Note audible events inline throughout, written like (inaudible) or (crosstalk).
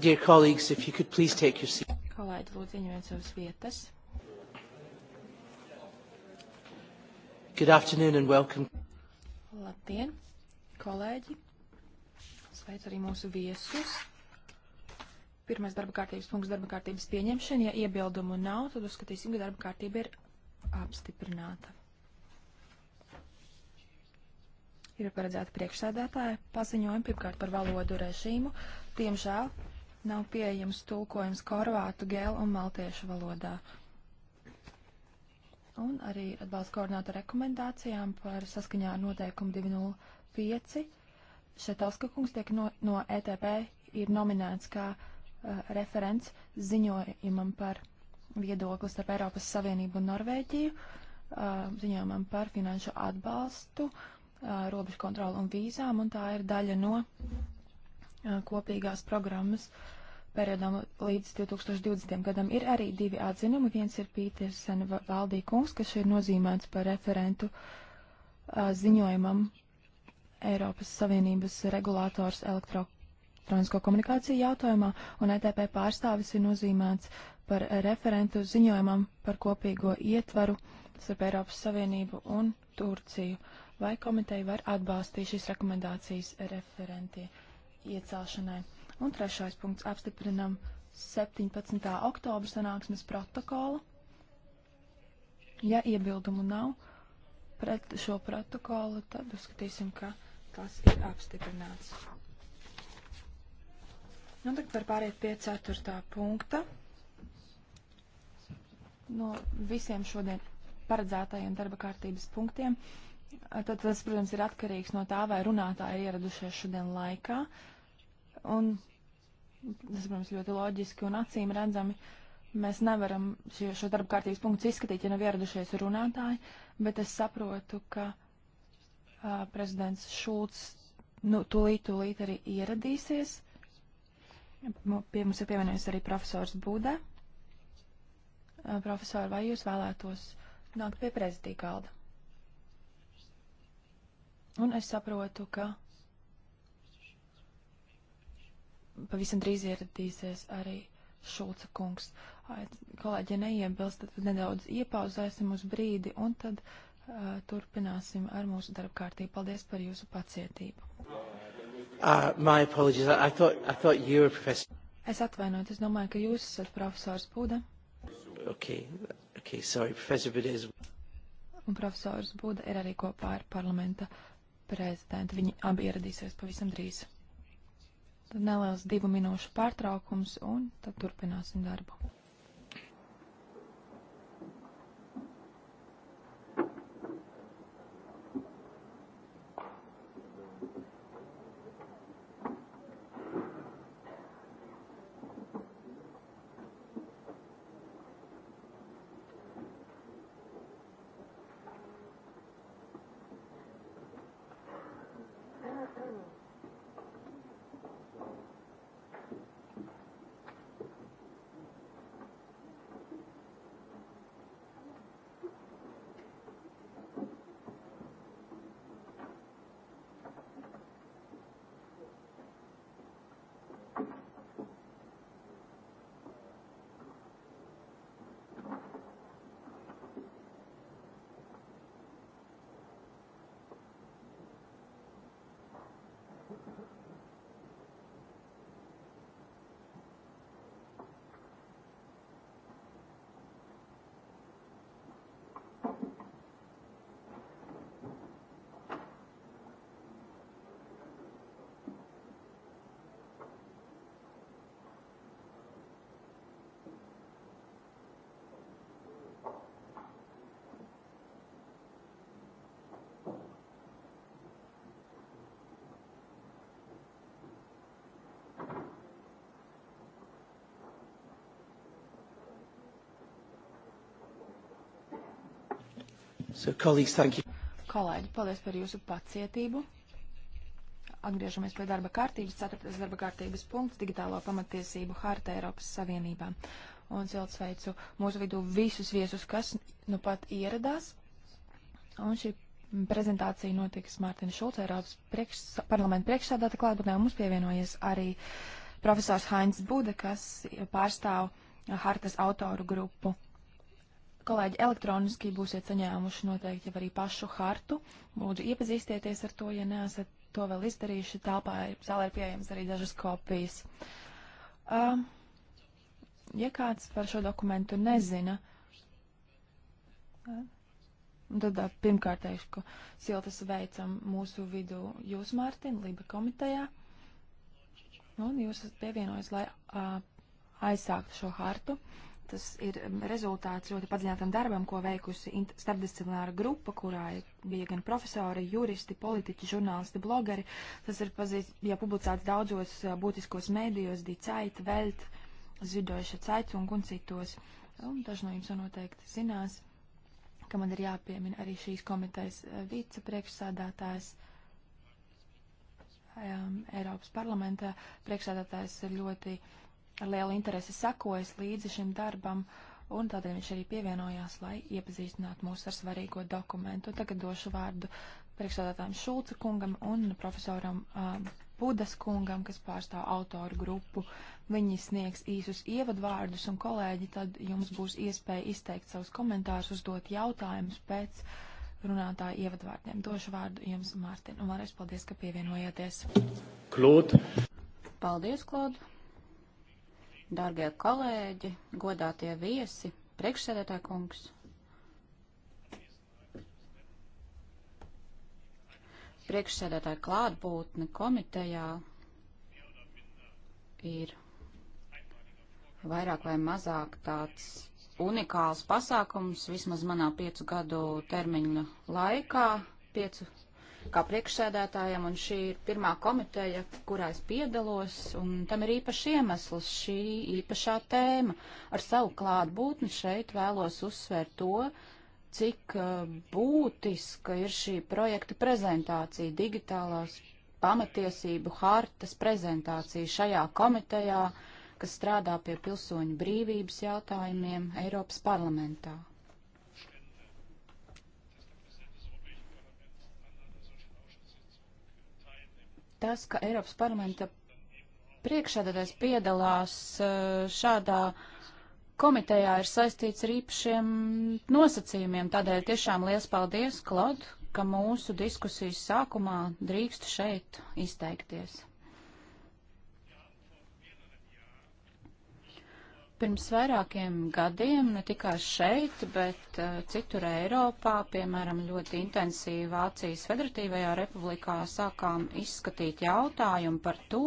Dear colleagues, if you could please take your seat. Kolēģi, lūdzu, ieņemiet savas vietas. Good afternoon and welcome. Labdien, kolēģi. Sveicu arī mūsu viesus. Pirmais darba kārtības punkts darba kārtības pieņemšana. Ja iebildumu nav, tad uzskatīsim, ka darba kārtība ir apstiprināta. Ir paredzēta priekšsēdētāja paziņojuma pirmkārt par valodu režīmu. Tiemžēl nav pieejams tulkojums korvātu, gēlu un maltiešu valodā. Un arī atbalsta koordināta rekomendācijām par saskaņā ar noteikumu 205. Šetauska kungs tiek no, no ETP ir nominēts kā uh, referents ziņojumam par viedokli starp Eiropas Savienību un Norvēģiju, uh, ziņojumam par finanšu atbalstu, uh, robežu kontroli un vīzām, un tā ir daļa no kopīgās programmas periodam līdz 2020. gadam. Ir arī divi atzinumi. Viens ir Pīters Valdī kungs, kas ir nozīmēts par referentu a, ziņojumam Eiropas Savienības regulātors elektronisko komunikāciju jautājumā, un ETP pārstāvis ir nozīmēts par referentu ziņojumam par kopīgo ietvaru starp Eiropas Savienību un Turciju. Vai komiteja var atbalstīt šīs rekomendācijas referentiem? iecelšanai. Un trešais punkts - apstiprinam 17. oktobra sanāksmes protokolu. Ja iebildumu nav pret šo protokolu, tad uzskatīsim, ka tas ir apstiprināts. Nu, tagad var pāriet pie ceturtā punkta. No visiem šodien paredzētajiem darba kārtības punktiem. Tad tas, protams, ir atkarīgs no tā, vai runātāji ir ieradušies šodien laikā. Uh, Un tas, protams, ļoti loģiski un acīm redzami. Mēs nevaram šo, šo darba kārtības punktu izskatīt, ja nav ieradušies runātāji, bet es saprotu, ka uh, prezidents Šulcs nu, tūlīt, tūlīt arī ieradīsies. Pie mums ir pievienojies arī profesors Būda. Uh, profesori, vai jūs vēlētos nākt pie prezidija galda? Un es saprotu, ka pavisam drīz ieradīsies arī Šulca kungs. Kolēģi, ja neiebilst, tad nedaudz iepauzēsim uz brīdi un tad uh, turpināsim ar mūsu darba kārtību. Paldies par jūsu pacietību. Uh, I thought, I thought you were professor. Es atvainojos, es domāju, ka jūs esat profesors Buda. Okay, okay, sorry, professor Buda is... Un profesors Buda ir arī kopā ar parlamenta prezidentu. Viņi abi ieradīsies pavisam drīz. Tad neliels divu minūšu pārtraukums un tad turpināsim darbu. So, colleagues, thank you. Kolēģi, paldies par jūsu pacietību. Atgriežamies pie darba kārtības. Ceturtais darba kārtības punkts - digitālo pamatiesību harta Eiropas Savienībā. Un silts sveicu mūsu vidū visus viesus, kas nu pat ieradās. Un šī prezentācija notiks Mārtiņa Šulca, Eiropas priekš, parlamenta priekšsādāta klātbūtnē. Mums pievienojies arī profesors Hainz Bude, kas pārstāv hartas autoru grupu Kolēģi, elektroniski būsiet saņēmuši noteikti jau arī pašu hartu. Lūdzu, iepazīstieties ar to, ja neesat to vēl izdarījuši. Telpā zālē ir pieejams arī dažas kopijas. Uh, ja kāds par šo dokumentu nezina, tad uh, pirmkārtējuši, ka siltas veicam mūsu vidu jūs, Mārtiņ, Liba komitejā. Un jūs esat pievienojis, lai uh, aizsāktu šo hartu. Uh, tas ir rezultāts ļoti padziļinātam darbam, ko veikusi starpdisciplināra grupa, kurā bija gan profesori, juristi, politiķi, žurnālisti, blogeri. Tas ir pazīst, ja publicēts daudzos būtiskos mēdījos, Dicait, Velt, Zvidoša Caitung un citos. Un daži no jums noteikti zinās, ka man ir jāpiemina arī šīs komitejas vicepriekšsādātājs. Eiropas parlamentā priekšsēdētājs ir ļoti uh, ar lielu interesi sekojas līdzi šim darbam, un tādēļ viņš arī pievienojās, lai iepazīstinātu mūs ar svarīgo dokumentu. Tagad došu vārdu priekšstādātājiem Šulca kungam un profesoram um, Pudas kungam, kas pārstāv autoru grupu. Viņi sniegs īsus ievadvārdus, un kolēģi, tad jums būs iespēja izteikt savus komentārus, uzdot jautājumus pēc runātāja ievadvārdiem. Došu vārdu jums, Mārtiņ, un vēlreiz paldies, ka pievienojāties. Klūd. Paldies, Klaudu. Dārgie kolēģi, godātie viesi, priekšsēdētāja kungs. Priekšsēdētāja klātbūtne komitejā ir vairāk vai mazāk tāds unikāls pasākums vismaz manā piecu gadu termiņa laikā, piecu kā priekšsēdētājam, un šī ir pirmā komiteja, kurā es piedalos, un tam ir īpašs iemesls šī īpašā tēma. Ar savu klātbūtni šeit vēlos uzsvērt to, cik uh, būtiska ir šī projekta prezentācija, digitālās pamatiesību hartas prezentācija šajā komitejā, kas strādā pie pilsoņu brīvības jautājumiem Eiropas parlamentā. tas, ka Eiropas parlamenta priekšādātais piedalās eh, šādā komitejā, ir saistīts ar īpašiem nosacījumiem. Tādēļ tiešām liels paldies, Klod, ka mūsu diskusijas sākumā drīkst šeit izteikties. Pirms vairākiem gadiem, ne tikai šeit, bet uh, citur Eiropā, piemēram, ļoti intensīvi Vācijas Federatīvajā republikā sākām izskatīt jautājumu par to,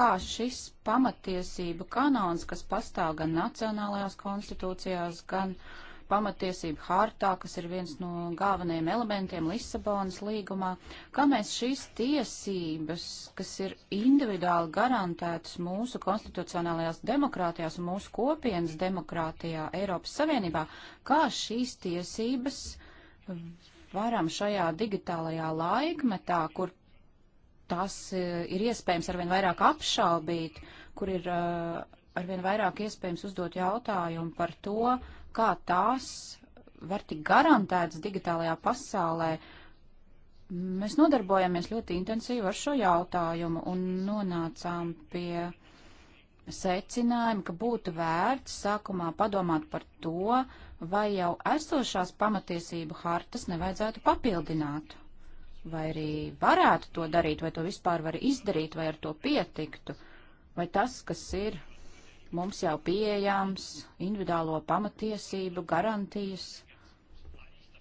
kā šis pamatiesība kanons, kas pastāv gan nacionālajās konstitūcijās, gan uh, pamatiesību hārtā, kas ir viens no galvenajiem elementiem Lisabonas līgumā, kā mēs šīs tiesības, kas ir individuāli garantētas mūsu konstitucionālajās demokrātijās un mūsu kopienas demokrātijā Eiropas Savienībā, kā šīs tiesības varam šajā digitālajā laikmetā, kur tas e, ir iespējams arvien vairāk apšaubīt, kur ir e, arvien vairāk iespējams uzdot jautājumu par to, uh, kā tās var tik garantētas digitālajā pasaulē. Mēs nodarbojamies ļoti intensīvi ar šo jautājumu un nonācām pie secinājuma, ka būtu vērts sākumā padomāt par to, vai jau esošās pamatiesību hartas nevajadzētu papildināt, vai arī varētu to darīt, vai to vispār var izdarīt, vai ar to pietiktu, vai tas, kas ir mums jau pieejams individuālo pamatiesību garantijas.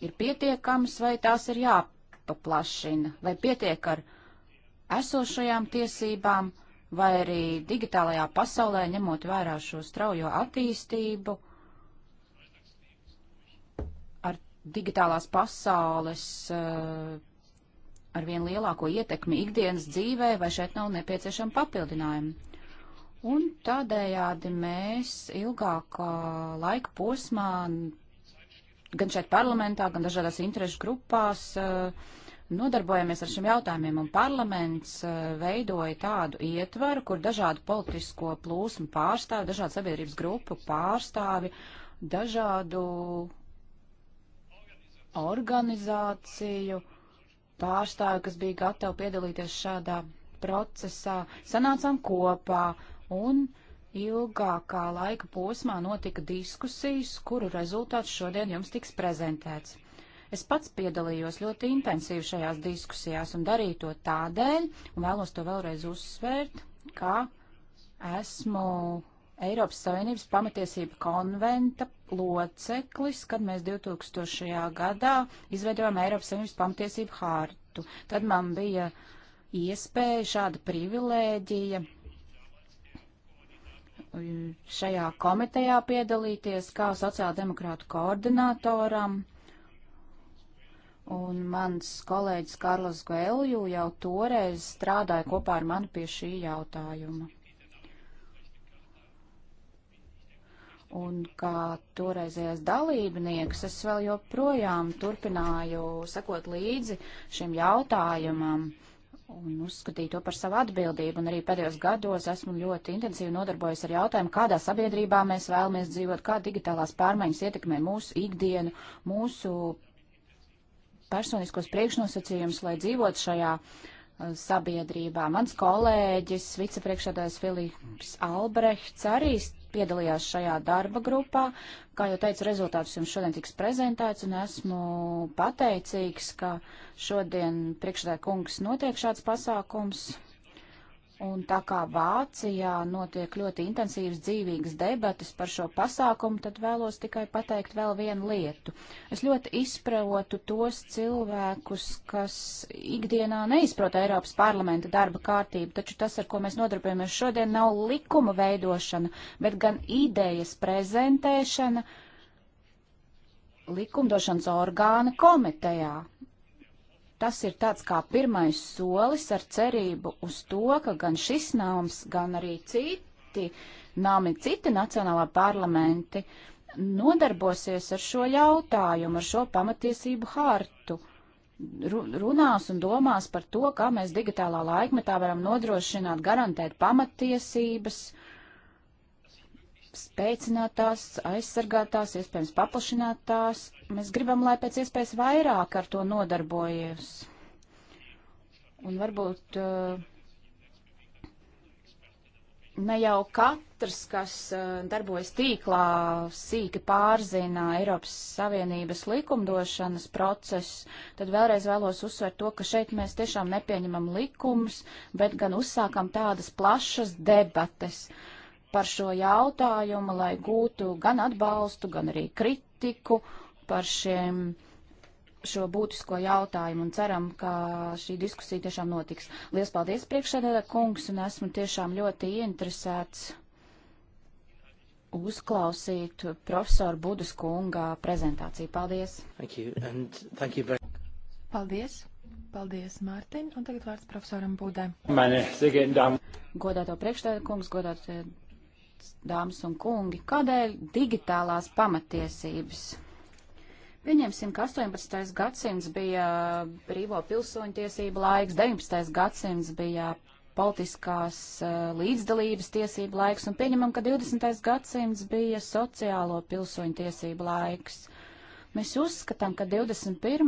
Ir pietiekamas vai tās ir jāpaplašina, vai pietiek ar esošajām tiesībām, vai arī digitālajā pasaulē, ņemot vērā šo straujo attīstību, ar digitālās pasaules eh, ar vien lielāko ietekmi ikdienas dzīvē, vai šeit nav nepieciešama papildinājuma. Un tādējādi mēs ilgākā laika posmā, gan šeit parlamentā, gan dažādās interešu grupās, eh, nodarbojamies ar šiem jautājumiem, un parlaments eh, veidoja tādu ietvaru, kur dažādu politisko plūsmu pārstāvi, dažādu sabiedrības grupu pārstāvi, dažādu organizāciju pārstāvi, kas bija gatavi piedalīties šādā procesā, sanācām kopā un ilgākā laika posmā notika diskusijas, kuru rezultāts šodien jums tiks prezentēts. Es pats piedalījos ļoti intensīvi šajās diskusijās un darīju to tādēļ, un vēlos to vēlreiz uzsvērt, ka esmu Eiropas Savienības pamatiesība konventa loceklis, kad mēs 2000. gadā izveidojām Eiropas Savienības pamatiesību hārtu. Tad man bija iespēja šāda privilēģija šajā komitejā piedalīties kā sociāldemokrātu koordinatoram. Un mans kolēģis Karlos Gvelju jau toreiz strādāja kopā ar mani pie šī jautājuma. Un kā toreizējais dalībnieks, es vēl joprojām turpināju sekot līdzi šim jautājumam. Uh, un uzskatīju to par savu atbildību. Un arī pēdējos gados esmu ļoti intensīvi nodarbojies ar jautājumu, kādā sabiedrībā mēs vēlamies dzīvot, kā digitālās pārmaiņas ietekmē mūsu ikdienu, mūsu personiskos priekšnosacījumus, lai dzīvot šajā uh, sabiedrībā. Mans kolēģis, vicepriekšādājs Filips Albrechts, arī piedalījās šajā darba grupā. Kā jau teicu, rezultātus jums šodien tiks prezentēts, un esmu pateicīgs, ka šodien priekšstādā kungs notiek šāds pasākums. Un tā kā Vācijā notiek ļoti intensīvas dzīvīgas debatas par šo pasākumu, tad vēlos tikai pateikt vēl vienu lietu. Es ļoti izprotu tos cilvēkus, kas ikdienā neizprot Eiropas parlamenta darba kārtību, taču tas, ar ko mēs nodarbojamies šodien, nav likuma veidošana, bet gan idejas prezentēšana likumdošanas orgāna komitejā. Tas ir tāds kā pirmais solis ar cerību uz to, ka gan šis nams, gan arī citi nami, citi nacionālā parlamenti nodarbosies ar šo jautājumu, ar šo pamatiesību hartu runās un domās par to, kā mēs digitālā laikmetā varam nodrošināt, garantēt pamatiesības, uh, spēcināt tās, aizsargāt tās, iespējams paplašināt tās. Mēs gribam, lai pēc iespējas vairāk ar to nodarbojas. Un varbūt eh, ne jau katrs, kas eh, darbojas tīklā, sīki pārzina Eiropas Savienības likumdošanas procesu, tad vēlreiz vēlos uzsvērt to, ka šeit mēs tiešām nepieņemam likumus, bet gan uzsākam tādas plašas debates. Uh, par šo jautājumu, lai gūtu gan atbalstu, gan arī kritiku par šiem, šo būtisko jautājumu un ceram, ka šī diskusija tiešām notiks. Lielas paldies priekšsēdētā kungs un esmu tiešām ļoti ieinteresēts uzklausīt profesoru Budas kunga prezentāciju. Paldies! Thank you, and thank you very... Paldies! Paldies, Mārtiņ, un tagad vārds profesoram Būdai. Mani, Godāto priekšstādā kungs, godātie dāmas un kungi, kādēļ digitālās pamatiesības? Pieņemsim, ka 18. gadsimts bija brīvo pilsoņu tiesību laiks, 19. gadsimts bija politiskās uh, līdzdalības tiesību laiks, un pieņemam, ka 20. gadsimts bija sociālo pilsoņu tiesību laiks. Mēs uzskatām, ka 21.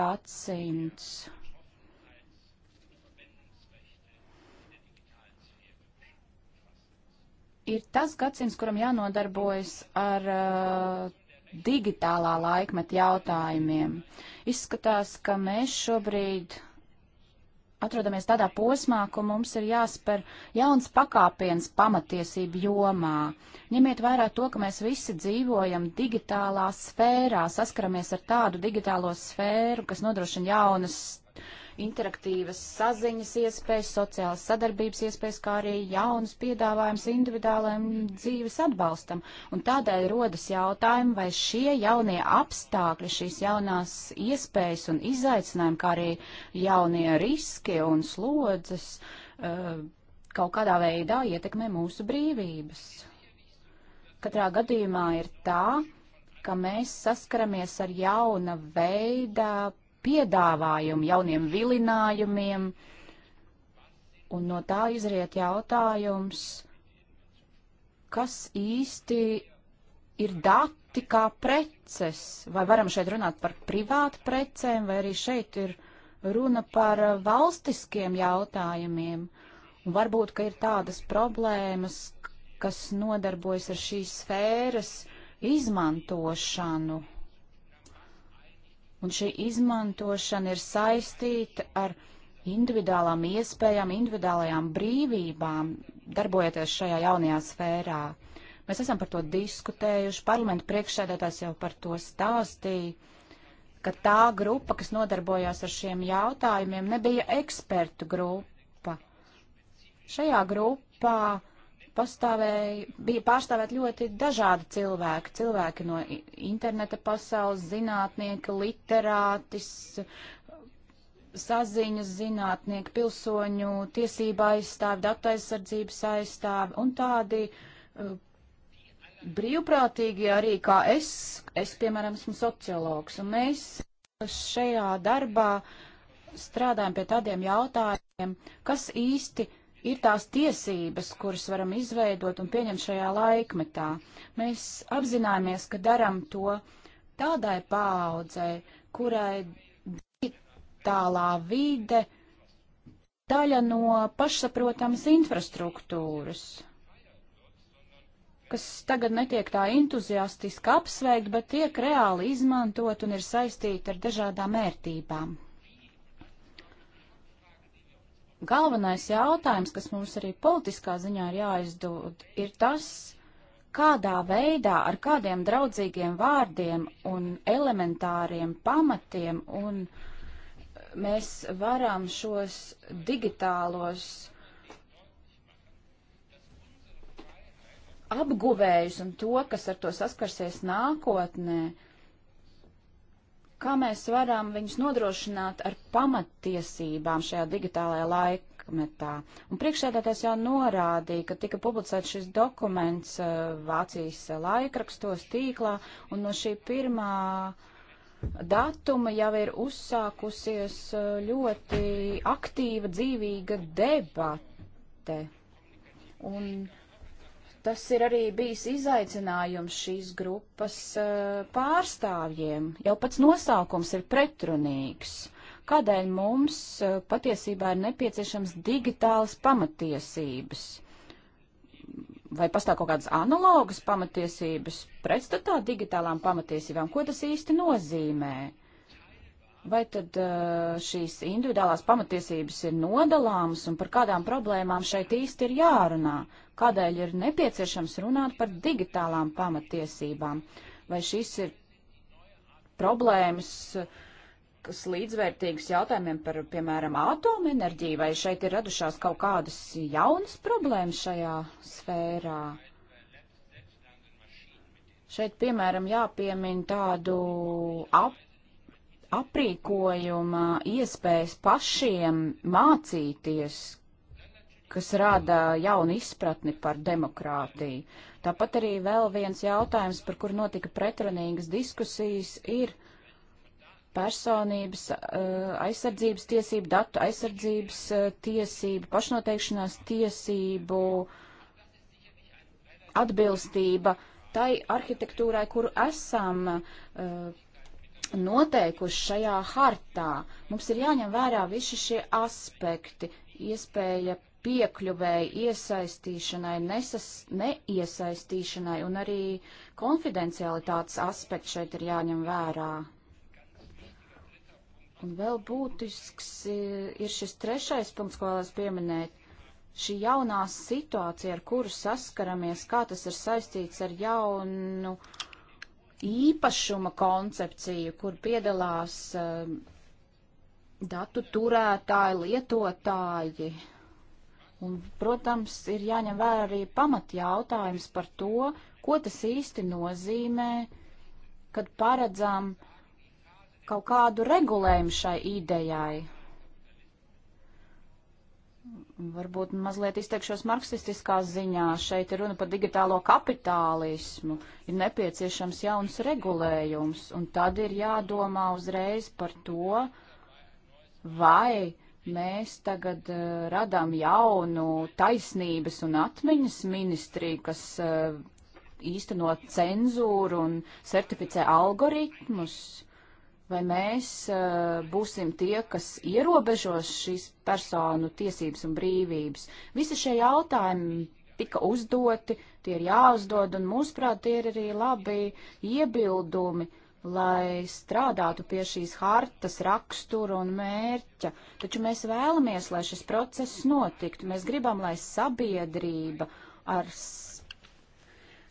gadsimts ir tas gadsimts, kuram jānodarbojas ar uh, digitālā laikmeta jautājumiem. Izskatās, ka mēs šobrīd atrodamies tādā posmā, ka mums ir jāspēr jauns pakāpiens pamatiesību jomā. Ņemiet vērā to, ka mēs visi dzīvojam digitālā sfērā, saskaramies ar tādu digitālo sfēru, kas nodrošina jaunas interaktīvas saziņas iespējas, sociālas sadarbības iespējas, kā arī jaunas piedāvājums individuālajiem dzīves atbalstam. Un tādēļ rodas jautājumi, vai šie jaunie apstākļi, šīs jaunās iespējas un izaicinājumi, kā arī jaunie riski un slodzes, eh, kaut kādā veidā ietekmē mūsu brīvības. Katrā gadījumā ir tā, ka mēs saskaramies ar jauna veida piedāvājumu, jauniem vilinājumiem, un no tā izriet jautājums, kas īsti ir dati kā preces, vai varam šeit runāt par privātu precēm, vai arī šeit ir runa par valstiskiem jautājumiem, un varbūt, ka ir tādas problēmas, kas nodarbojas ar šīs sfēras izmantošanu un šī izmantošana ir saistīta ar individuālām iespējām, individuālajām brīvībām, darbojoties šajā jaunajā sfērā. Mēs esam par to diskutējuši, parlamentu priekšsēdētājs jau par to stāstīja, ka tā grupa, kas nodarbojās ar šiem jautājumiem, nebija ekspertu grupa. Šajā grupā pastāvēja, bija pārstāvēt ļoti dažādi cilvēki. Cilvēki no interneta pasaules, zinātnieki, literātis, saziņas zinātnieki, pilsoņu tiesība aizstāvi, datu aizsardzības aizstāvi un tādi uh, brīvprātīgi arī kā es, es piemēram esmu sociologs un mēs šajā darbā strādājam pie tādiem jautājumiem, kas īsti ir tās tiesības, kuras varam izveidot un pieņemt šajā laikmetā. Mēs apzināmies, ka daram to tādai paaudzei, kurai digitālā vide daļa no pašsaprotamas infrastruktūras, kas tagad netiek tā entuziastiski apsveikt, bet tiek reāli izmantot un ir saistīta ar dažādām ērtībām galvenais jautājums, kas mums arī politiskā ziņā ir jāizdod, ir tas, kādā veidā, ar kādiem draudzīgiem vārdiem un elementāriem pamatiem un mēs varam šos digitālos apguvējus un to, kas ar to saskarsies nākotnē, uh, kā mēs varam viņus nodrošināt ar pamattiesībām šajā digitālajā laikmetā. Un priekšsēdētājs jau norādīja, ka tika publicēts šis dokuments uh, Vācijas laikrakstos tīklā, un no šī pirmā datuma jau ir uzsākusies uh, ļoti aktīva, dzīvīga debate. Un tas ir arī bijis izaicinājums šīs grupas uh, pārstāvjiem. Jau pats nosaukums ir pretrunīgs. Kādēļ mums uh, patiesībā ir nepieciešams digitālas pamatiesības? Vai pastāv kaut kādas analogas pamatiesības pretstatā digitālām pamatiesībām? Ko tas īsti nozīmē? Uh, Vai tad uh, šīs individuālās pamatiesības ir nodalāmas un par kādām problēmām šeit īsti ir jārunā? Kādēļ ir nepieciešams runāt par digitālām pamatiesībām? Vai šīs ir problēmas, kas līdzvērtīgas jautājumiem par, piemēram, atomenerģiju, vai šeit ir radušās kaut kādas jaunas problēmas šajā sfērā? Šeit, piemēram, jāpiemina tādu ap aprīkojuma iespējas pašiem mācīties, kas rada jaunu izpratni par demokrātiju. Tāpat arī vēl viens jautājums, par kur notika pretrunīgas diskusijas, ir personības eh, aizsardzības tiesību, datu aizsardzības eh, tiesību, pašnoteikšanās tiesību atbilstība tai arhitektūrai, kuru esam uh, noteikuši šajā hartā. Mums ir jāņem vērā visi šie aspekti, iespēja piekļuvēji, iesaistīšanai, nesas, neiesaistīšanai un arī konfidencialitātes aspekts šeit ir jāņem vērā. Un vēl būtisks e, ir šis trešais punkts, ko vēlos pieminēt. Šī jaunā situācija, ar kuru saskaramies, kā tas ir saistīts ar jaunu uh, īpašuma koncepciju, kur piedalās um, datu turētāji, lietotāji. Un, protams, ir jāņem vērā arī pamat jautājums par to, ko tas īsti nozīmē, kad paredzam kaut kādu regulējumu šai idejai. Varbūt mazliet izteikšos marksistiskā ziņā. Šeit ir runa par digitālo kapitālismu. Ir nepieciešams jauns regulējums, un tad ir jādomā uzreiz par to, vai mēs tagad uh, radām jaunu taisnības un atmiņas ministriju, kas uh, īstenot cenzūru un certificē algoritmus vai mēs uh, būsim tie, kas ierobežos šīs personu tiesības un brīvības. Visi šie jautājumi tika uzdoti, tie ir jāuzdod, un mūsuprāt, tie ir arī labi iebildumi, lai strādātu pie šīs hartas rakstura un mērķa. Taču mēs vēlamies, lai šis process notiktu. Mēs gribam, lai sabiedrība ar,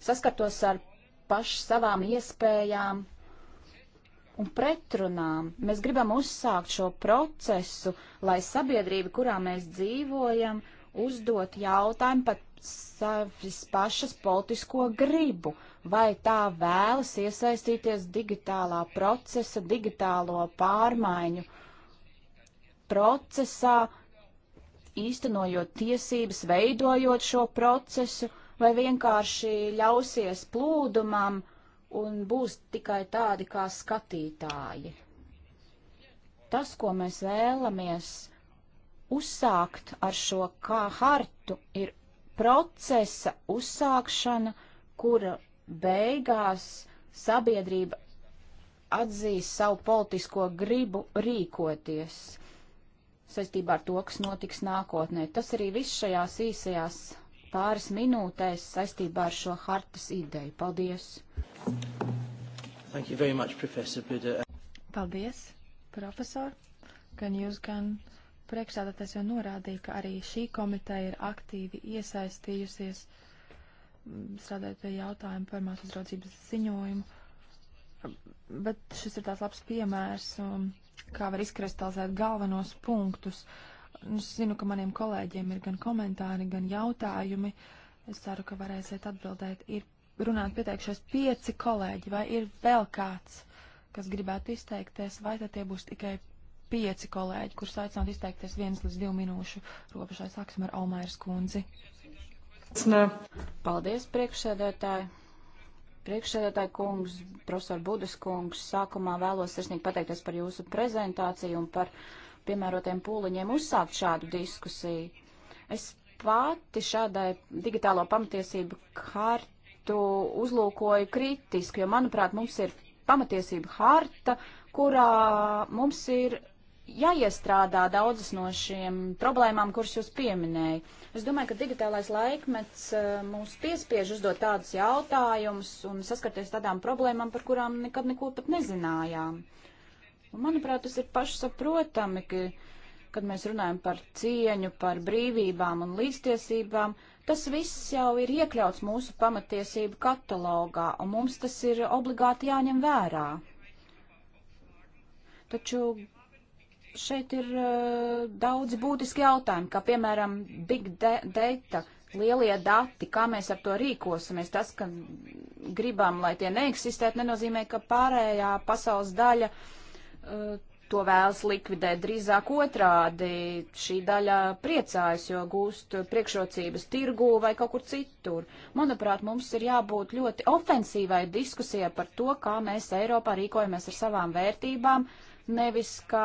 saskartos ar pašu savām iespējām, un pretrunām. Mēs gribam uzsākt šo procesu, lai sabiedrība, kurā mēs dzīvojam, uzdot jautājumu par savas pašas politisko gribu, vai tā vēlas iesaistīties digitālā procesa, digitālo pārmaiņu procesā, īstenojot tiesības, veidojot šo procesu, vai vienkārši ļausies plūdumam, uh, un būs tikai tādi kā skatītāji. Tas, ko mēs vēlamies uzsākt ar šo kā hartu, ir procesa uzsākšana, kura beigās sabiedrība atzīs savu politisko gribu rīkoties saistībā ar to, kas notiks nākotnē. Tas arī viss šajās īsajās pāris minūtēs saistībā ar šo hartas ideju. Paldies! Thank you very much, Professor Buda. Paldies, profesor. Gan jūs, gan priekšsādātais jau norādīja, ka arī šī komiteja ir aktīvi iesaistījusies mm, strādājot pie jautājuma par māsu uzraudzības ziņojumu. Bet šis ir tāds labs piemērs, um, kā var izkristalizēt galvenos punktus. Nu, es zinu, ka maniem kolēģiem ir gan komentāri, gan jautājumi. Es ceru, ka varēsiet atbildēt. Ir runāt pieteikšies pieci kolēģi, vai ir vēl kāds, kas gribētu izteikties, vai tad tie būs tikai pieci kolēģi, kurus aicināt izteikties viens līdz divu minūšu robežā. Sāksim ar Almairas kundzi. Paldies, priekšsēdētāji! Priekšsēdētāji kungs, profesor Budas kungs, sākumā vēlos sirsnīgi pateikties par jūsu prezentāciju un par piemērotiem pūliņiem uzsākt šādu diskusiju. Es pati šādai digitālo pamatiesību kārt tu uzlūkoji kritiski, jo, manuprāt, mums ir pamatiesība harta, kurā mums ir jāiestrādā daudzas no šiem problēmām, kuras jūs pieminēji. Es domāju, ka digitālais laikmets e, mūs piespiež uzdot tādus jautājumus un saskarties tādām problēmām, par kurām nekad neko pat nezinājām. Un, manuprāt, tas ir pašsaprotami, ka, kad mēs runājam par cieņu, par brīvībām un līdztiesībām, uh, Tas viss jau ir iekļauts mūsu pamatiesību katalogā, un mums tas ir obligāti jāņem vērā. Taču šeit ir uh, daudz būtiski jautājumi, kā piemēram big de data, lielie dati, kā mēs ar to rīkosimies. Tas, ka gribam, lai tie neeksistētu, nenozīmē, ka pārējā pasaules daļa uh, to vēlas likvidēt. Drīzāk otrādi šī daļa priecājas, jo gūst priekšrocības tirgū vai kaut kur citur. Manuprāt, mums ir jābūt ļoti ofensīvai diskusijai par to, kā mēs Eiropā rīkojamies ar savām vērtībām, nevis kā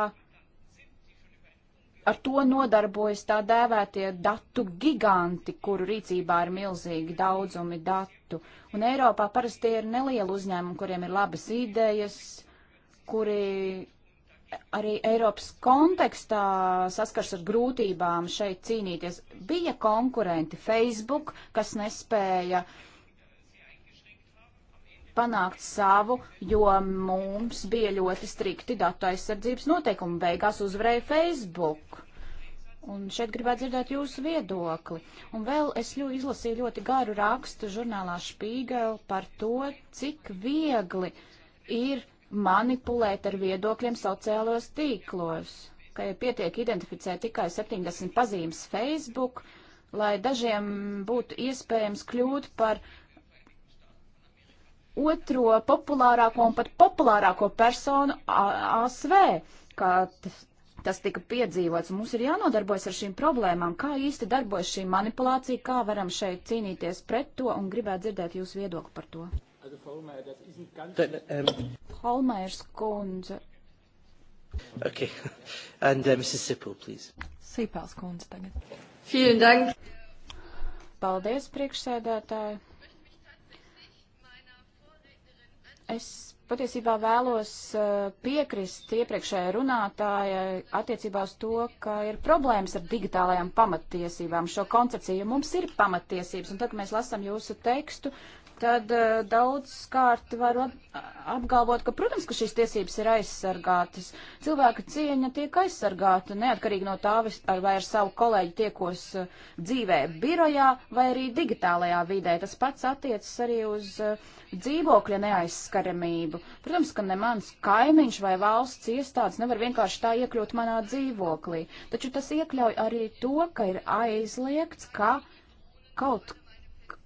ar to nodarbojas tā dēvētie datu giganti, kuru rīcībā ir milzīgi daudzumi datu. Un Eiropā parasti ir nelieli uzņēmumi, kuriem ir labas idejas, kuri arī Eiropas kontekstā saskars ar grūtībām šeit cīnīties. Bija konkurenti Facebook, kas nespēja panākt savu, jo mums bija ļoti strikti datu aizsardzības noteikumi. Beigās uzvarēja Facebook. Un šeit gribētu dzirdēt jūsu viedokli. Un vēl es ļoti izlasīju ļoti garu rakstu žurnālā Špīgel par to, cik viegli ir manipulēt ar viedokļiem sociālos tīklos, ka ja pietiek identificēt tikai 70 pazīmes Facebook, lai dažiem būtu iespējams kļūt par otro populārāko un pat populārāko personu ASV, kā tas tika piedzīvots. Mums ir jānodarbojas ar šīm problēmām, kā īsti darbojas šī manipulācija, kā varam šeit cīnīties pret to un gribētu dzirdēt jūsu viedokli par to. Holmērs ähm, kundze. Okay. (laughs) And uh, Mrs. Sipel, please. Sīpels kundze tagad. Vielen Dank. Paldies, priekšsēdētāji. Es patiesībā vēlos uh, piekrist iepriekšējai runātājai attiecībā uz to, ka ir problēmas ar digitālajām pamattiesībām. Šo koncepciju mums ir pamattiesības, un tad, kad mēs lasām jūsu tekstu, uh, tad uh, daudzkārt var apgalvot, ka, protams, ka šīs tiesības ir aizsargātas. Cilvēka cieņa tiek aizsargāta neatkarīgi no tā, ar vai ar savu kolēģi tiekos uh, dzīvē birojā vai arī digitālajā vidē. Tas pats attiecas arī uz uh, dzīvokļa neaizskaramību. Protams, ka ne mans kaimiņš vai valsts iestādes nevar vienkārši tā iekļūt manā dzīvoklī. Taču tas iekļauj arī to, ka ir aizliegts, ka kaut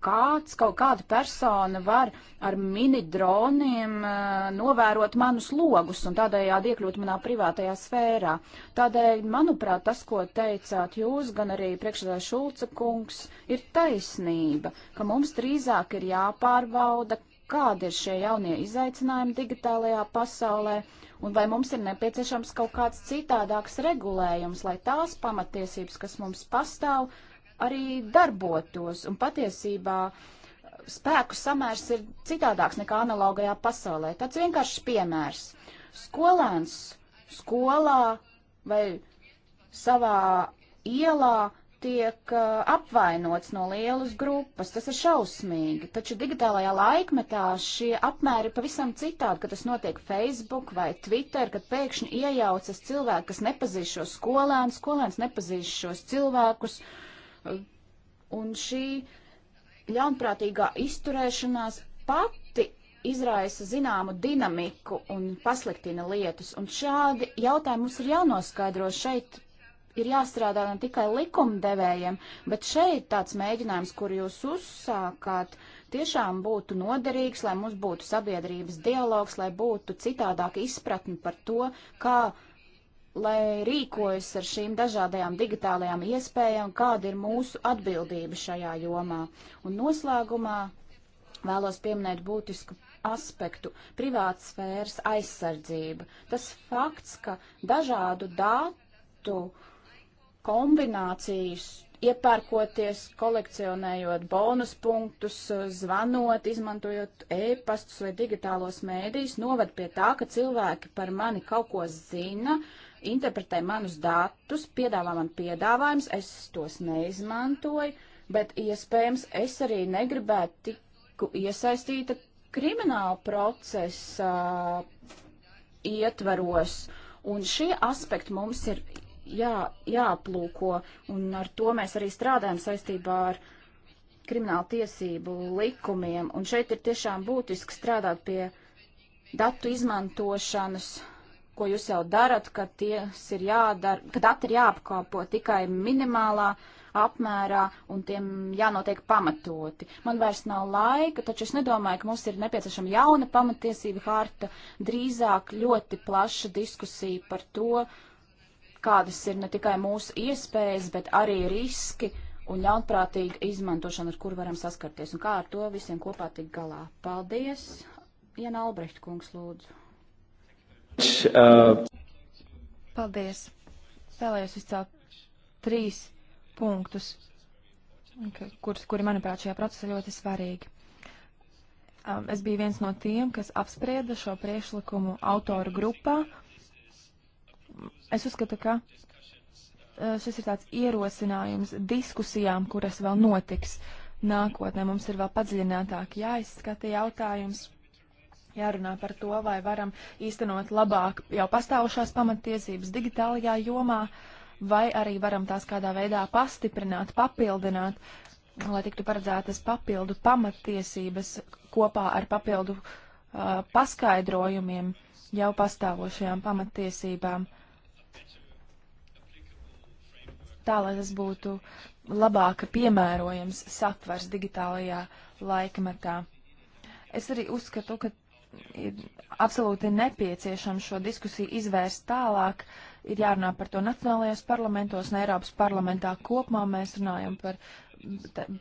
kāds, kaut kāda persona var ar mini droniem eh, novērot manus logus un tādējādi iekļūt manā privātajā sfērā. Tādēļ, manuprāt, tas, ko teicāt jūs, gan arī priekšsēdā Šulca kungs, ir taisnība, ka mums drīzāk ir jāpārbauda, kādi ir šie jaunie izaicinājumi digitālajā pasaulē un vai mums ir nepieciešams kaut kāds citādāks regulējums, lai tās pamatiesības, kas mums pastāv, arī darbotos. Un patiesībā spēku samērs ir citādāks nekā analogajā pasaulē. Tāds vienkāršs piemērs. Skolēns skolā vai savā ielā tiek uh, apvainots no lielas grupas. Tas ir šausmīgi. Taču digitālajā laikmetā šie apmēri pavisam citādi, kad tas notiek Facebook vai Twitter, kad pēkšņi iejaucas cilvēki, kas nepazīst šos skolēnus, skolēns nepazīst šos cilvēkus. Uh, Un šī ļaunprātīgā izturēšanās pati izraisa zināmu dinamiku un pasliktina lietas. Un šādi jautājumi mums ir jānoskaidro šeit. Ir jāstrādā ne tikai likumdevējiem, bet šeit tāds mēģinājums, kur jūs uzsākāt, tiešām būtu noderīgs, lai mums būtu sabiedrības dialogs, lai būtu citādāk izpratni par to, kā uh, lai rīkojas ar šīm dažādajām digitālajām iespējām, kāda ir mūsu atbildība šajā jomā. Un noslēgumā vēlos pieminēt būtisku aspektu - privātsfēras aizsardzība. Tas fakts, ka dažādu datu kombinācijas iepērkoties, kolekcionējot bonus punktus, zvanot, izmantojot e-pastus vai digitālos mēdījus, noved pie tā, ka cilvēki par mani kaut ko zina, uh, interpretē manus datus, piedāvā man piedāvājums, es tos neizmantoju, bet iespējams es arī negribētu tiku iesaistīta krimināla procesa uh, ietveros. Un šie aspekti mums ir jā, jāplūko, un ar to mēs arī strādājam saistībā ar kriminālu tiesību likumiem. Un šeit ir tiešām būtiski strādāt pie datu izmantošanas ko jūs jau darat, ka ties ir jādara, ka dati ir jāapkopo tikai minimālā apmērā un tiem jānotiek pamatoti. Man vairs nav laika, taču es nedomāju, ka mums ir nepieciešama jauna pamatiesība harta, drīzāk ļoti plaša diskusija par to, kādas ir ne tikai mūsu iespējas, bet arī riski un ļaunprātīga izmantošana, ar kur varam saskarties un kā ar to visiem kopā tik galā. Paldies! Iena Albrecht kungs lūdzu. Uh, Paldies. Vēlējos izcelt trīs punktus, kurus, kuri, manuprāt, šajā procesā ļoti svarīgi. Um, es biju viens no tiem, kas apsprieda šo priekšlikumu autoru grupā. Es uzskatu, ka uh, šis ir tāds ierosinājums diskusijām, kuras vēl notiks nākotnē. Mums ir vēl padziļinātāk jāizskata jautājums Jārunā par to, vai varam īstenot labāk jau pastāvošās pamatiesības digitālajā jomā, vai arī varam tās kādā veidā pastiprināt, papildināt, lai tiktu paredzētas papildu pamatiesības kopā ar papildu uh, paskaidrojumiem jau pastāvošajām pamatiesībām. Tā, lai tas būtu labāka piemērojams satvers digitālajā laikmetā. Es arī uzskatu, ka ir absolūti nepieciešams šo diskusiju izvērst tālāk. Ir jārunā par to nacionālajos parlamentos un Eiropas parlamentā kopumā. Mēs runājam par,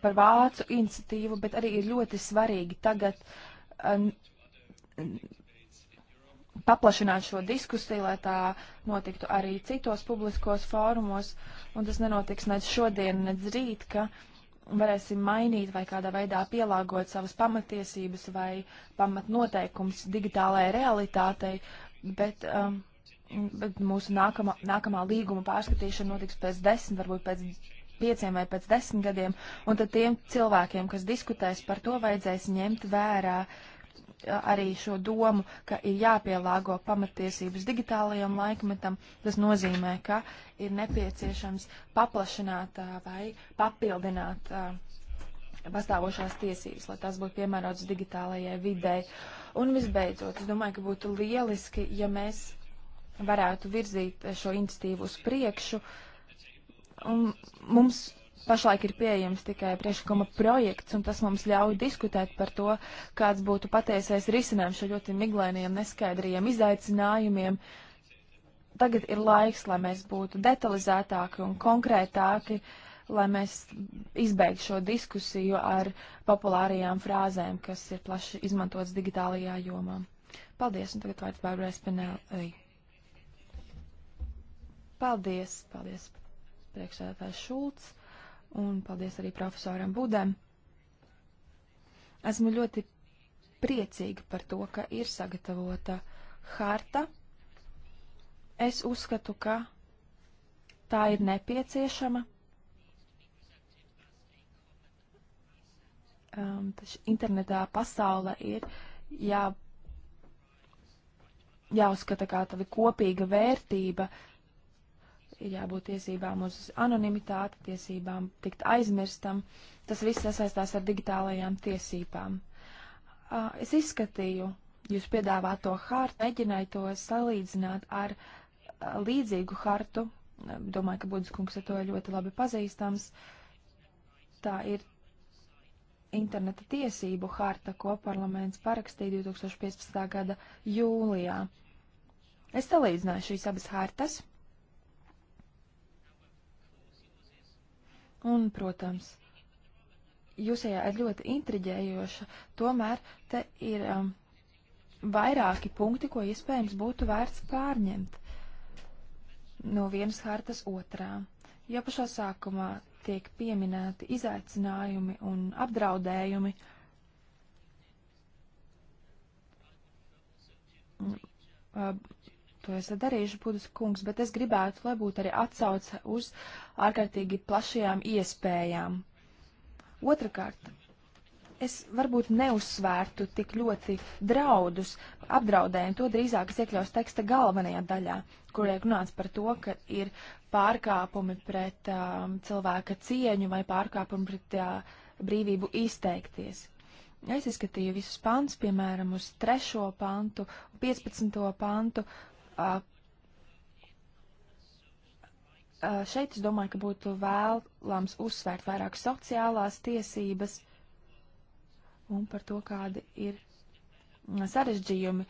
par vācu iniciatīvu, bet arī ir ļoti svarīgi tagad um, paplašināt šo diskusiju, lai tā notiktu arī citos publiskos fórumos. Un tas nenotiks nec šodien, nec rīt, ka uh, varēsim mainīt vai kādā veidā pielāgot savas pamatiesības vai pamatnoteikums digitālajai realitātei, bet, um, bet mūsu nākamā, nākamā līguma pārskatīšana notiks pēc desmit, varbūt pēc pieciem vai pēc desmit gadiem, un tad tiem cilvēkiem, kas diskutēs par to, vajadzēs ņemt vērā uh, arī šo domu, ka ir jāpielāgo pamatiesības digitālajam laikmetam. Tas nozīmē, ka ir nepieciešams paplašināt vai papildināt pastāvošās tiesības, lai tās būtu piemērotas digitālajai videi. Un visbeidzot, es domāju, ka būtu lieliski, ja mēs varētu virzīt šo iniciatīvu uz priekšu. Un mums Pašlaik ir pieejams tikai priekšlikuma projekts, un tas mums ļauj diskutēt par to, kāds būtu patiesais risinājums šo ļoti miglainiem, neskaidrajiem izaicinājumiem. Tagad ir laiks, lai mēs būtu detalizētāki un konkrētāki, lai mēs izbeigtu šo diskusiju ar populārajām frāzēm, kas ir plaši izmantotas digitālajā jomā. Paldies, un tagad vārds Bārbarai Spinelli. Paldies, paldies, priekšsēdētājs Šulcs un paldies arī profesoram Budēm. Esmu ļoti priecīga par to, ka ir sagatavota harta. Es uzskatu, ka tā ir nepieciešama. Um, taču internetā pasaule ir jā, jāuzskata kā tāda kopīga vērtība, uh, ir jābūt tiesībām uz anonimitāti, tiesībām tikt aizmirstam. Tas viss sasaistās ar digitālajām tiesībām. Uh, es izskatīju jūs piedāvāto hartu, mēģināju to salīdzināt ar uh, līdzīgu hartu. Domāju, ka Budiskungs ar to ir ļoti labi pazīstams. Tā ir interneta tiesību harta, ko parlaments parakstīja 2015. gada jūlijā. Es salīdzināju šīs abas hartas. Un, protams, jūsējā ir ļoti intriģējoša, tomēr te ir um, vairāki punkti, ko iespējams būtu vērts pārņemt no vienas hartas otrā. Ja pašā sākumā tiek pieminēti izaicinājumi un apdraudējumi, um, to esat darījuši, Budas kungs, bet es gribētu, lai būtu arī atsauce uz ārkārtīgi plašajām iespējām. Otrakārt, es varbūt neuzsvērtu tik ļoti draudus, apdraudējumu, to drīzāk es iekļaus teksta galvenajā daļā, kur tiek runāts par to, ka ir pārkāpumi pret um, cilvēka cieņu vai pārkāpumi pret uh, brīvību izteikties. Es izskatīju visus pantus, piemēram, uz 3. pantu, 15. pantu, Uh, šeit es domāju, ka būtu vēlams uzsvērt vairāk sociālās tiesības un par to, kādi ir sarežģījumi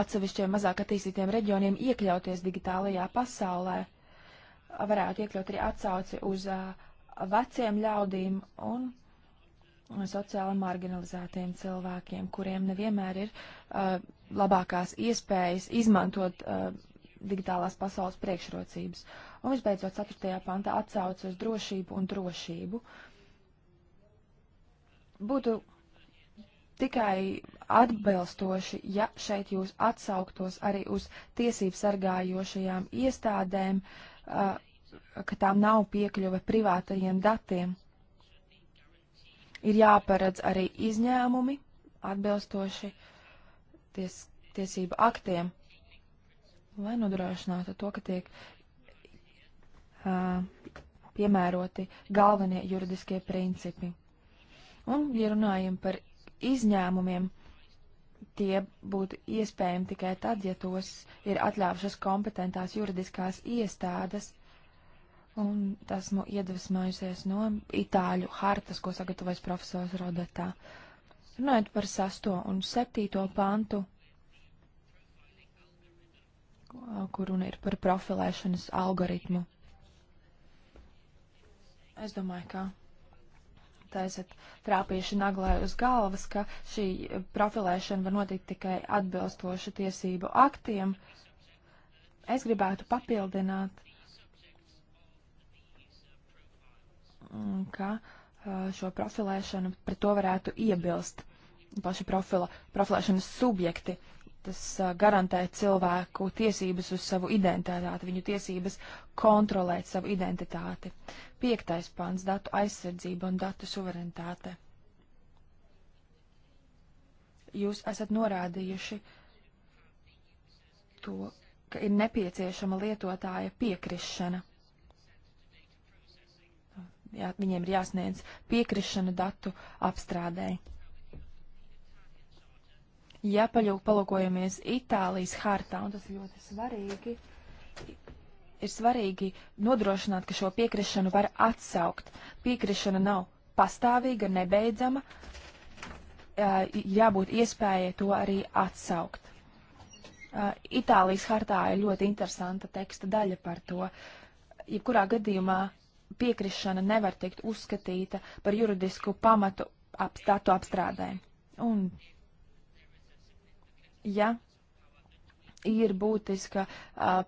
atsevišķiem mazāk attīstītiem reģioniem iekļauties digitālajā pasaulē. Varētu iekļaut arī atsauci uz uh, veciem ļaudīm un sociāli marginalizētiem cilvēkiem, kuriem nevienmēr ir uh, labākās iespējas izmantot uh, digitālās pasaules priekšrocības. Un visbeidzot, 4. pantā atsauce uz drošību un drošību. Būtu tikai atbilstoši, ja šeit jūs atsauktos arī uz tiesību sargājošajām iestādēm, uh, ka tām nav piekļuve privātajiem datiem. Ir jāparedz arī izņēmumi atbilstoši ties, tiesību aktiem, lai nodrošinātu to, ka tiek uh, piemēroti galvenie juridiskie principi. Un, ja runājam par izņēmumiem, tie būtu iespējami tikai tad, ja tos ir atļāvušas kompetentās juridiskās iestādes – un esmu iedvesmājusies no itāļu hartas, ko sagatavojas profesors Rodetā. Runājot par sesto un septīto pantu, kur runa ir par profilēšanas algoritmu. Es domāju, ka tā esat trāpījuši naglai uz galvas, ka šī profilēšana var notikt tikai atbilstoši tiesību aktiem. Es gribētu papildināt ka šo profilēšanu pret to varētu iebilst paši profila, profilēšanas subjekti. Tas garantē cilvēku tiesības uz savu identitāti, viņu tiesības kontrolēt savu identitāti. Piektais pants - datu aizsardzība un datu suverenitāte. Jūs esat norādījuši to, ka ir nepieciešama lietotāja piekrišana jā, viņiem ir jāsniedz piekrišana datu apstrādēji. Ja paļūk, palūkojamies Itālijas hartā, un tas ļoti svarīgi, ir svarīgi nodrošināt, ka šo piekrišanu var atsaukt. Piekrišana nav pastāvīga, nebeidzama, jābūt iespējai to arī atsaukt. Itālijas hartā ir ļoti interesanta teksta daļa par to. Jebkurā gadījumā piekrišana nevar tikt uzskatīta par juridisku pamatu ap, datu apstrādē. Un, ja ir būtiska uh,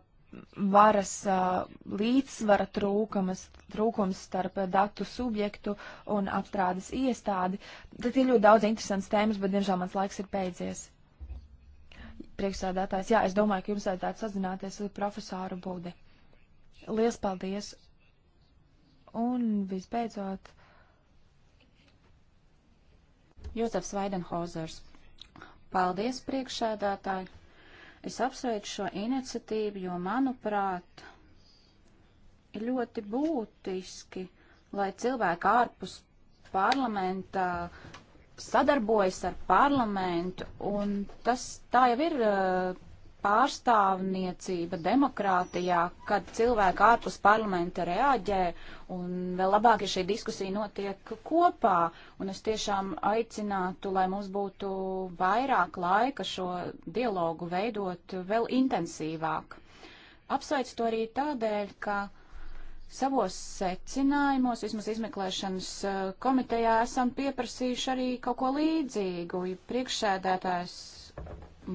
varas uh, līdzsvara trūkums, trūkums starp datu subjektu un apstrādes iestādi, tad ir ļoti daudz interesants tēmas, bet, diemžēl, mans laiks ir beidzies. Priekšsēdētājs, jā, es domāju, ka jums vajadzētu sazināties ar profesoru Būdi. Liels paldies Un visbeidzot, Jūzefs Vaidenhozers. Paldies, priekšsēdētāji! Es apsveicu šo iniciatīvu, jo, manuprāt, ir ļoti būtiski, lai cilvēki ārpus parlamentā sadarbojas ar parlamentu, un tas tā jau ir uh, pārstāvniecība demokrātijā, kad cilvēki ārpus parlamenta reaģē, un vēl labāk, ja šī diskusija notiek kopā, un es tiešām aicinātu, lai mums būtu vairāk laika šo dialogu veidot vēl intensīvāk. Apsveicu to arī tādēļ, ka savos secinājumos, vismaz izmeklēšanas eh, komitejā, esam pieprasījuši arī kaut ko līdzīgu. Priekšsēdētājs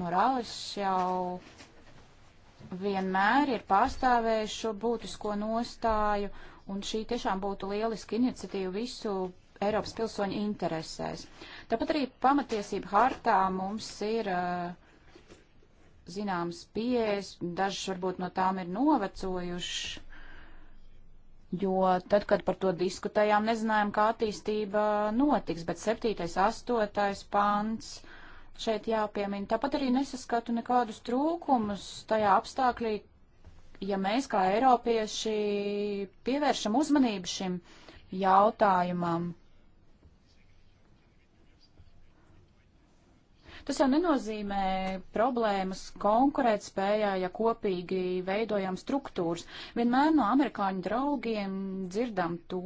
Morālis jau vienmēr ir pārstāvējis šo būtisko nostāju, un šī tiešām būtu lieliska iniciatīva visu Eiropas pilsoņu interesēs. Tāpat arī pamatiesība hartā mums ir zināms pieejas, dažas varbūt no tām ir novecojušas, jo tad, kad par to diskutējām, nezinājām, kā attīstība notiks, bet 7. 8. pants. Uh, šeit jāpiemina. Tāpat arī nesaskatu nekādus trūkumus tajā apstāklī, ja mēs kā eiropieši pievēršam uzmanību šim jautājumam. Tas jau nenozīmē problēmas konkurētspējā, ja kopīgi veidojam struktūras. Vienmēr no amerikāņu draugiem dzirdam to,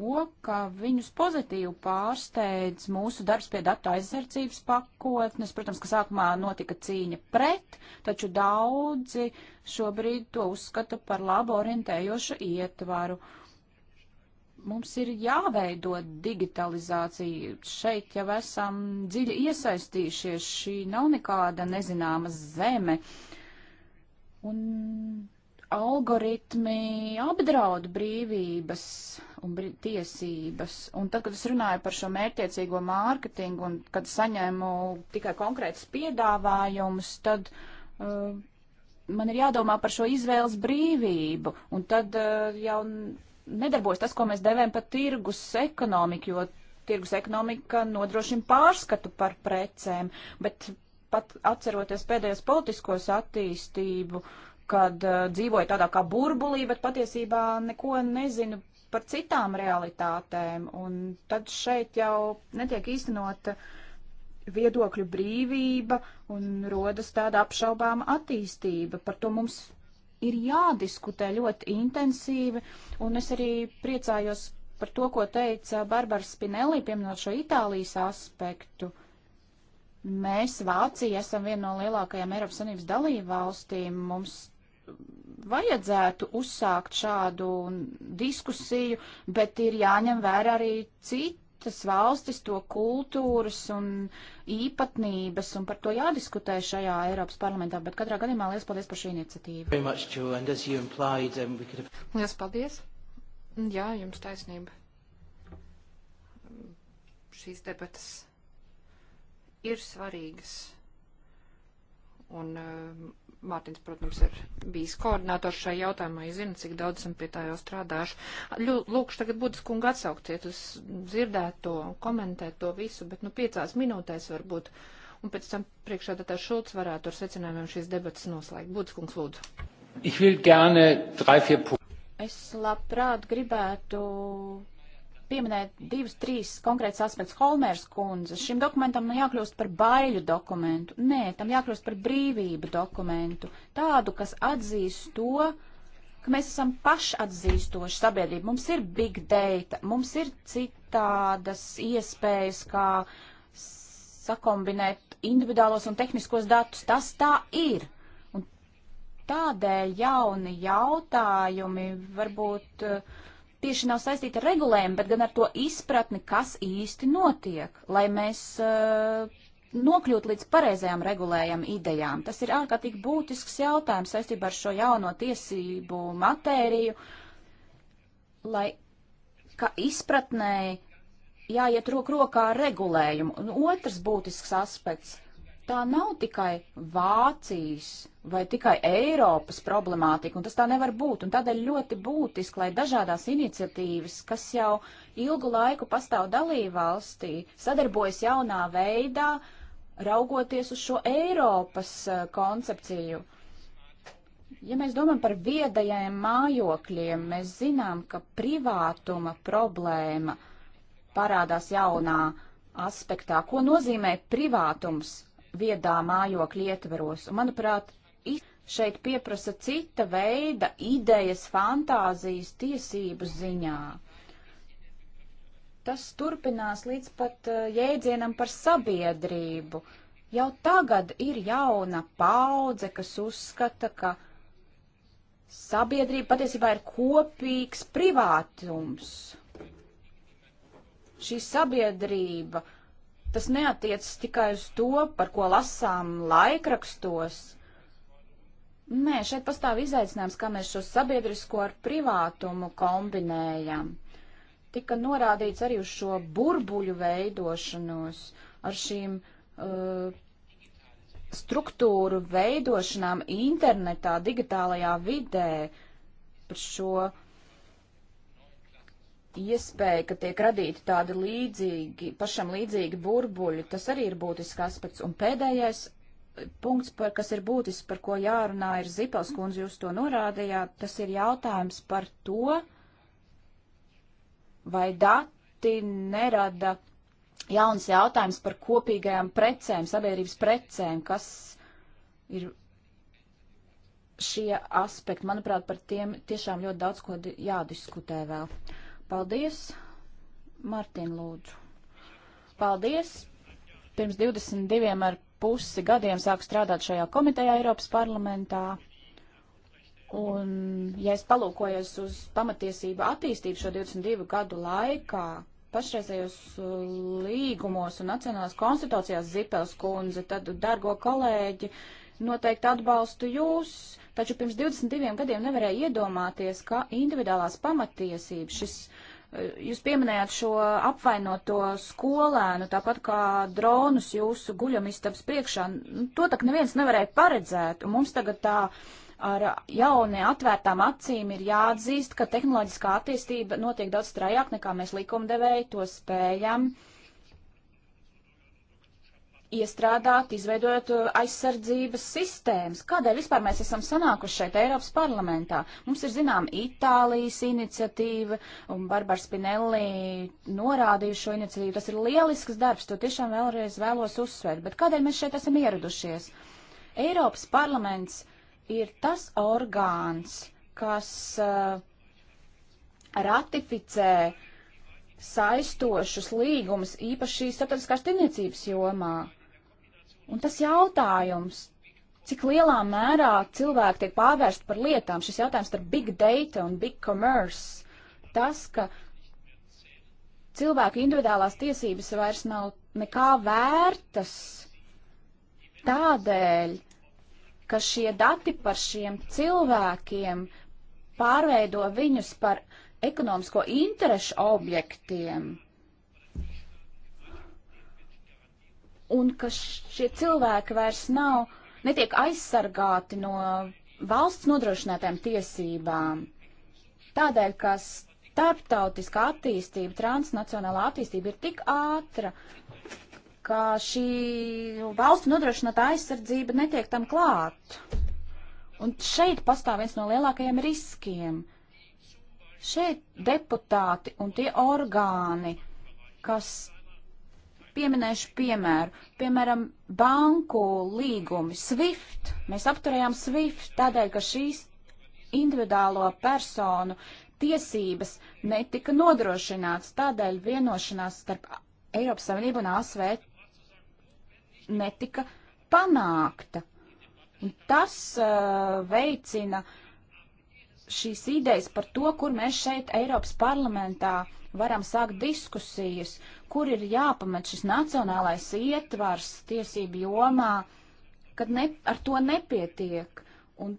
ka viņus pozitīvi pārsteidz mūsu darbs pie datu aizsardzības pakotnes. Protams, ka sākumā notika cīņa pret, taču daudzi šobrīd to uzskata par labu orientējošu ietvaru. Uh, Mums ir jāveido digitalizācija. Šeit jau esam dziļi iesaistījušies. Šī nav nekāda nezināma zeme. Un algoritmi apdraud brīvības un brī tiesības. Un tad, kad es runāju par šo mērķiecīgo mārketingu un kad saņēmu tikai konkrētas piedāvājumus, tad uh, man ir jādomā par šo izvēles brīvību. Un tad uh, jau nedarbojas tas, ko mēs devējam par tirgus ekonomiku, jo tirgus ekonomika nodrošina pārskatu par precēm, bet pat atceroties pēdējos politiskos attīstību, kad uh, dzīvoju tādā kā burbulī, bet patiesībā neko nezinu par citām realitātēm, un tad šeit jau netiek īstenota viedokļu brīvība un rodas tāda apšaubāma attīstība. Par to mums ir jādiskutē ļoti intensīvi, un es arī priecājos par to, ko teica Barbara Spinelli, pieminot šo Itālijas aspektu. Mēs, Vācija, esam viena no lielākajām Eiropas Savienības dalību valstīm. Mums vajadzētu uzsākt šādu diskusiju, bet ir jāņem vērā arī citi citas valstis, to kultūras un īpatnības, un par to jādiskutē šajā Eiropas parlamentā, bet katrā gadījumā liels paldies par šī iniciatīvu. Much, Joe, implied, um, have... Liels paldies! Jā, jums taisnība. Šīs debatas ir svarīgas. Un, uh, Mārtiņš, protams, ir bijis koordinators šajā jautājumā, es zinu, cik daudz esam pie tā jau strādājuši. Lūkšu tagad būtas kunga atsaukties uz dzirdēto, komentēt to visu, bet nu piecās minūtēs varbūt, un pēc tam priekšādātā Šulc varētu ar secinājumiem šīs debatas noslēgt. Būtas kungs, lūdzu. Es labprāt gribētu pieminēt divus, trīs konkrētus aspektus. Holmērs kundze, šim dokumentam jākļūst par baiļu dokumentu. Nē, tam jākļūst par brīvību dokumentu. Tādu, kas atzīst to, ka mēs esam pašatzīstoši sabiedrība. Mums ir big data, mums ir citādas iespējas, kā sakombinēt individuālos un tehniskos datus. Tas tā ir. Un tādēļ jauni jautājumi varbūt. Uh, tieši nav saistīta ar regulējumu, bet gan ar to izpratni, kas īsti notiek, lai mēs uh, eh, nokļūt līdz pareizajām regulējuma idejām. Tas ir ārkārtīgi būtisks jautājums saistībā ar šo jauno tiesību matēriju, lai ka izpratnē jāiet roku rokā ar regulējumu. Un otrs būtisks aspekts tā nav tikai Vācijas vai tikai Eiropas problemātika, un tas tā nevar būt. Un tādēļ ļoti būtiski, lai dažādās iniciatīvas, kas jau ilgu laiku pastāv dalībvalstī, sadarbojas jaunā veidā, raugoties uz šo Eiropas eh, koncepciju. Ja mēs domājam par viedajiem mājokļiem, mēs zinām, ka privātuma problēma parādās jaunā aspektā. Ko nozīmē privātums? viedā mājokļa ietveros. Un, manuprāt, šeit pieprasa cita veida idejas, fantāzijas, tiesību ziņā. Tas turpinās līdz pat eh, jēdzienam par sabiedrību. Jau tagad ir jauna paudze, kas uzskata, ka sabiedrība patiesībā ir kopīgs privātums. Šī sabiedrība uh, tas neatiecas tikai uz to, par ko lasām laikrakstos. Nē, šeit pastāv izaicinājums, kā mēs šo sabiedrisko ar privātumu kombinējam. Tika norādīts arī uz šo burbuļu veidošanos, ar šīm uh, struktūru veidošanām internetā, digitālajā vidē, par šo uh, iespēja, ka tiek radīti tādi līdzīgi, pašam līdzīgi burbuļi, tas arī ir būtisks aspekts. Un pēdējais eh, punkts, par, kas ir būtisks, par ko jārunā, ir Zipels kundze, jūs to norādījāt, tas ir jautājums par to, vai dati nerada jauns jautājums par kopīgajām precēm, sabiedrības precēm, kas ir šie aspekti. Manuprāt, par tiem tiešām ļoti daudz ko jādiskutē vēl. Paldies, Martin Lūdzu. Paldies. Pirms 22 ar pusi gadiem sāku strādāt šajā komitejā Eiropas parlamentā. Un, ja es palūkojos uz pamatiesību attīstību šo 22 gadu laikā, pašreizējos uh, līgumos un nacionālās konstitūcijās Zipels kundze, tad, dargo kolēģi, noteikti atbalstu jūs, taču pirms 22 gadiem nevarēja iedomāties, ka individuālās pamatiesības, šis Jūs pieminējāt šo apvainoto skolēnu, tāpat kā dronus jūsu guļamistabas priekšā. Nu, to tak neviens nevarēja paredzēt, un mums tagad tā ar jaunie atvērtām acīm ir jāatzīst, ka tehnoloģiskā attīstība notiek daudz strājāk, nekā mēs likumdevēji to spējam uh, iestrādāt, izveidojot uh, aizsardzības sistēmas. Kādēļ vispār mēs esam sanākuši šeit Eiropas parlamentā? Mums ir, zinām, Itālijas iniciatīva, un Barbara Spinelli norādīja šo iniciatīvu. Tas ir lielisks darbs, to tiešām vēlreiz vēlos uzsvērt. Bet kādēļ mēs šeit esam ieradušies? Eiropas parlaments ir tas orgāns, kas uh, ratificē saistošus līgumus īpaši starptautiskās tirniecības jomā. Un tas jautājums, cik lielā mērā cilvēki tiek pārvērsti par lietām, šis jautājums ar big data un big commerce, tas, ka cilvēku individuālās tiesības vairs nav nekā vērtas tādēļ, ka šie dati par šiem cilvēkiem pārveido viņus par ekonomisko interešu objektiem. un ka šie cilvēki vairs nav, netiek aizsargāti no valsts nodrošinātām tiesībām. Tādēļ, ka starptautiskā attīstība, transnacionālā attīstība ir tik ātra, ka šī valstu nodrošinātā aizsardzība netiek tam klāt. Un šeit pastāv viens no lielākajiem riskiem. Šeit deputāti un tie orgāni, kas Pieminēšu piemēru. Piemēram, banku līgumi SWIFT. Mēs apturējām SWIFT tādēļ, ka šīs individuālo personu tiesības netika nodrošināts. Tādēļ vienošanās starp Eiropas Savienību un ASV netika panākta. Un tas uh, veicina uh, šīs idejas par to, kur mēs šeit Eiropas parlamentā varam sākt diskusijas, kur ir jāpamet šis nacionālais ietvars tiesību jomā, kad ne, ar to nepietiek. Un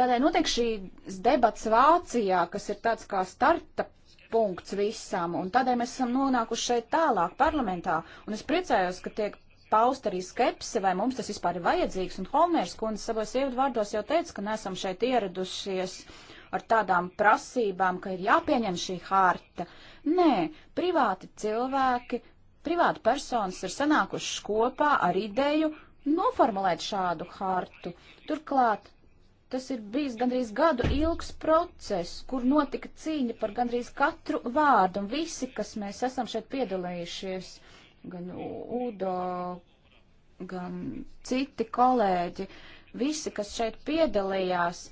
tādēļ notiek šīs debats Vācijā, kas ir tāds kā starta punkts visam, un tādēļ mēs esam nonākuši šeit tālāk parlamentā. Un es priecājos, ka tiek paust arī skepsi, vai mums tas vispār ir vajadzīgs. Un Holmērs kundze savos ievadvārdos jau teica, ka nesam šeit ieradušies ar tādām prasībām, ka ir jāpieņem šī harta. Nē, privāti cilvēki, privāti personas ir sanākušas kopā ar ideju noformulēt šādu hartu. Turklāt tas ir bijis gandrīz gadu ilgs process, kur notika cīņa par gandrīz katru vārdu, un visi, kas mēs esam šeit piedalījušies, gan Udo, gan citi kolēģi, visi, kas šeit piedalījās,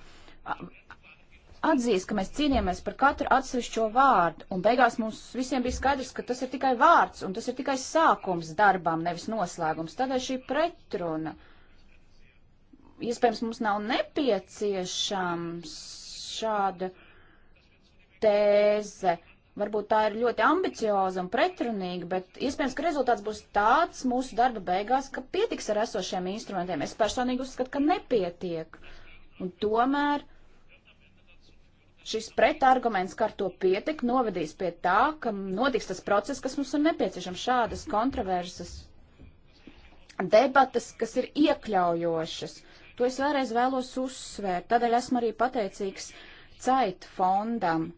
atzīst, ka mēs cīnījāmies par katru atsevišķo vārdu, un beigās mums visiem bija skaidrs, ka tas ir tikai vārds, un tas ir tikai sākums darbām, nevis noslēgums. Tādēļ šī pretruna, iespējams, mums nav nepieciešams šāda tēze. Varbūt tā ir ļoti ambicioza un pretrunīga, bet iespējams, ka rezultāts būs tāds mūsu darba beigās, ka pietiks ar esošiem instrumentiem. Es personīgi uzskatu, ka nepietiek. Un tomēr šis pretarguments, ka ar to pietik, novedīs pie tā, ka notiks tas process, kas mums ir nepieciešams. Šādas kontroversas debatas, kas ir iekļaujošas. To es vēlreiz vēlos uzsvērt. Tādēļ esmu arī pateicīgs Cait fondam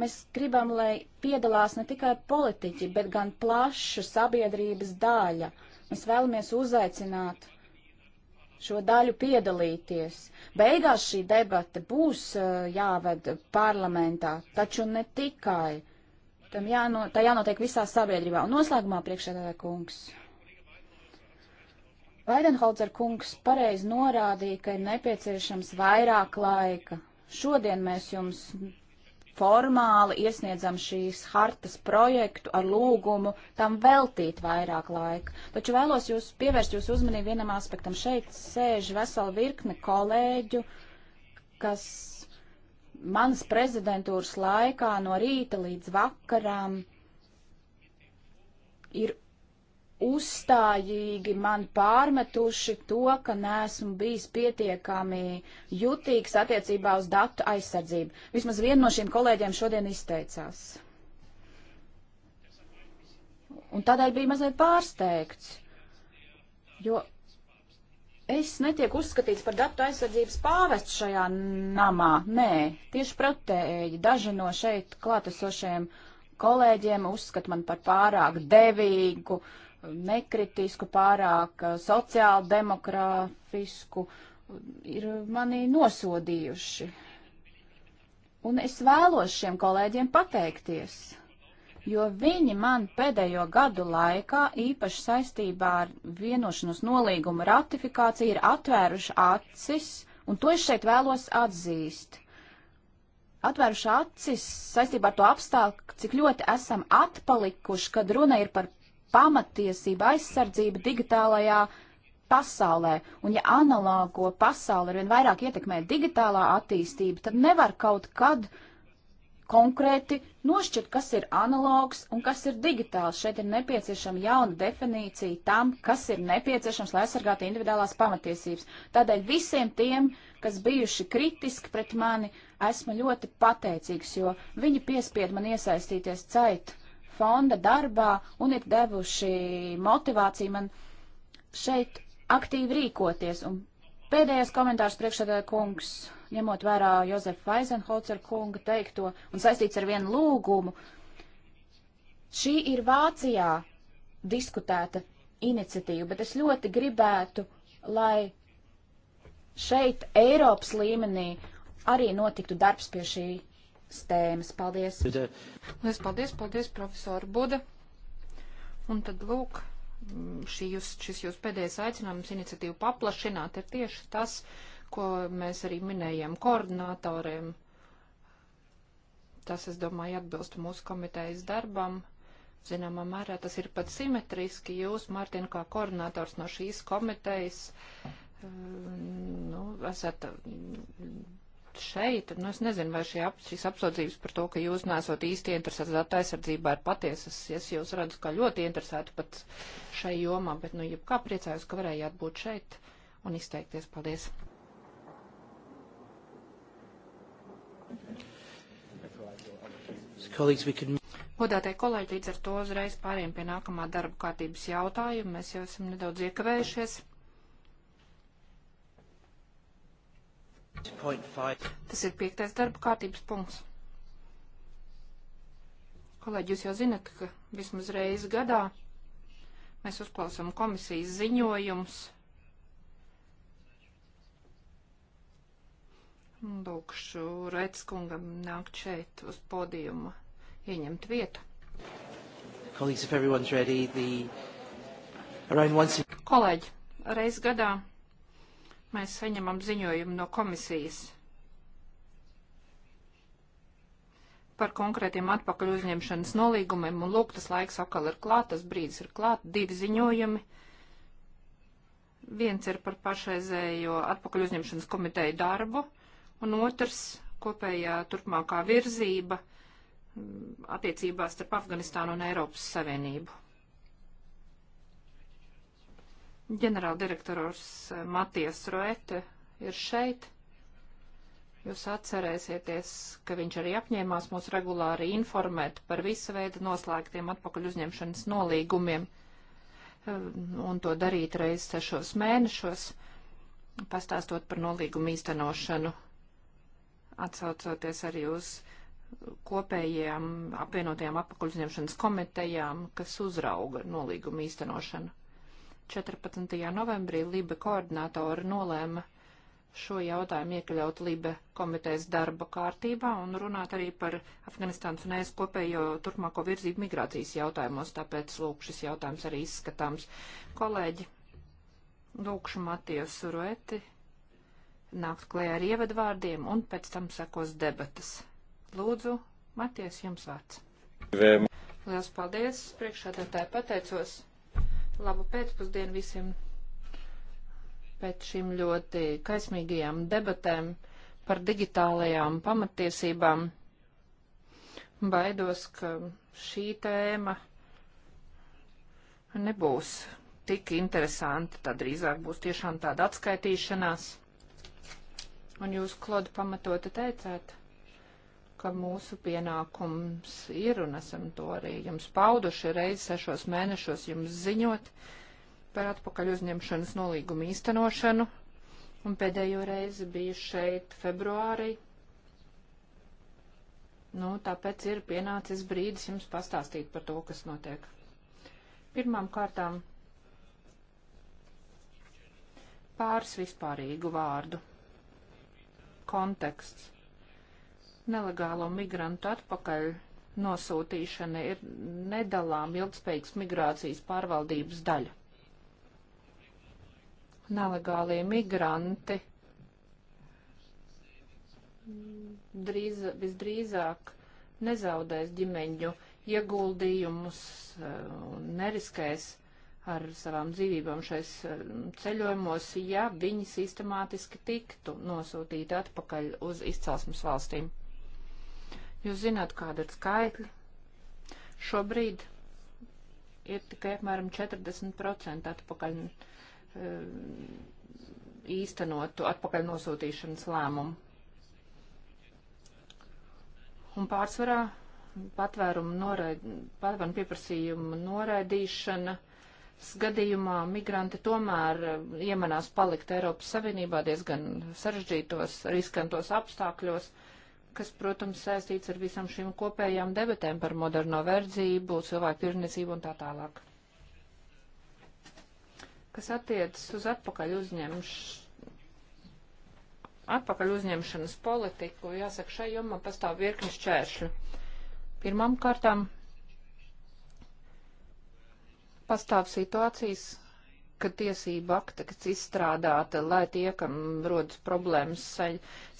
Mēs gribam, lai piedalās ne tikai politiķi, bet gan plaša sabiedrības daļa. Mēs vēlamies uzaicināt šo daļu piedalīties. Beigās šī debata būs eh, jāved parlamentā, taču ne tikai. Tam jāno, tā jānotiek visā sabiedrībā. Un noslēgumā priekšsēdētāja kungs. Vaidenholzer kungs pareizi norādīja, ka ir nepieciešams vairāk laika. Šodien mēs jums formāli iesniedzam šīs hartas projektu ar lūgumu tam veltīt vairāk laika. Taču vēlos jūs pievērst jūsu uzmanību vienam aspektam. Šeit sēž vesela virkne kolēģu, kas manas prezidentūras laikā no rīta līdz vakaram ir uzstājīgi man pārmetuši to, ka neesmu bijis pietiekami jutīgs attiecībā uz datu aizsardzību. Vismaz viena no šiem kolēģiem šodien izteicās. Un tādēļ bija mazliet pārsteigts, jo es netieku uzskatīts par datu aizsardzības pāvestu šajā namā. Nē, tieši pretēji daži no šeit klātesošiem kolēģiem uzskata man par pārāk devīgu, uh, nekritisku, pārāk sociāli demokrāfisku, ir mani nosodījuši. Un es vēlos šiem kolēģiem pateikties, jo viņi man pēdējo gadu laikā, īpaši saistībā ar vienošanos nolīgumu ratifikāciju, ir atvēruši acis, un to es šeit vēlos atzīst. Atvēruši acis saistībā ar to apstākļu, cik ļoti esam atpalikuši, kad runa ir par pamatiesība aizsardzība digitālajā pasaulē. Un ja analāgo pasauli arvien vairāk ietekmē digitālā attīstība, tad nevar kaut kad konkrēti nošķirt, kas ir analogs un kas ir digitāls. Šeit ir nepieciešama jauna definīcija tam, kas ir nepieciešams, lai aizsargātu individuālās pamatiesības. Tādēļ visiem tiem, kas bijuši kritiski pret mani, esmu ļoti pateicīgs, jo viņi piespied man iesaistīties cait fonda darbā un ir devuši motivāciju man šeit aktīvi rīkoties. Un pēdējais komentārs priekšsēdētāja kungs, ņemot vērā Jozefa Eisenholzer kunga teikto un saistīts ar vienu lūgumu. Šī ir Vācijā diskutēta iniciatīva, bet es ļoti gribētu, lai šeit Eiropas līmenī arī notiktu darbs pie šī tēmas. Paldies! Lies paldies, paldies, profesori Buda! Un tad lūk, šī jūs, šis jūs pēdējais aicinājums iniciatīvu paplašināt ir tieši tas, ko mēs arī minējām koordinatoriem. Tas, es domāju, atbilst mūsu komitejas darbam. Zināmā mērā tas ir pat simetriski. Jūs, Mārtiņ, kā koordinators no šīs komitejas, eh, nu, esat ierodat šeit, nu es nezinu, vai šie, šīs apsūdzības par to, ka jūs nesat īsti interesēti datu aizsardzībā ir patiesas. Es jūs redzu, ka ļoti interesēti pat šai jomā, bet nu jebkā priecājos, ka varējāt būt šeit un izteikties. Paldies! Godātie kolēģi, līdz ar to uzreiz pāriem pie nākamā darba kārtības jautājuma. Mēs jau esam nedaudz iekavējušies. Tas ir piektais darba kārtības punkts. Kolēģi, jūs jau zinat, ka vismaz reizi gadā mēs uzklausām komisijas ziņojums. Lūkšu Redskungam nākt šeit uz podiuma, ieņemt vietu. Kolēģi, reizi gadā Mēs saņemam ziņojumu no komisijas par konkrētiem atpakaļ uzņemšanas nolīgumiem, un lūk, tas laiks atkal ir klāt, tas brīdis ir klāt, divi ziņojumi. Viens ir par pašreizējo atpakaļ uzņemšanas komiteju darbu, un otrs kopējā turpmākā virzība mm, attiecībās starp Afganistānu un Eiropas Savienību. ģenerāldirektors eh, Matijas Roete ir šeit. Jūs atcerēsieties, ka viņš arī apņēmās mūs regulāri informēt par visu veidu noslēgtiem atpakaļ uzņemšanas nolīgumiem eh, un to darīt reiz sešos mēnešos, pastāstot par nolīgumu īstenošanu, atsaucoties arī uz kopējiem apvienotajām apakaļ uzņemšanas komitejām, kas uzrauga nolīgumu īstenošanu. 14. novembrī Liba koordinātori nolēma šo jautājumu iekļaut Liba komitejas darba kārtībā un runāt arī par Afganistānas un ES kopējo turpmāko virzību migrācijas jautājumos, tāpēc lūk šis jautājums arī izskatāms. Kolēģi, lūkšu Matiju Surueti nākt klējā ar ievadvārdiem un pēc tam sekos debatas. Lūdzu, Matijas, jums vārds. Liels paldies, priekšādātāji pateicos Labu pēcpusdienu visiem pēc šīm ļoti kaismīgajām debatēm par digitālajām pamatiesībām. Baidos, ka šī tēma nebūs tik interesanti, tad drīzāk būs tiešām tāda atskaitīšanās. Un jūs, Kloda, pamatoti teicāt, ka mūsu pienākums ir, un esam to arī jums pauduši reizi sešos mēnešos jums ziņot par atpakaļ uzņemšanas nolīgumu īstenošanu, un pēdējo reizi bija šeit februārī. Nu, tāpēc ir pienācis brīdis jums pastāstīt par to, kas notiek. Pirmām kārtām pāris vispārīgu vārdu. Konteksts nelegālo migrantu atpakaļ nosūtīšana ir nedalām ilgspējīgas migrācijas pārvaldības daļa. Nelegālie migranti drīz, visdrīzāk nezaudēs ģimeņu ieguldījumus eh, un neriskēs ar savām dzīvībām šais eh, ceļojumos, ja viņi sistemātiski tiktu nosūtīti atpakaļ uz izcelsmes valstīm. Jūs zināt, kāda ir skaitļi. Šobrīd ir tikai apmēram 40% atpakaļ eh, īstenotu atpakaļ nosūtīšanas lēmumu. Un pārsvarā patvērumu, noraid, patvērumu pieprasījumu noraidīšana gadījumā migranti tomēr eh, iemanās palikt Eiropas Savienībā diezgan sarežģītos, riskantos apstākļos. Uh, kas, protams, saistīts ar visam šīm kopējām debatēm par moderno verdzību, cilvēku tirniecību un tā tālāk. Kas attiecas uz atpakaļ, uzņemš... atpakaļ uzņemšanas politiku, jāsaka, šai jomā pastāv virkni šķēršļu. Pirmām kārtām pastāv situācijas, ka tiesība akta, kas izstrādāta, lai tie, kam rodas problēmas, sa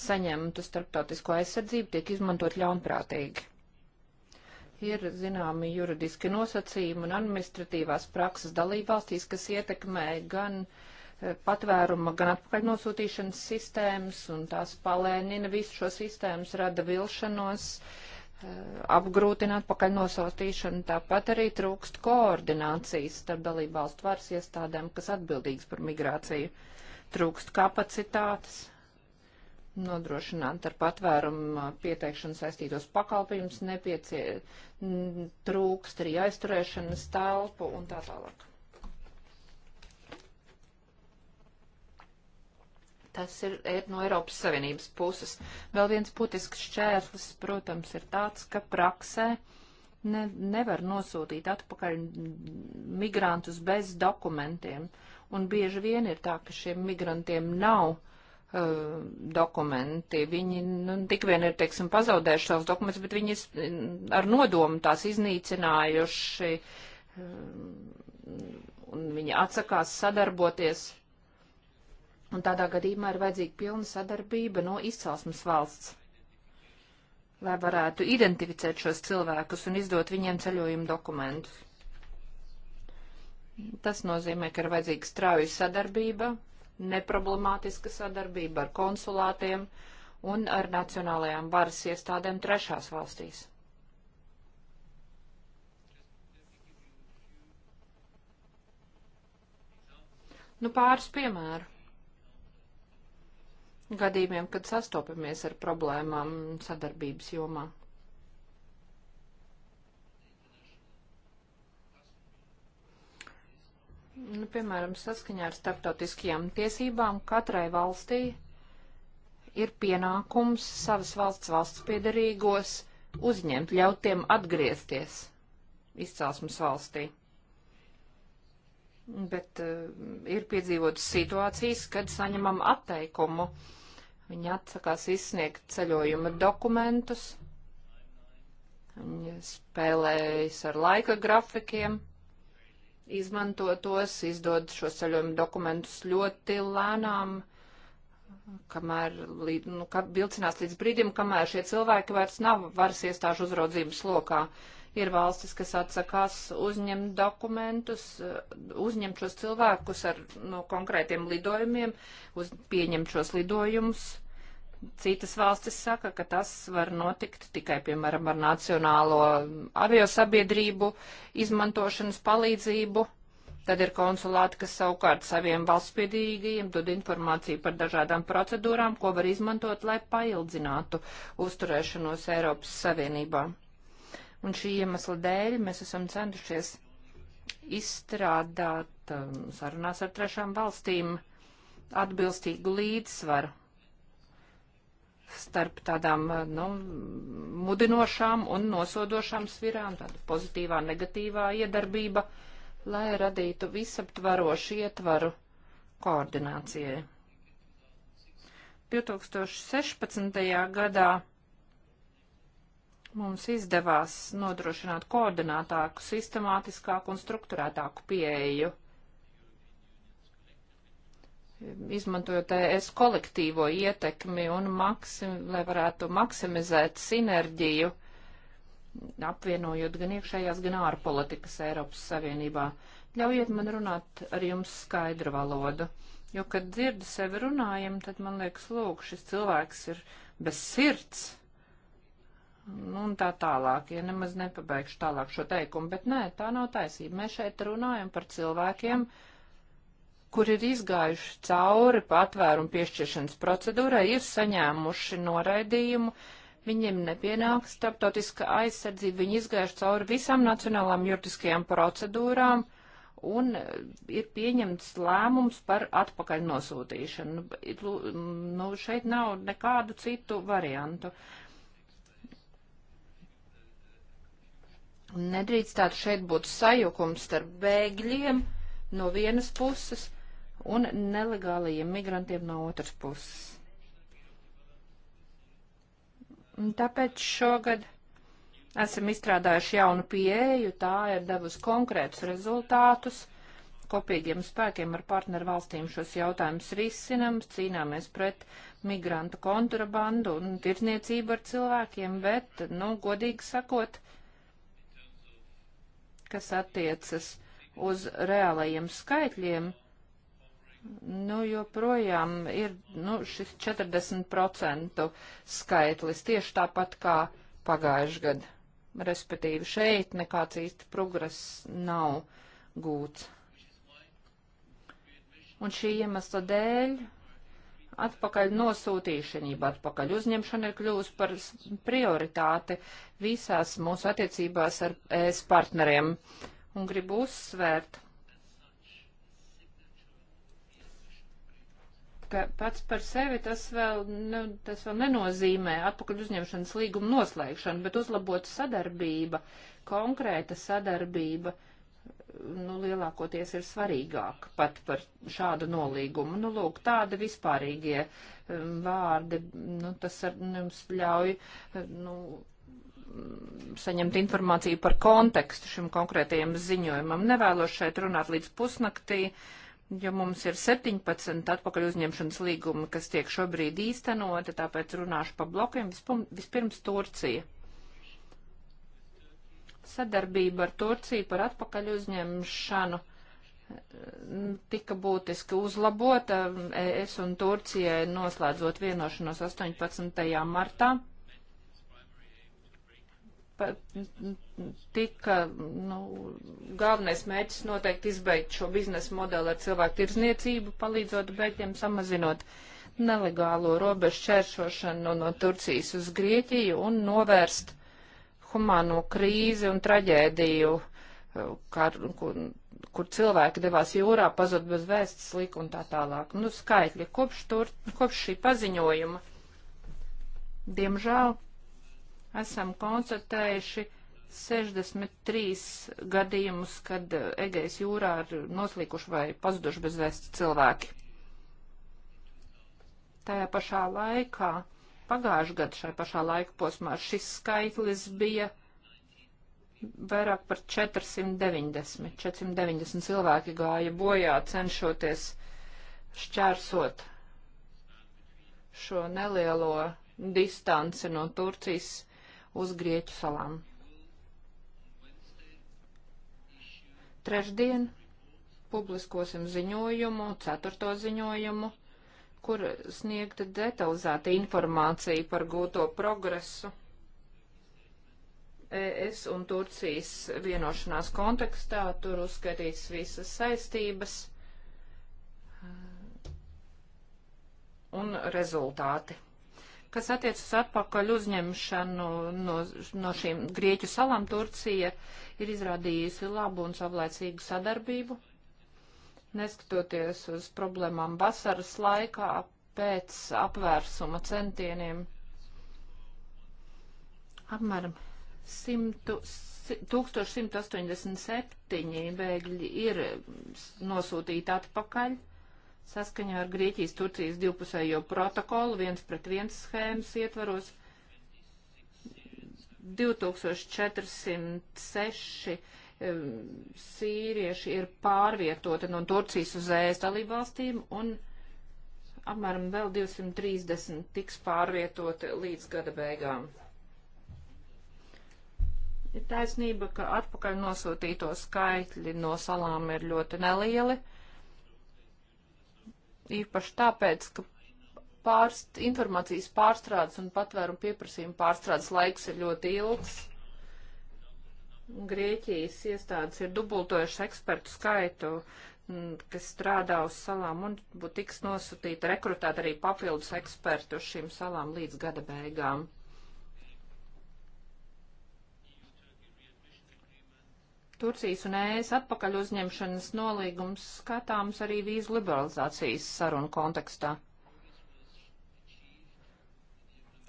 saņemtu starptautisko aizsardzību, tiek izmantot ļaunprātīgi. Ir zināmi juridiski nosacījumi un administratīvās prakses dalībvalstīs, kas ietekmē gan eh, patvēruma, gan atpakaļ nosūtīšanas sistēmas, un tās palēnina visu šo sistēmas, rada vilšanos. Uh, Eh, apgrūtināt pakaļ nosautīšanu, tāpat arī trūkst koordinācijas starp dalību valstu varas iestādēm, kas atbildīgas par migrāciju, trūkst kapacitātes, nodrošināt ar patvērumu eh, pieteikšanu saistītos pakalpojumus, nepiecie trūkst arī aizturēšanas telpu un tā tālāk. Tas ir no Eiropas Savienības puses. Vēl viens būtisks šķērslis, protams, ir tāds, ka praksē ne, nevar nosūtīt atpakaļ migrantus bez dokumentiem. Un bieži vien ir tā, ka šiem migrantiem nav uh, dokumenti. Viņi nu, tik vien ir, teiksim, pazaudējuši savus dokumentus, bet viņi ar nodomu tās iznīcinājuši, uh, un viņi atsakās sadarboties Un tādā gadījumā ir vajadzīga pilna sadarbība no izcelsmes valsts, lai varētu identificēt šos cilvēkus un izdot viņiem ceļojumu dokumentus. Tas nozīmē, ka ir vajadzīga strauja sadarbība, neproblemātiska sadarbība ar konsulātiem un ar nacionālajām varas iestādēm trešās valstīs. Nu, pāris piemēru gadījumiem, kad sastopamies ar problēmām sadarbības jomā. Nu, piemēram, saskaņā ar starptautiskajām tiesībām katrai valstī ir pienākums savas valsts valsts piedarīgos uzņemt, ļaut tiem atgriezties izcelsmes valstī bet eh, ir piedzīvotas situācijas, kad saņemam atteikumu. Viņi atsakās izsniegt ceļojuma dokumentus, viņi spēlējas ar laika grafikiem, izmanto tos, izdod šos ceļojuma dokumentus ļoti lēnām, kamēr, nu, kad vilcinās līdz brīdim, kamēr šie cilvēki vairs nav varas iestāžu uzraudzības lokā. Uh, Ir valstis, kas atsakās uzņemt dokumentus, eh, uzņemt šos cilvēkus ar no konkrētiem lidojumiem, uz, pieņemt šos lidojumus. Citas valstis saka, ka tas var notikt tikai, piemēram, ar nacionālo aviosabiedrību izmantošanas palīdzību. Tad ir konsulāti, kas savukārt saviem valsts piedīgajiem dod informāciju par dažādām procedūrām, ko var izmantot, lai paildzinātu uzturēšanos Eiropas Savienībā un šī iemesla dēļ mēs esam centušies izstrādāt um, sarunās ar trešām valstīm atbilstīgu līdzsvaru starp tādām uh, nu, mudinošām un nosodošām svirām, tāda pozitīvā, negatīvā iedarbība, lai radītu visaptvarošu ietvaru koordinācijai. 2016. gadā Mums izdevās nodrošināt koordinātāku, sistemātiskāku un struktūrētāku pieeju, izmantojot ES kolektīvo ietekmi un maksim, lai varētu maksimizēt sinerģiju, apvienojot gan iekšējās, gan ārpolitikas Eiropas Savienībā. Ļaujiet man runāt ar jums skaidru valodu, jo, kad dzirdu sevi runājam, tad man liekas, lūk, šis cilvēks ir bez sirds un tā tālāk. Ja nemaz nepabeigšu tālāk šo teikumu, bet nē, tā nav taisība. Mēs šeit runājam par cilvēkiem, kur ir izgājuši cauri patvērumu piešķiršanas procedūrai, ir saņēmuši noraidījumu, viņiem nepienāks starptautiska aizsardzība, viņi izgājuši cauri visām nacionālām juridiskajām procedūrām un e, ir pieņemts lēmums par atpakaļ nosūtīšanu. Nu, šeit nav nekādu citu variantu. Uh, Nedrīkstētu šeit būt sajukums starp bēgļiem no vienas puses un nelegālajiem migrantiem no otras puses. Un tāpēc šogad esam izstrādājuši jaunu pieeju, tā ir devusi konkrētus rezultātus. Kopīgiem spēkiem ar partneru valstīm šos jautājumus risinam, cīnāmies pret migrantu kontrabandu un tirzniecību ar cilvēkiem, bet, nu, godīgi sakot, kas attiecas uz reālajiem skaitļiem, nu, joprojām ir nu, šis 40% skaitlis tieši tāpat kā pagājuši gadu. Respektīvi, šeit nekāds īsti progress nav gūts. Un šī iemesla dēļ atpakaļ nosūtīšana, jeb atpakaļ uzņemšana ir kļuvusi par prioritāti visās mūsu attiecībās ar ES partneriem. Un gribu uzsvērt, ka pats par sevi tas vēl, nu, tas vēl nenozīmē atpakaļ uzņemšanas līguma noslēgšanu, bet uzlabota sadarbība, konkrēta sadarbība nu, lielākoties ir svarīgāk pat par šādu nolīgumu. Nu, lūk, tādi vispārīgie um, vārdi, nu, tas ar, nu, jums ļauj, nu, saņemt informāciju par kontekstu šim konkrētajam ziņojumam. Nevēlos šeit runāt līdz pusnaktī, jo mums ir 17 atpakaļ uzņemšanas līgumi, kas tiek šobrīd īstenoti, tāpēc runāšu pa blokiem. Vispirms Turcija. Sadarbība ar Turciju par atpakaļ uzņemšanu tika būtiski uzlabota es un Turcijai noslēdzot vienošanos 18. martā. Pa, tika, nu, galvenais mērķis noteikti izbeigt šo biznesa modeli ar cilvēku tirzniecību, palīdzot beigtiem samazinot nelegālo robežu čēršošanu no, no Turcijas uz Grieķiju un novērst humāno krīzi un traģēdiju, kā, kur, kur cilvēki devās jūrā, pazud bez vēstas lika un tā tālāk. Nu, skaitļi kopš, tur, kopš šī paziņojuma. Diemžēl esam konstatējuši 63 gadījumus, kad Egejas jūrā ir noslīkuši vai pazuduši bez vēsts cilvēki. Tajā pašā laikā Pagājušajā gadā šai pašā laika posmā šis skaitlis bija vairāk par 490. 490 cilvēki gāja bojā cenšoties šķērsot šo nelielo distanci no Turcijas uz Grieķu salām. Trešdien publiskosim ziņojumu, ceturto ziņojumu kur sniegta detalizēta informācija par gūto progresu ES un Turcijas vienošanās kontekstā. Tur uzskatīts visas saistības un rezultāti. Kas attiecas atpakaļ uzņemšanu no, no šīm Grieķu salām, Turcija ir izrādījusi labu un savlaicīgu sadarbību neskatoties uz problēmām vasaras laikā pēc apvērsuma centieniem. Apmēram 100, 1187 bēgļi ir nosūtīti atpakaļ saskaņā ar Grieķijas Turcijas divpusējo protokolu viens pret viens schēmas ietvaros 2406 sīrieši ir pārvietoti no Turcijas uz ES dalībvalstīm un apmēram vēl 230 tiks pārvietoti līdz gada beigām. Ir taisnība, ka atpakaļ nosūtīto skaitļi no salām ir ļoti nelieli. Īpaši tāpēc, ka pārst, informācijas pārstrādes un patvērumu pieprasījumu pārstrādes laiks ir ļoti ilgs. Grieķijas iestādes ir dubultojuši ekspertu skaitu, mm, kas strādā uz salām, un tiks nosūtīta rekrutēt arī papildus ekspertu uz šīm salām līdz gada beigām. Turcijas un ES atpakaļ uzņemšanas nolīgums skatāms arī vīzu liberalizācijas sarunu kontekstā.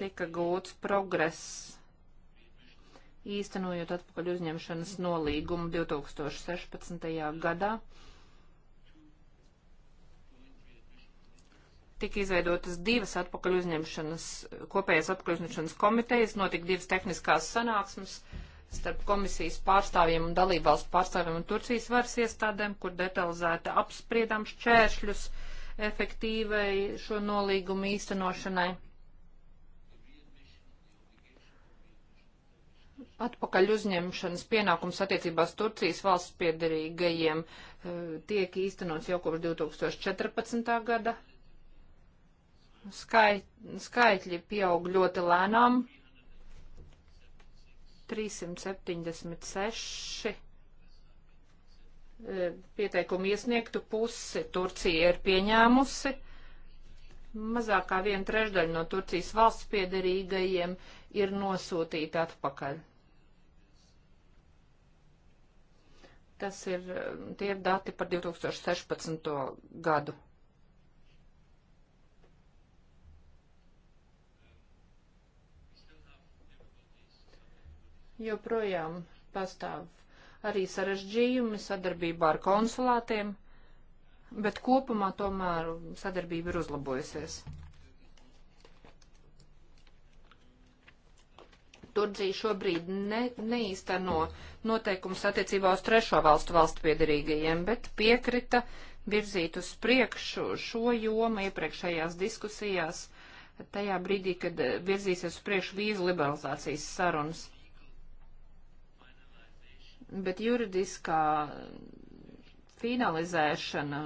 Tika gūts progress īstenojot atpakaļ uzņemšanas nolīgumu 2016. gadā. Tika izveidotas divas atpakaļ uzņemšanas, kopējas atpakaļ uzņemšanas komitejas, notika divas tehniskās sanāksmes starp komisijas pārstāvjiem un dalībvalstu pārstāvjiem un Turcijas varas iestādēm, kur detalizēti apspriedām šķēršļus efektīvai šo nolīgumu īstenošanai. atpakaļ uzņemšanas pienākums attiecībās Turcijas valsts piedarīgajiem eh, tiek īstenots jau kopš 2014. gada. Skait, skaitļi pieaug ļoti lēnām. 376 eh, pieteikumu iesniegtu pusi Turcija ir pieņēmusi. Mazākā viena trešdaļa no Turcijas valsts piedarīgajiem ir nosūtīta atpakaļ. Tas ir, tie ir dati par 2016. gadu. Joprojām pastāv arī sarežģījumi sadarbībā ar konsulātiem, bet kopumā tomēr sadarbība ir uzlabojusies. Turcija šobrīd ne, neīsteno noteikums attiecībā uz trešo valstu valstu piedarīgajiem, bet piekrita virzīt uz priekšu šo jomu iepriekšējās diskusijās tajā brīdī, kad eh, virzīsies uz priekšu vīzu liberalizācijas sarunas. Bet juridiskā finalizēšana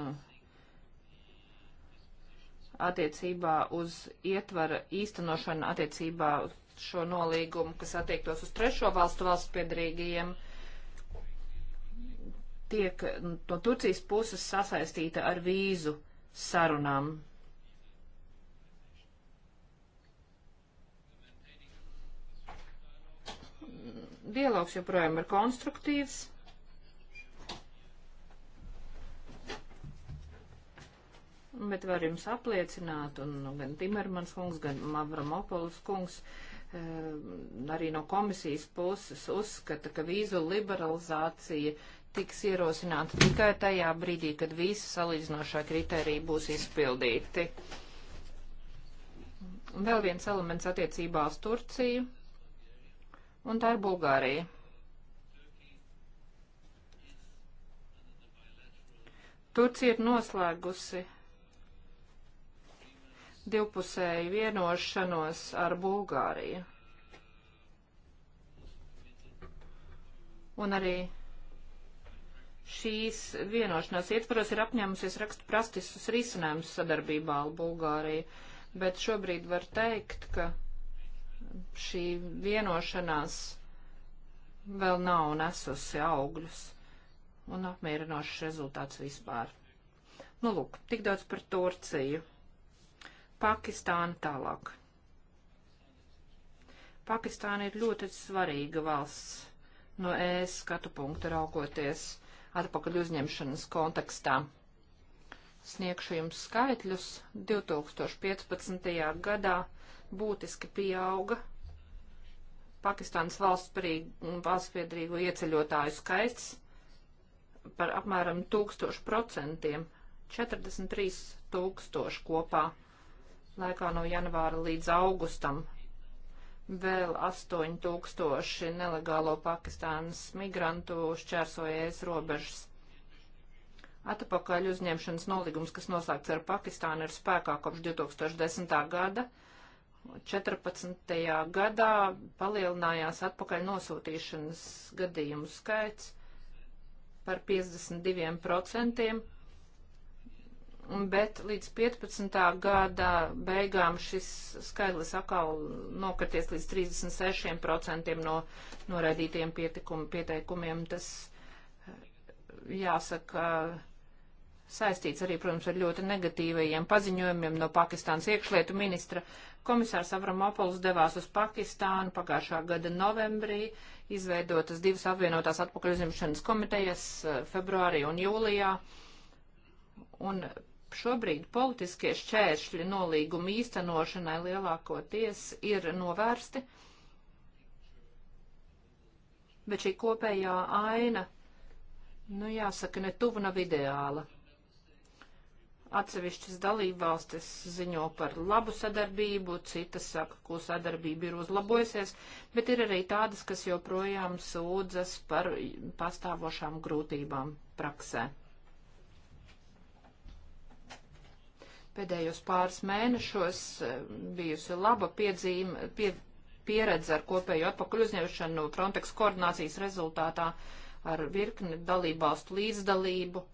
attiecībā uz ietvara īstenošanu attiecībā uz šo nolīgumu, kas attiektos uz trešo valstu valsts piedarīgajiem, tiek no Turcijas puses sasaistīta ar vīzu sarunām. Dialogs joprojām ir konstruktīvs. bet var jums apliecināt, un nu, gan Timermans kungs, gan Mavramopoulos kungs Ehm, arī no komisijas puses uzskata, ka vīzu liberalizācija tiks ierosināta tikai tajā brīdī, kad visi salīdzinošā kritērija būs izpildīti. Vēl viens elements attiecībā uz Turciju, un tā ir Bulgārija. Turcija ir noslēgusi divpusēju vienošanos ar Bulgāriju. Un arī šīs vienošanās ietvaros ir apņēmusies rakst prastiskus risinājumus sadarbībā ar Bulgāriju, bet šobrīd var teikt, ka šī vienošanās vēl nav nesusi augļus un apmierinošs rezultāts vispār. Nu, lūk, tik daudz par Turciju. Pakistāna tālāk. Pakistāna ir ļoti svarīga valsts no ēs skatu punkta raugoties atpakaļ uzņemšanas kontekstā. Sniegšu jums skaitļus. 2015. gadā būtiski pieauga Pakistānas valsts piedrīgo ieceļotāju skaits par apmēram 1000 procentiem, 43 tūkstoši kopā laikā no janvāra līdz augustam. Vēl 8000 nelegālo Pakistānas migrantu šķērsojies robežas. Atpakaļ uzņemšanas nolīgums, kas noslēgts ar Pakistānu, ir spēkā kopš 2010. gada. 14. gadā palielinājās atpakaļ nosūtīšanas gadījumu skaits par 52% bet līdz 15. gada beigām šis skaidrs atkal nokarties līdz 36% no noraidītiem pieteikumiem. Tas eh, jāsaka saistīts arī, protams, ar ļoti negatīvajiem paziņojumiem no Pakistānas iekšlietu ministra. Komisārs Avramopols devās uz Pakistānu pagājušā gada novembrī, izveidotas divas apvienotās atpakaļuzņemšanas komitejas eh, februārī un jūlijā. Un Šobrīd politiskie šķēršļi nolīguma īstenošanai lielākoties ir novērsti, bet šī kopējā aina, nu jāsaka, ne tuvu nav ideāla. Atsevišķas dalībvalstis ziņo par labu sadarbību, citas saka, ko sadarbība ir uzlabojusies, bet ir arī tādas, kas joprojām sūdzas par pastāvošām grūtībām praksē. Pēdējos pāris mēnešos eh, bijusi laba piedzīme, pie, pieredze ar kopējo atpakaļ uzņemšanu Frontex koordinācijas rezultātā ar virkni dalībvalstu līdzdalību,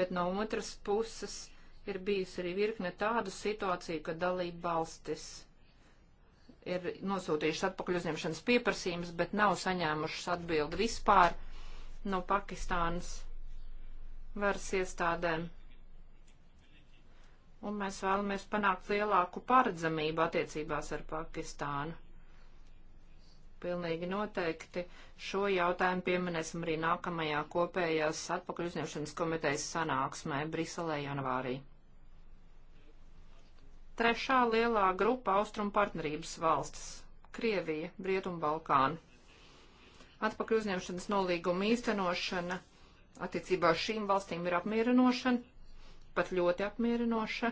bet no otras puses ir bijusi arī virkne tādu situāciju, ka dalībvalstis ir nosūtījušas atpakaļ uzņemšanas pieprasījumus, bet nav saņēmušas atbildi vispār no Pakistānas varas iestādēm un mēs vēlamies panākt lielāku paredzamību attiecībās ar Pakistānu. Pilnīgi noteikti šo jautājumu pieminēsim arī nākamajā kopējās atpakaļ uzņemšanas komitejas sanāksmē Briselē janvārī. Trešā lielā grupa Austrum partnerības valstis - Krievija, Rietumbalkāna. Atpakaļ uzņemšanas nolīguma īstenošana attiecībā uz šīm valstīm ir apmierinošana pat ļoti apmierinoša.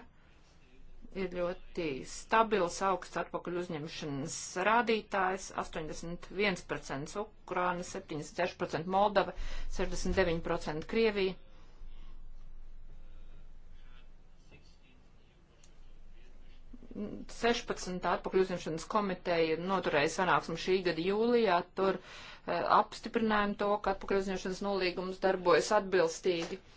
Ir ļoti stabils augsts atpakaļ uzņemšanas rādītājs - 81% Ukrāna, 76% Moldova, 69% Krievija. Sešpadsmit atpakaļ uzņemšanas komiteja noturēja sanāksmu šī gada jūlijā, tur uh, eh, apstiprinājām to, ka atpakaļ uzņemšanas nolīgums darbojas atbilstīgi. Uh,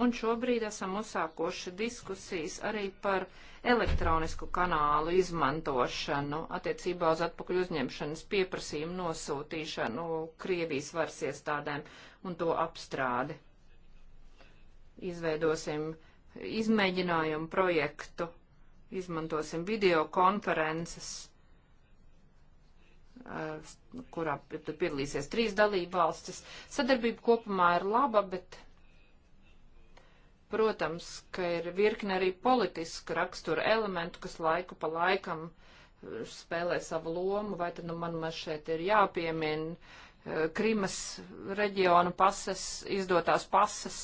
Un šobrīd esam uzsākoši diskusijas arī par elektronisku kanālu izmantošanu attiecībā uz atpakaļ uzņemšanas pieprasījumu nosūtīšanu Krievijas varas iestādēm un to apstrādi. Izveidosim izmēģinājumu projektu, izmantosim videokonferences eh, kurā piedalīsies trīs dalība valstis. Sadarbība kopumā ir laba, bet Protams, ka ir virkne arī politiska rakstura elementu, kas laiku pa laikam eh, spēlē savu lomu, vai tad nu man šeit ir jāpiemina eh, Krimas reģionu pases, izdotās pases.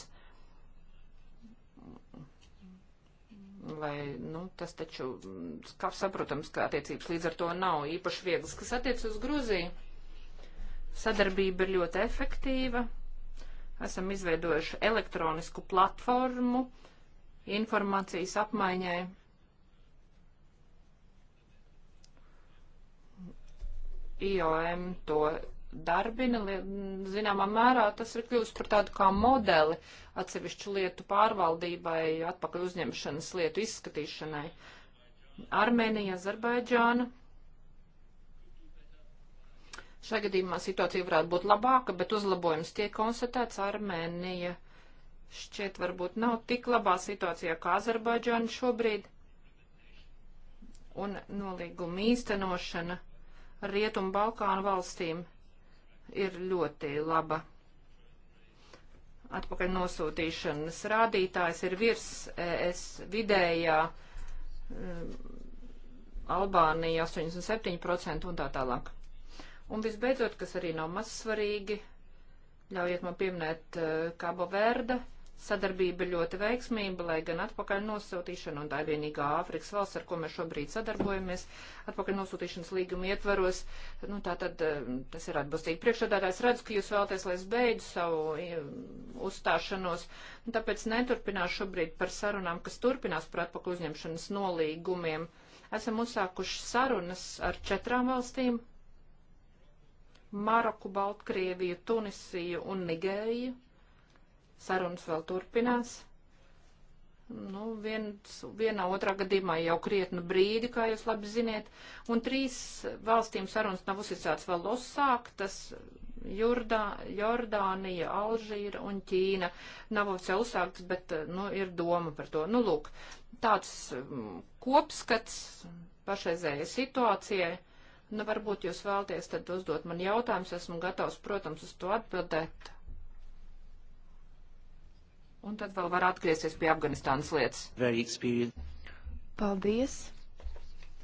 Vai, nu, tas taču, mm, kā saprotams, ka attiecības līdz ar to nav īpaši vieglas, kas attiec uz Gruziju. Sadarbība ir ļoti efektīva, Esam izveidojuši elektronisku platformu informācijas apmaiņai. IOM to darbina, zināmā mērā tas ir kļūst par tādu kā modeli atsevišķu lietu pārvaldībai, atpakaļ uzņemšanas lietu izskatīšanai. Armēnija, Azerbaidžāna Šajā gadījumā situācija varētu būt labāka, bet uzlabojums tiek konstatēts Armēnija. Šķiet, varbūt nav tik labā situācijā kā Azerbaidžāna šobrīd. Un nolīguma īstenošana Rietumu Balkānu valstīm ir ļoti laba. Atpakaļ nosūtīšanas rādītājs ir virs ES vidējā um, Albānija 87% un tā tālāk. Un visbeidzot, kas arī nav maz svarīgi, ļaujiet man pieminēt Kabo eh, Verda. Sadarbība ļoti veiksmīga, lai gan atpakaļ nosūtīšana, un tā ir vienīgā Āfrikas valsts, ar ko mēs šobrīd sadarbojamies, atpakaļ nosūtīšanas līguma ietvaros, nu tā tad eh, tas ir atbilstīgi. Priekšādātājs redz, ka jūs vēlaties, lai es beidzu savu eh, uzstāšanos, un nu, tāpēc neturpināšu šobrīd par sarunām, kas turpinās par atpakaļ uzņemšanas nolīgumiem. Esam uzsākuši sarunas ar četrām valstīm Maroku, Baltkrieviju, Tunisiju un Nigēriju. Sarunas vēl turpinās. Nu, viens, vienā otrā gadījumā jau krietnu brīdi, kā jūs labi ziniet, un trīs valstīm sarunas nav uzsicēts vēl uzsāktas. Jordā, Jordānija, Alžīra un Ķīna nav oficiāli uzsāktas, bet, nu, ir doma par to. Nu, lūk, tāds mm, kopskats pašreizējai situācijai Nu, varbūt jūs vēlties tad uzdot man jautājumus, esmu gatavs, protams, uz to atbildēt. Un tad vēl var atgriezties pie Afganistānas lietas. Paldies!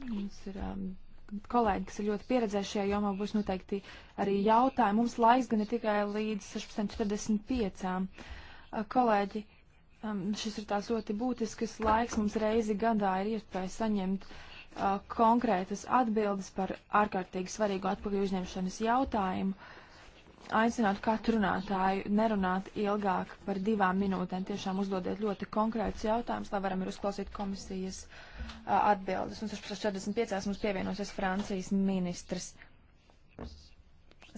Mums ir um, kolēģi, kas ir ļoti pieredzējuši šajā jomā, būs noteikti arī jautājumi. Mums laiks gan ir tikai līdz 16.45. Uh, kolēģi, um, šis ir tās ļoti būtisks laiks. Mums reizi gadā ir iespēja saņemt uh, Uh, konkrētas atbildes par ārkārtīgi svarīgu atpakaļ uzņemšanas jautājumu. Aicinātu katru runātāju nerunāt ilgāk par divām minūtēm. Tiešām uzdodiet ļoti konkrētus jautājumus, lai varam ir uzklausīt komisijas uh, atbildes. Un 16.45. mums pievienosies Francijas ministrs.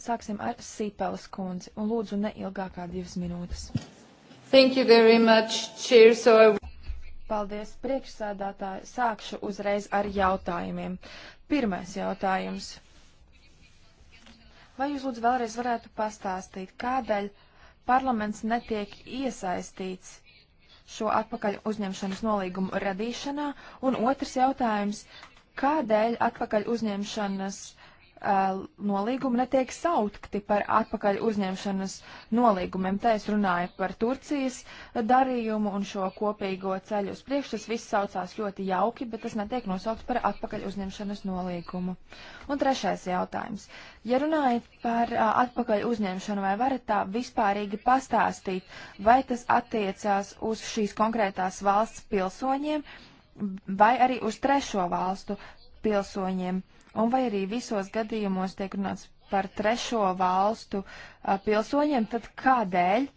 Sāksim ar Sīpeles kundzi. Un lūdzu neilgākā divas minūtes. Thank you very much, Chair. So I... Paldies, priekšsēdētāji. Sākšu uzreiz ar jautājumiem. Pirmais jautājums. Vai jūs lūdzu vēlreiz varētu pastāstīt, kādēļ parlaments netiek iesaistīts šo atpakaļ uzņemšanas nolīgumu radīšanā? Un otrs jautājums, kādēļ atpakaļ uzņemšanas nolīgumu Uh, nolīgumi netiek saukti par atpakaļ uzņemšanas nolīgumiem. Te es runāju par Turcijas darījumu un šo kopīgo ceļu uz priekšu. Tas viss saucās ļoti jauki, bet tas netiek nosaukt par atpakaļ uzņemšanas nolīgumu. Un trešais jautājums. Ja runājat par a, uh, atpakaļ uzņemšanu, vai varat tā vispārīgi pastāstīt, vai tas attiecās uz šīs konkrētās valsts pilsoņiem vai arī uz trešo valstu pilsoņiem? Un vai arī visos gadījumos tiek runāts par trešo valstu a, pilsoņiem, tad kādēļ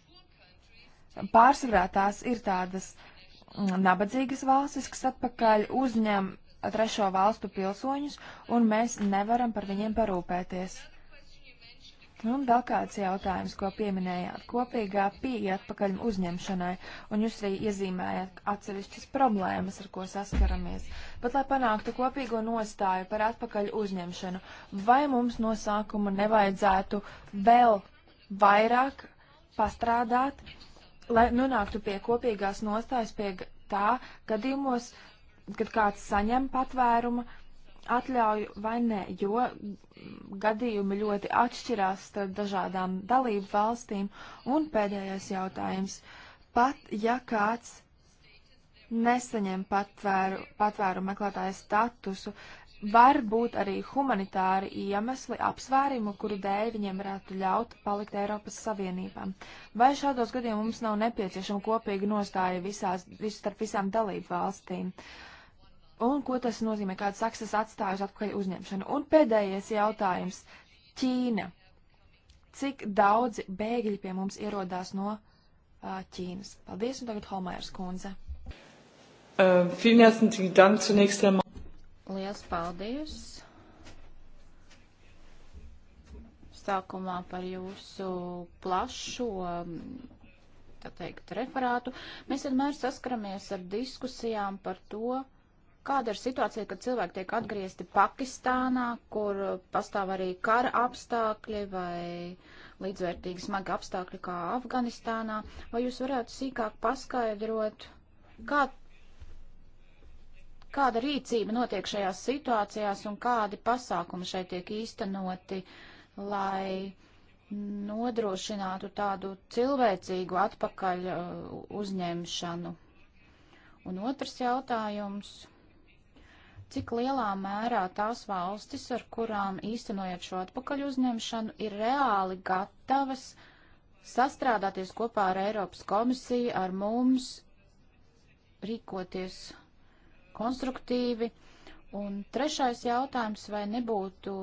pārsvarā tās ir tādas mm, nabadzīgas valstis, kas atpakaļ uzņem trešo valstu pilsoņus, un mēs nevaram par viņiem parūpēties? Un vēl kāds jautājums, ko pieminējāt, kopīgā pieeja atpakaļ uzņemšanai, un jūs arī iezīmējāt atsevišķas problēmas, ar ko saskaramies. Bet, lai panāktu kopīgo nostāju par atpakaļ uzņemšanu, vai mums no sākuma nevajadzētu vēl vairāk pastrādāt, lai nonāktu pie kopīgās nostājas pie tā gadījumos, kad kāds saņem patvērumu, uh, atļauju vai nē, jo gadījumi ļoti atšķirās starp dažādām dalību valstīm. Un pēdējais jautājums. Pat ja kāds nesaņem patvēru, patvēru meklētāju statusu, var būt arī humanitāri iemesli apsvērumu, kuru dēļ viņiem varētu ļaut palikt Eiropas Savienībām. Vai šādos gadījumos mums nav nepieciešama kopīga nostāja visās, vis, starp visām dalību valstīm? Uh, un ko tas nozīmē, kādas saksas atstājas atpakaļ uzņemšanu. Un pēdējais jautājums - Ķīna. Cik daudzi bēgļi pie mums ierodās no uh, Ķīnas? Paldies, un tagad Holmēras kundze. Uh, Liels paldies! Sākumā par jūsu plašo tā teikt, referātu. Mēs vienmēr saskaramies ar diskusijām par to, uh, Kāda ir situācija, kad cilvēki tiek atgriezti Pakistānā, kur pastāv arī kara apstākļi vai līdzvērtīgi smagi apstākļi kā Afganistānā? Vai jūs varētu sīkāk paskaidrot, kā, kāda rīcība notiek šajās situācijās un kādi pasākumi šeit tiek īstenoti, lai nodrošinātu tādu cilvēcīgu atpakaļ uh, uzņemšanu? Un otrs jautājums cik lielā mērā tās valstis, ar kurām īstenojot šo atpakaļ uzņemšanu, ir reāli gatavas sastrādāties kopā ar Eiropas komisiju, ar mums, rīkoties konstruktīvi. Un trešais jautājums, vai nebūtu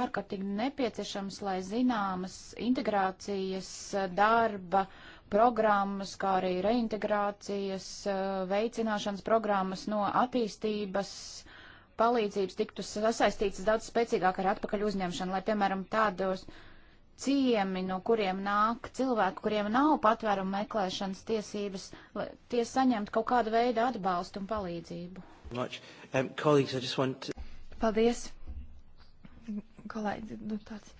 ārkārtīgi nepieciešams, lai zināmas integrācijas darba uh, programmas, kā arī reintegrācijas eh, veicināšanas programmas no attīstības palīdzības tiktu sasaistītas daudz spēcīgāk ar atpakaļ uzņemšanu, lai, piemēram, tādos ciemi, no kuriem nāk cilvēki, kuriem nav patvērumu meklēšanas tiesības, lai tie saņemtu kaut kādu veidu atbalstu un palīdzību. Much. Um, colleagues, I just want to... Paldies. Kolēģi, nu tāds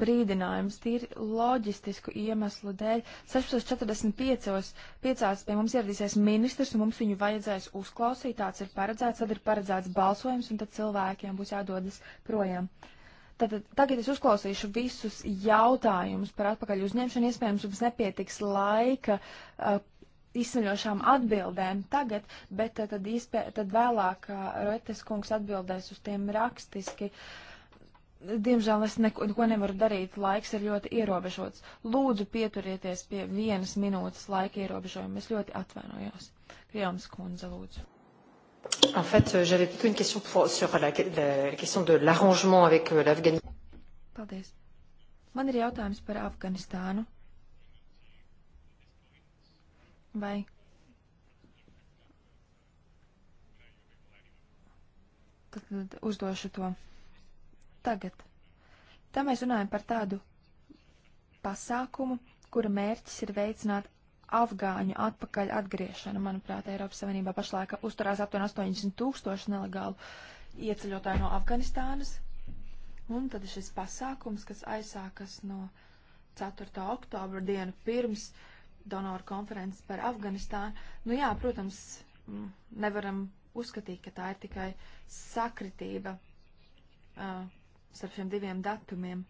brīdinājums tīri loģistisku iemeslu dēļ. 16.45. pie mums ieradīsies ministrs, un mums viņu vajadzēs uzklausīt. Tāds ir paredzēts, tad ir paredzēts balsojums, un tad cilvēkiem būs jādodas projām. Tātad tagad es uzklausīšu visus jautājumus par atpakaļ uzņemšanu. Iespējams, mums nepietiks laika uh, izsmeļošām atbildēm tagad, bet uh, tad, izpē, tad vēlāk uh, Roetes kungs atbildēs uz tiem rakstiski. Uh, Diemžēl es neko, neko nevaru darīt, laiks ir ļoti ierobežots. Lūdzu, pieturieties pie vienas minūtes laika ierobežojuma. Es ļoti atvainojos. Krievams kundze, lūdzu. En fait, euh, j'avais plutôt une question pour, sur la, la, la question de l'arrangement avec euh, l'Afghanistan. Paldies. Man ir jautājums par Afganistānu. Vai tad, tad uzdošu to tagad. Tā mēs runājam par tādu pasākumu, kura mērķis ir veicināt afgāņu atpakaļ atgriešanu. Manuprāt, Eiropas Savienībā pašlaik uzturās aptuveni 80 tūkstoši nelegālu ieceļotāju no Afganistānas. Un tad ir šis pasākums, kas aizsākas no 4. oktobra dienu pirms donoru konferences par Afganistānu. Nu jā, protams, nevaram uzskatīt, ka tā ir tikai sakritība uh, starp šiem diviem datumiem.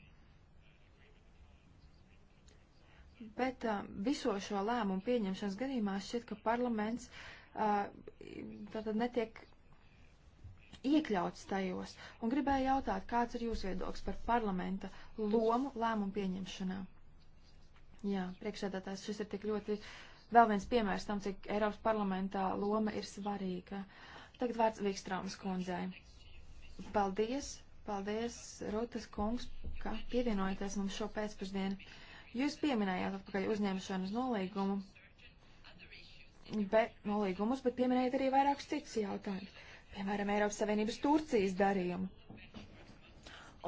Bet uh, viso šo lēmumu pieņemšanas gadījumā šķiet, ka parlaments uh, tātad netiek iekļauts tajos. Un gribēju jautāt, kāds ir jūsu viedoklis par parlamenta lomu lēmumu pieņemšanā? Jā, priekšsēdētājs, šis ir tik ļoti vēl viens piemērs tam, cik Eiropas parlamentā loma ir svarīga. Tagad vārds Vikstrāmas kundzei. Paldies! Paldies, Rūtas kungs, ka pievienojaties mums šo pēcpusdienu. Jūs pieminējāt atpakaļ uzņemšanas nolīgumu, bet, nolīgumus, bet pieminējāt arī vairākus citus jautājumus, piemēram, Eiropas Savienības Turcijas darījumu.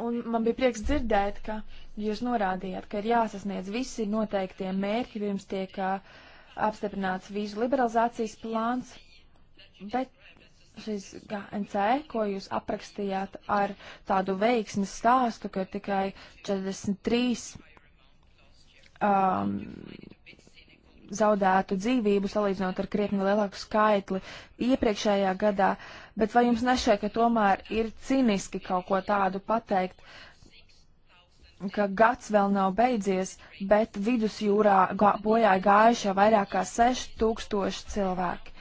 Un man bija prieks dzirdēt, ka jūs norādījāt, ka ir jāsasniedz visi noteiktie mērķi, pirms tiek uh, apstiprināts vīzu liberalizācijas plāns, bet šis GNC, ko jūs aprakstījāt ar tādu veiksmes stāstu, ka tikai 43 um, zaudētu dzīvību salīdzinot ar krietni lielāku skaitli iepriekšējā gadā, bet vai jums nešķiet, ka tomēr ir ciniski kaut ko tādu pateikt? ka gads vēl nav beidzies, bet vidusjūrā gā, bojā gājušie vairāk kā 6000 cilvēki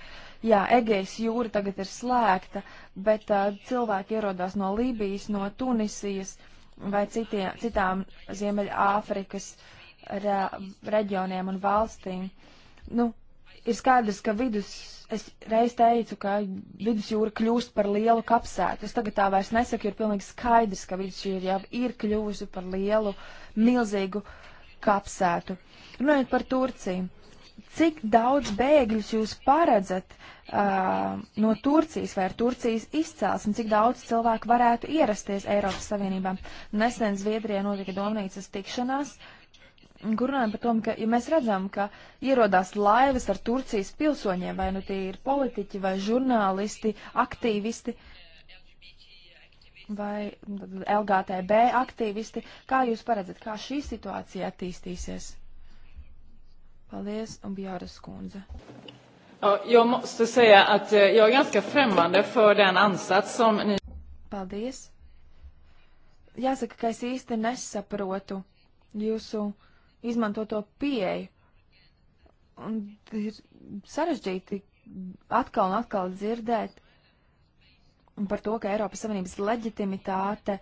jā, Egejas jūra tagad ir slēgta, bet uh, cilvēki ierodās no Lībijas, no Tunisijas vai citie, citām Ziemeļāfrikas re, reģioniem un valstīm. Nu, ir skaidrs, ka vidus, es reiz teicu, ka vidusjūra kļūst par lielu kapsētu. Es tagad tā vairs nesaku, ir pilnīgi skaidrs, ka vidusjūra jau ir kļūsi par lielu, milzīgu kapsētu. Runājot par Turciju cik daudz bēgļus jūs paredzat uh, no Turcijas vai ar Turcijas izcelsmi, cik daudz cilvēku varētu ierasties Eiropas Savienībā? Nesen Zviedrijā notika domnīcas tikšanās, kur runājam par to, ka ja mēs redzam, ka ierodās laivas ar Turcijas pilsoņiem, vai nu tie ir politiķi vai žurnālisti, aktīvisti. Vai LGTB aktīvisti, kā jūs paredzat, kā šī situācija attīstīsies? Paldies, un Bjāras kundze. Ja, jag måste säga att eh, jag är ganska främmande för den ansats som ni... Paldies. Jāsaka, ka es īsti nesaprotu jūsu izmantoto pieeju. Un ir sarežģīti atkal un atkal dzirdēt par to, ka Eiropas Savienības leģitimitāte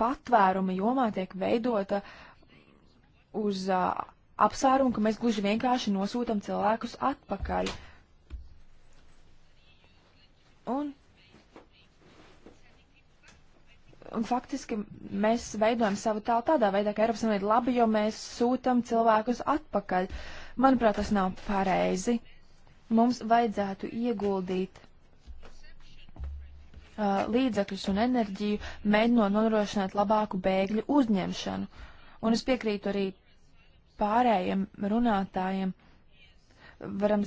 patvēruma jomā tiek veidota uz uh, apsvērumu, ka mēs gluži vienkārši nosūtam cilvēkus atpakaļ. Un, un faktiski mēs veidojam savu tēlu tādā veidā, ka Eiropas Savienība labi, jo mēs sūtam cilvēkus atpakaļ. Manuprāt, tas nav pareizi. Mums vajadzētu ieguldīt uh, līdzekļus un enerģiju, mēģinot nodrošināt labāku bēgļu uzņemšanu. Un es piekrītu arī pārējiem runātājiem varam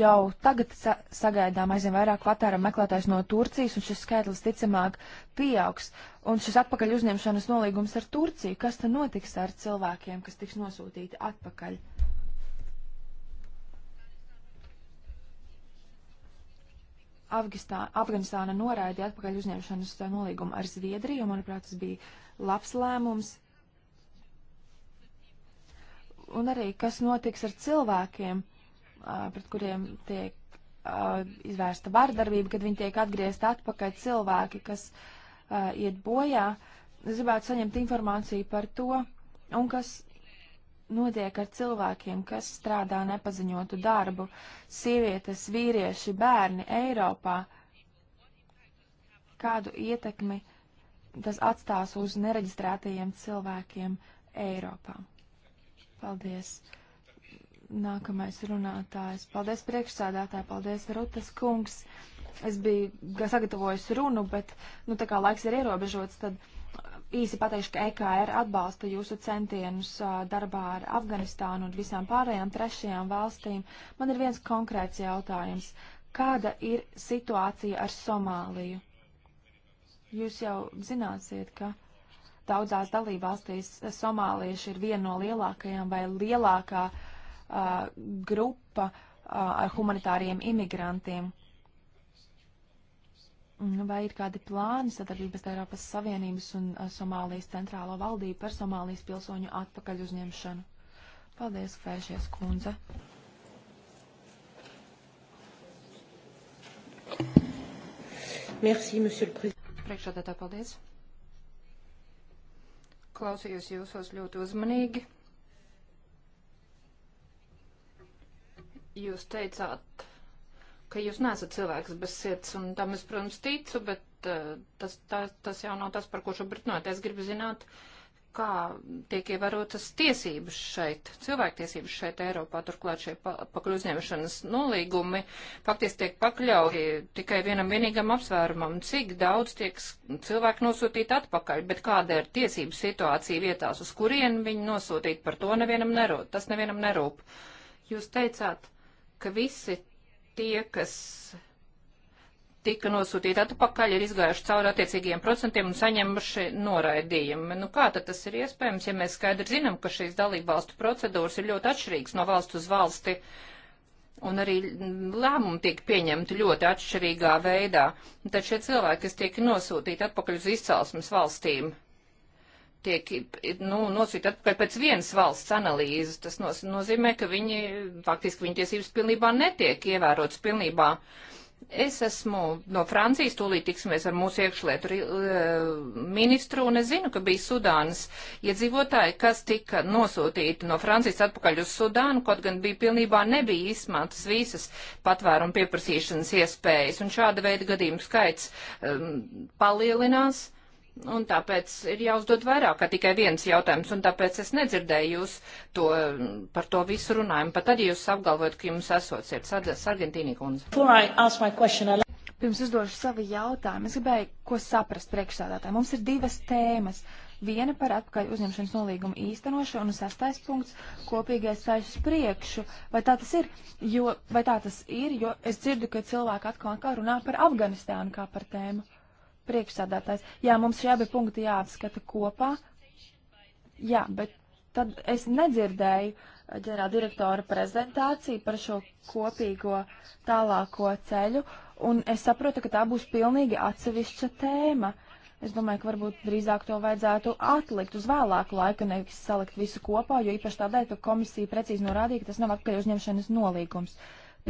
jau tagad sa sagaidām aizvien vairāk patēra meklētājs no Turcijas, un šis skaitlis ticamāk pieaugs. Un šis atpakaļ uzņemšanas nolīgums ar Turciju, kas tad notiks ar cilvēkiem, kas tiks nosūtīti atpakaļ? Afgistā, Afganistāna noraidīja atpakaļ uzņemšanas nolīgumu ar Zviedriju, un, manuprāt, tas bija labs lēmums un arī kas notiks ar cilvēkiem, pret kuriem tiek izvērsta vardarbība, kad viņi tiek atgriezt atpakaļ cilvēki, kas iet bojā. Es gribētu saņemt informāciju par to, un kas notiek ar cilvēkiem, kas strādā nepaziņotu darbu - sievietes, vīrieši, bērni Eiropā. Kādu ietekmi tas atstās uz nereģistrētajiem cilvēkiem Eiropā? Paldies. Nākamais runātājs. Paldies priekšsādātāji, paldies Rutas kungs. Es biju sagatavojis runu, bet, nu, tā kā laiks ir ierobežots, tad īsi pateikšu, ka EKR atbalsta jūsu centienus darbā ar Afganistānu un visām pārējām trešajām valstīm. Man ir viens konkrēts jautājums. Kāda ir situācija ar Somāliju? Jūs jau zināsiet, ka Daudzās dalībvalstīs somālieši ir viena no lielākajām vai lielākā uh, grupa uh, ar humanitāriem imigrantiem. Vai ir kādi plāni sadarbības Eiropas Savienības un uh, Somālijas centrālo valdību par Somālijas pilsoņu atpakaļ uzņemšanu? Paldies, Fēšies kundze! Merci, monsieur le président. Priekšādā tā paldies klausījos jūsos ļoti uzmanīgi. Jūs teicāt, ka jūs nesat cilvēks bez sirds, un tam es, protams, ticu, bet uh, tas, tas, tas jau nav tas, par ko šobrīd notiek. Es gribu zināt, uh, kā tiek ievērotas tiesības šeit, cilvēktiesības šeit Eiropā, turklāt šie pakļu uzņemšanas nolīgumi faktiski tiek pakļauti tikai vienam vienīgam apsvērumam, cik daudz tiek cilvēki nosūtīti atpakaļ, bet kāda ir tiesību situācija vietās, uz kurien viņi nosūtīti, par to nevienam nerūp, tas nevienam nerūp. Jūs teicāt, ka visi tie, kas tika nosūtīti atpakaļ, ir izgājuši cauri attiecīgiem procentiem un saņemuši noraidījumu. Nu, kā tad tas ir iespējams, ja mēs skaidri zinām, ka šīs dalībvalstu procedūras ir ļoti atšķirīgas no valsts uz valsti un arī lēmumi tiek pieņemti ļoti atšķirīgā veidā? Tad šie cilvēki, kas tiek nosūtīti atpakaļ uz izcelsmes valstīm, tiek nu, nosūtīti atpakaļ pēc vienas valsts analīzes. Tas nozīmē, ka viņi faktiski viņa tiesības pilnībā netiek ievērotas pilnībā. Uh, Es esmu no Francijas, tūlīt tiksimies ar mūsu iekšlietu eh, ministru, un es zinu, ka bija Sudānas iedzīvotāji, kas tika nosūtīti no Francijas atpakaļ uz Sudānu, kaut gan bija pilnībā nebija izmantas visas patvērumu pieprasīšanas iespējas, un šāda veida gadījumu skaits um, palielinās. Un tāpēc ir jāuzdod vairāk, ka tikai viens jautājums, un tāpēc es nedzirdēju jūs to, par to visu runājumu, pat arī jūs apgalvojat, ka jums esot siet Sargentīnī kundze. Pirms uzdošu savu jautājumu, es gribēju, ko saprast priekšsādātāji. Mums ir divas tēmas. Viena par atpakaļ uzņemšanas nolīgumu īstenošanu un sastais punkts - kopīgais ceļš uz priekšu. Vai tā tas ir? Jo, vai tā tas ir? Jo es dzirdu, ka cilvēki atkal un atkal runā par Afganistānu kā par tēmu. Priekšsādātājs. Jā, mums šie abi punkti jāapskata kopā. Jā, bet tad es nedzirdēju eh, ģenerāla direktora prezentāciju par šo kopīgo tālāko ceļu, un es saprotu, ka tā būs pilnīgi atsevišķa tēma. Es domāju, ka varbūt drīzāk to vajadzētu atlikt uz vēlāku laiku, nevis salikt visu kopā, jo īpaši tādēļ, ka komisija precīzi norādīja, ka tas nav atpakaļ uzņemšanas nolīgums.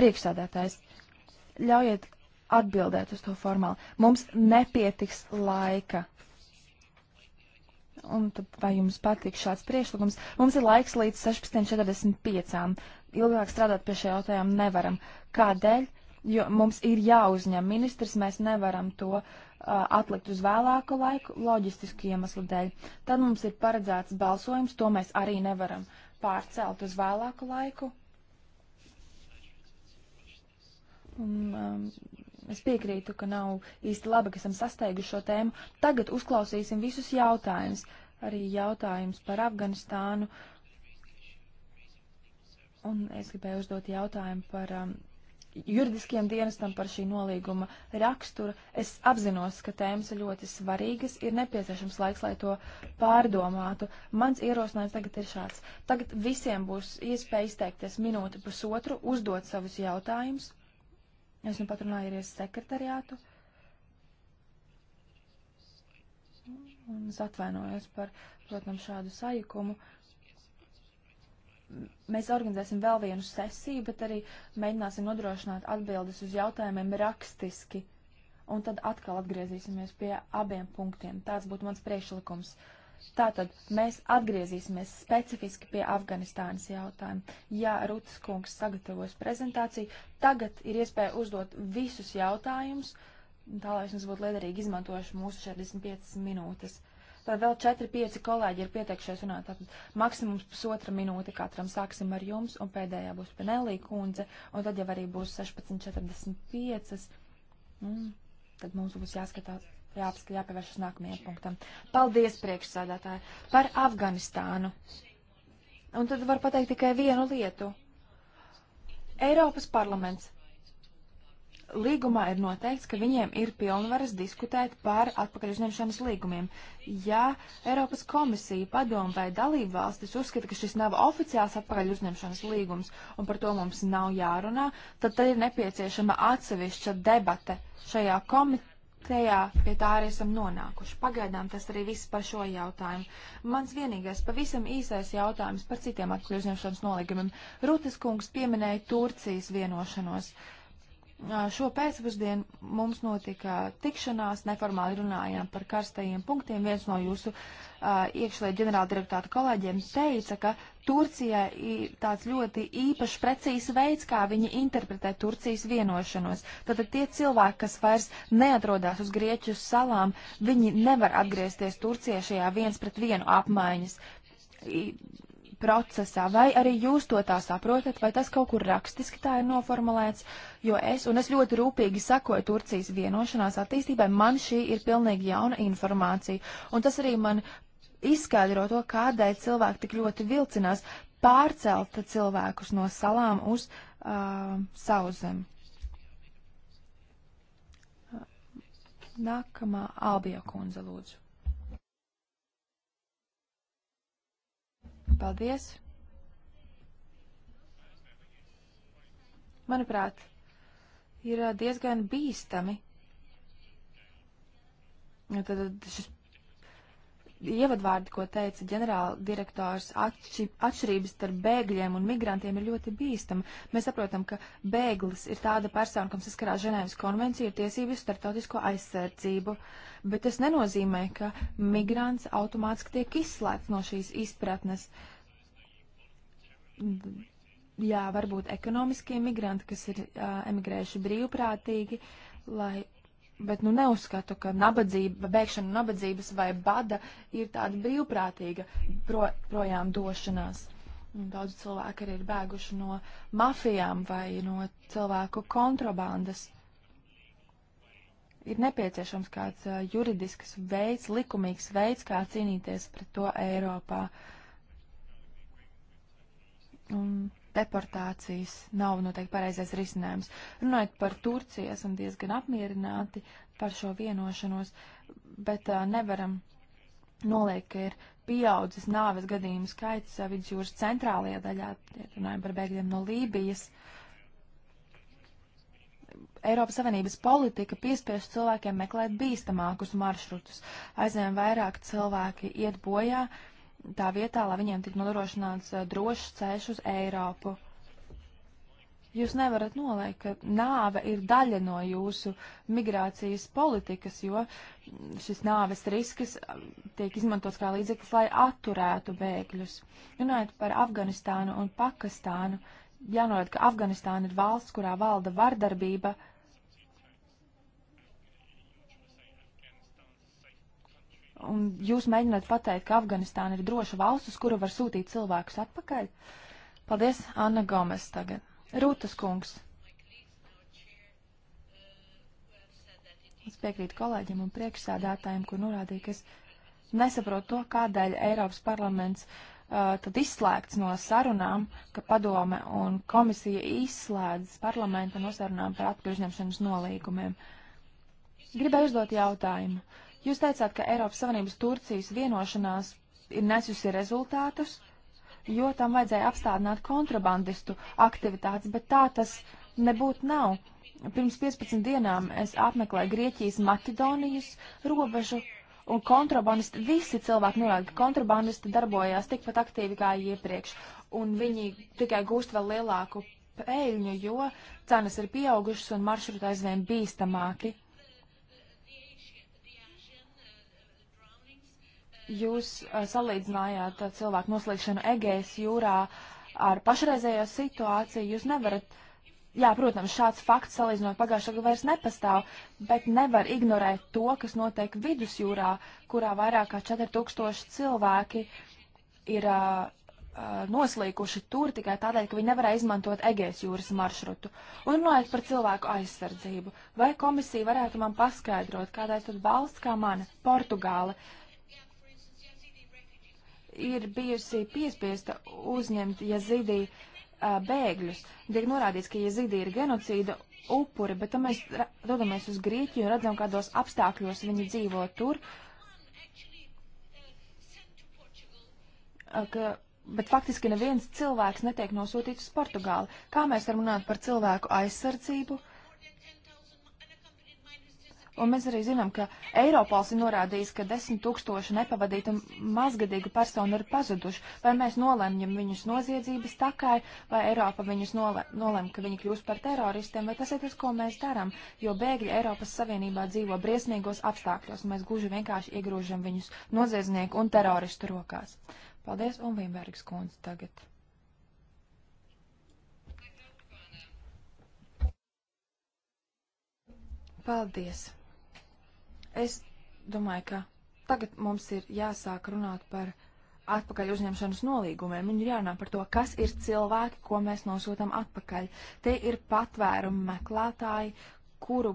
Priekšsādātājs, ļaujiet atbildēt uz to formāli. Mums nepietiks laika. Un tad, vai jums patīk šāds priekšlikums? Mums ir laiks līdz 16.45. Ilgāk strādāt pie šī jautājuma nevaram. Kādēļ? Jo mums ir jāuzņem ministrs, mēs nevaram to uh, atlikt uz vēlāku laiku, loģistisku iemeslu dēļ. Tad mums ir paredzēts balsojums, to mēs arī nevaram pārcelt uz vēlāku laiku. Un, um, Es piekrītu, ka nav īsti labi, ka esam sasteiguši šo tēmu. Tagad uzklausīsim visus jautājumus, arī jautājumus par Afganistānu. Un es gribēju uzdot jautājumu par um, juridiskiem dienestam par šī nolīguma raksturu. Es apzinos, ka tēmas ir ļoti svarīgas, ir nepieciešams laiks, lai to pārdomātu. Mans ierosinājums tagad ir šāds. Tagad visiem būs iespēja izteikties minūti pusotru, uzdot savus jautājumus. Es nu pat runāju arī ar sekretariātu. Un es atvainojos par, protams, šādu sajukumu. Mēs organizēsim vēl vienu sesiju, bet arī mēģināsim nodrošināt atbildes uz jautājumiem rakstiski. Un tad atkal atgriezīsimies pie abiem punktiem. Tāds būtu mans priekšlikums. Uh, Tātad mēs atgriezīsimies specifiski pie Afganistānas jautājuma. Jā, Rūtas kungs sagatavos prezentāciju. Tagad ir iespēja uzdot visus jautājumus, tā lai es mums būtu liederīgi izmantojuši mūsu 45 minūtes. Tad vēl 4-5 kolēģi ir pieteikšies runāt, tātad maksimums pusotra minūte katram sāksim ar jums, un pēdējā būs Penelī kundze, un tad jau arī būs 16.45. Mm, tad mums būs jāskatās jāapskat, jāpievēršas nākamajam punktam. Paldies, priekšsādātāji, par Afganistānu. Un tad var pateikt tikai vienu lietu. Eiropas parlaments līgumā ir noteikts, ka viņiem ir pilnvaras diskutēt par atpakaļ uzņemšanas līgumiem. Ja Eiropas komisija, padomu vai dalību valstis uzskata, ka šis nav oficiāls atpakaļ uzņemšanas līgums un par to mums nav jārunā, tad tad ir nepieciešama atsevišķa debate šajā komitejā komitejā pie tā arī esam nonākuši. Pagaidām tas arī viss par šo jautājumu. Mans vienīgais pavisam īsais jautājums par citiem atpakaļ uzņemšanas nolīgumiem. Rūtis kungs pieminēja Turcijas vienošanos. Uh, Šo pēcpusdienu mums notika tikšanās, neformāli runājām par karstajiem punktiem. Viens no jūsu uh, iekšlietu ģenerāldirektāta kolēģiem teica, ka Turcijai ir tāds ļoti īpašs, precīzs veids, kā viņi interpretē Turcijas vienošanos. Tad tie cilvēki, kas vairs neatrodās uz Grieķu salām, viņi nevar atgriezties Turcijā šajā viens pret vienu apmaiņas procesā, vai arī jūs to tā saprotat, vai tas kaut kur rakstiski tā ir noformulēts, jo es, un es ļoti rūpīgi sakoju Turcijas vienošanās attīstībai, man šī ir pilnīgi jauna informācija, un tas arī man izskaidro to, kādēļ cilvēki tik ļoti vilcinās pārcelt cilvēkus no salām uz uh, savu zemi. Nākamā Albija kundze lūdzu. Paldies! Manuprāt, ir uh, diezgan bīstami. Tad šis ievadvārdi, ko teica ģenerāla direktors, atši, atšķirības starp bēgļiem un migrantiem ir ļoti bīstama. Mēs saprotam, ka bēglis ir tāda persona, kam saskarās Ženēvas konvencija, ir tiesības startautisko aizsardzību, bet tas nenozīmē, ka migrants automātiski tiek izslēgts no šīs izpratnes. Jā, varbūt ekonomiskie migranti, kas ir uh, emigrējuši brīvprātīgi, lai Bet nu neuzskatu, ka nabadzība, bēgšana no nabadzības vai bada ir tāda brīvprātīga pro, projām došanās. Daudz cilvēku arī ir bēguši no mafijām vai no cilvēku kontrabandas. Ir nepieciešams kāds uh, juridisks veids, likumīgs veids, kā cīnīties pret to Eiropā. Un deportācijas nav noteikti pareizais risinājums. Runājot par Turciju, esam diezgan apmierināti par šo vienošanos, bet uh, nevaram noliekt, ka ir pieaudzis nāves gadījumu skaits uh, vidusjūras centrālajā daļā, runājot par bēgļiem no Lībijas. Eiropas Savienības politika piespiež cilvēkiem meklēt bīstamākus maršrutus. Aizvien vairāk cilvēki iet bojā. Uh, tā vietā, lai viņiem tiktu nodrošināts eh, drošs ceļš uz Eiropu. Jūs nevarat noliekt, ka nāve ir daļa no jūsu migrācijas politikas, jo šis nāves risks eh, tiek izmantots kā līdzeklis, lai atturētu bēgļus. Runājot par Afganistānu un Pakistānu, jānorāda, ka Afganistāna ir valsts, kurā valda vardarbība, uh, Un jūs mēģināt pateikt, ka Afganistāna ir droša valsts, uz kuru var sūtīt cilvēkus atpakaļ? Paldies, Anna Gomes tagad. Rūtas kungs. Es piekrītu kolēģiem un priekšsēdētājiem, kur norādīja, ka es nesaprotu to, kādēļ Eiropas parlaments uh, tad izslēgts no sarunām, ka padome un komisija izslēdz parlamentu no sarunām par atgriežņemšanas nolīgumiem. Gribēju uzdot jautājumu. Uh, Jūs teicāt, ka Eiropas Savienības Turcijas vienošanās ir nesusi rezultātus, jo tam vajadzēja apstādināt kontrabandistu aktivitātes, bet tā tas nebūtu nav. Pirms 15 dienām es apmeklēju Grieķijas Maķedonijas robežu, un kontrabandisti, visi cilvēki norāda, ka kontrabandisti darbojās tikpat aktīvi kā iepriekš, un viņi tikai gūst vēl lielāku peļņu, jo cenas ir pieaugušas un maršruti aizvien bīstamāki. jūs eh, salīdzinājāt eh, cilvēku noslīgšanu Egejas jūrā ar pašreizējo situāciju. Jūs nevarat, jā, protams, šāds fakts salīdzinot pagājušā gadu vairs nepastāv, bet nevar ignorēt to, kas notiek vidusjūrā, kurā vairāk kā 4000 cilvēki ir uh, eh, noslīkuši tur tikai tādēļ, ka viņi nevarēja izmantot Egejas jūras maršrutu. Un runājot par cilvēku aizsardzību, vai komisija varētu man paskaidrot, kādai tad valsts kā mana, Portugāla, ir bijusi piespiesta uzņemt jazidī uh, bēgļus. Tiek norādīts, ka jazidī ir genocīda upuri, bet tad mēs dodamies uz Grieķiju un redzam, kādos apstākļos viņi dzīvo tur. Ka, bet faktiski neviens cilvēks netiek nosūtīts uz Portugāli. Kā mēs varam runāt par cilvēku aizsardzību? Uh, Un mēs arī zinām, ka Eiropols ir norādījis, ka desmit tūkstoši nepavadītu mazgadīgu personu ir pazuduši. Vai mēs nolemjam viņus noziedzības takai, vai Eiropa viņus nole nolem, ka viņi kļūs par teroristiem, vai tas ir tas, ko mēs darām, jo bēgļi Eiropas Savienībā dzīvo briesmīgos apstākļos, un mēs gluži vienkārši iegrūžam viņus noziedznieku un teroristu rokās. Paldies, un Vīmbergs kundze tagad. Paldies! Es domāju, ka tagad mums ir jāsāk runāt par atpakaļ uzņemšanas nolīgumiem. Viņi ir jārunā par to, kas ir cilvēki, ko mēs nosūtām atpakaļ. Tie ir patvērumu meklētāji, kuru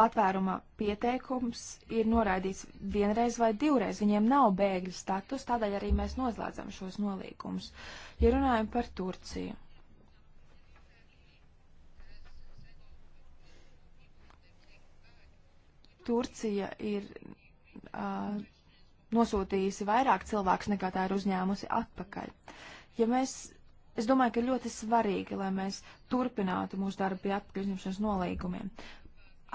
patvēruma pieteikums ir noraidīts vienreiz vai divreiz. Viņiem nav bēgļu status, tādēļ arī mēs noslēdzam šos nolīgumus. Ja runājam par Turciju Turcija ir uh, nosūtījusi vairāk cilvēkus nekā tā ir uzņēmusi atpakaļ. Ja mēs, es domāju, ka ir ļoti svarīgi, lai mēs turpinātu mūsu darbu pie atpakaļ uzņemšanas nolīgumiem.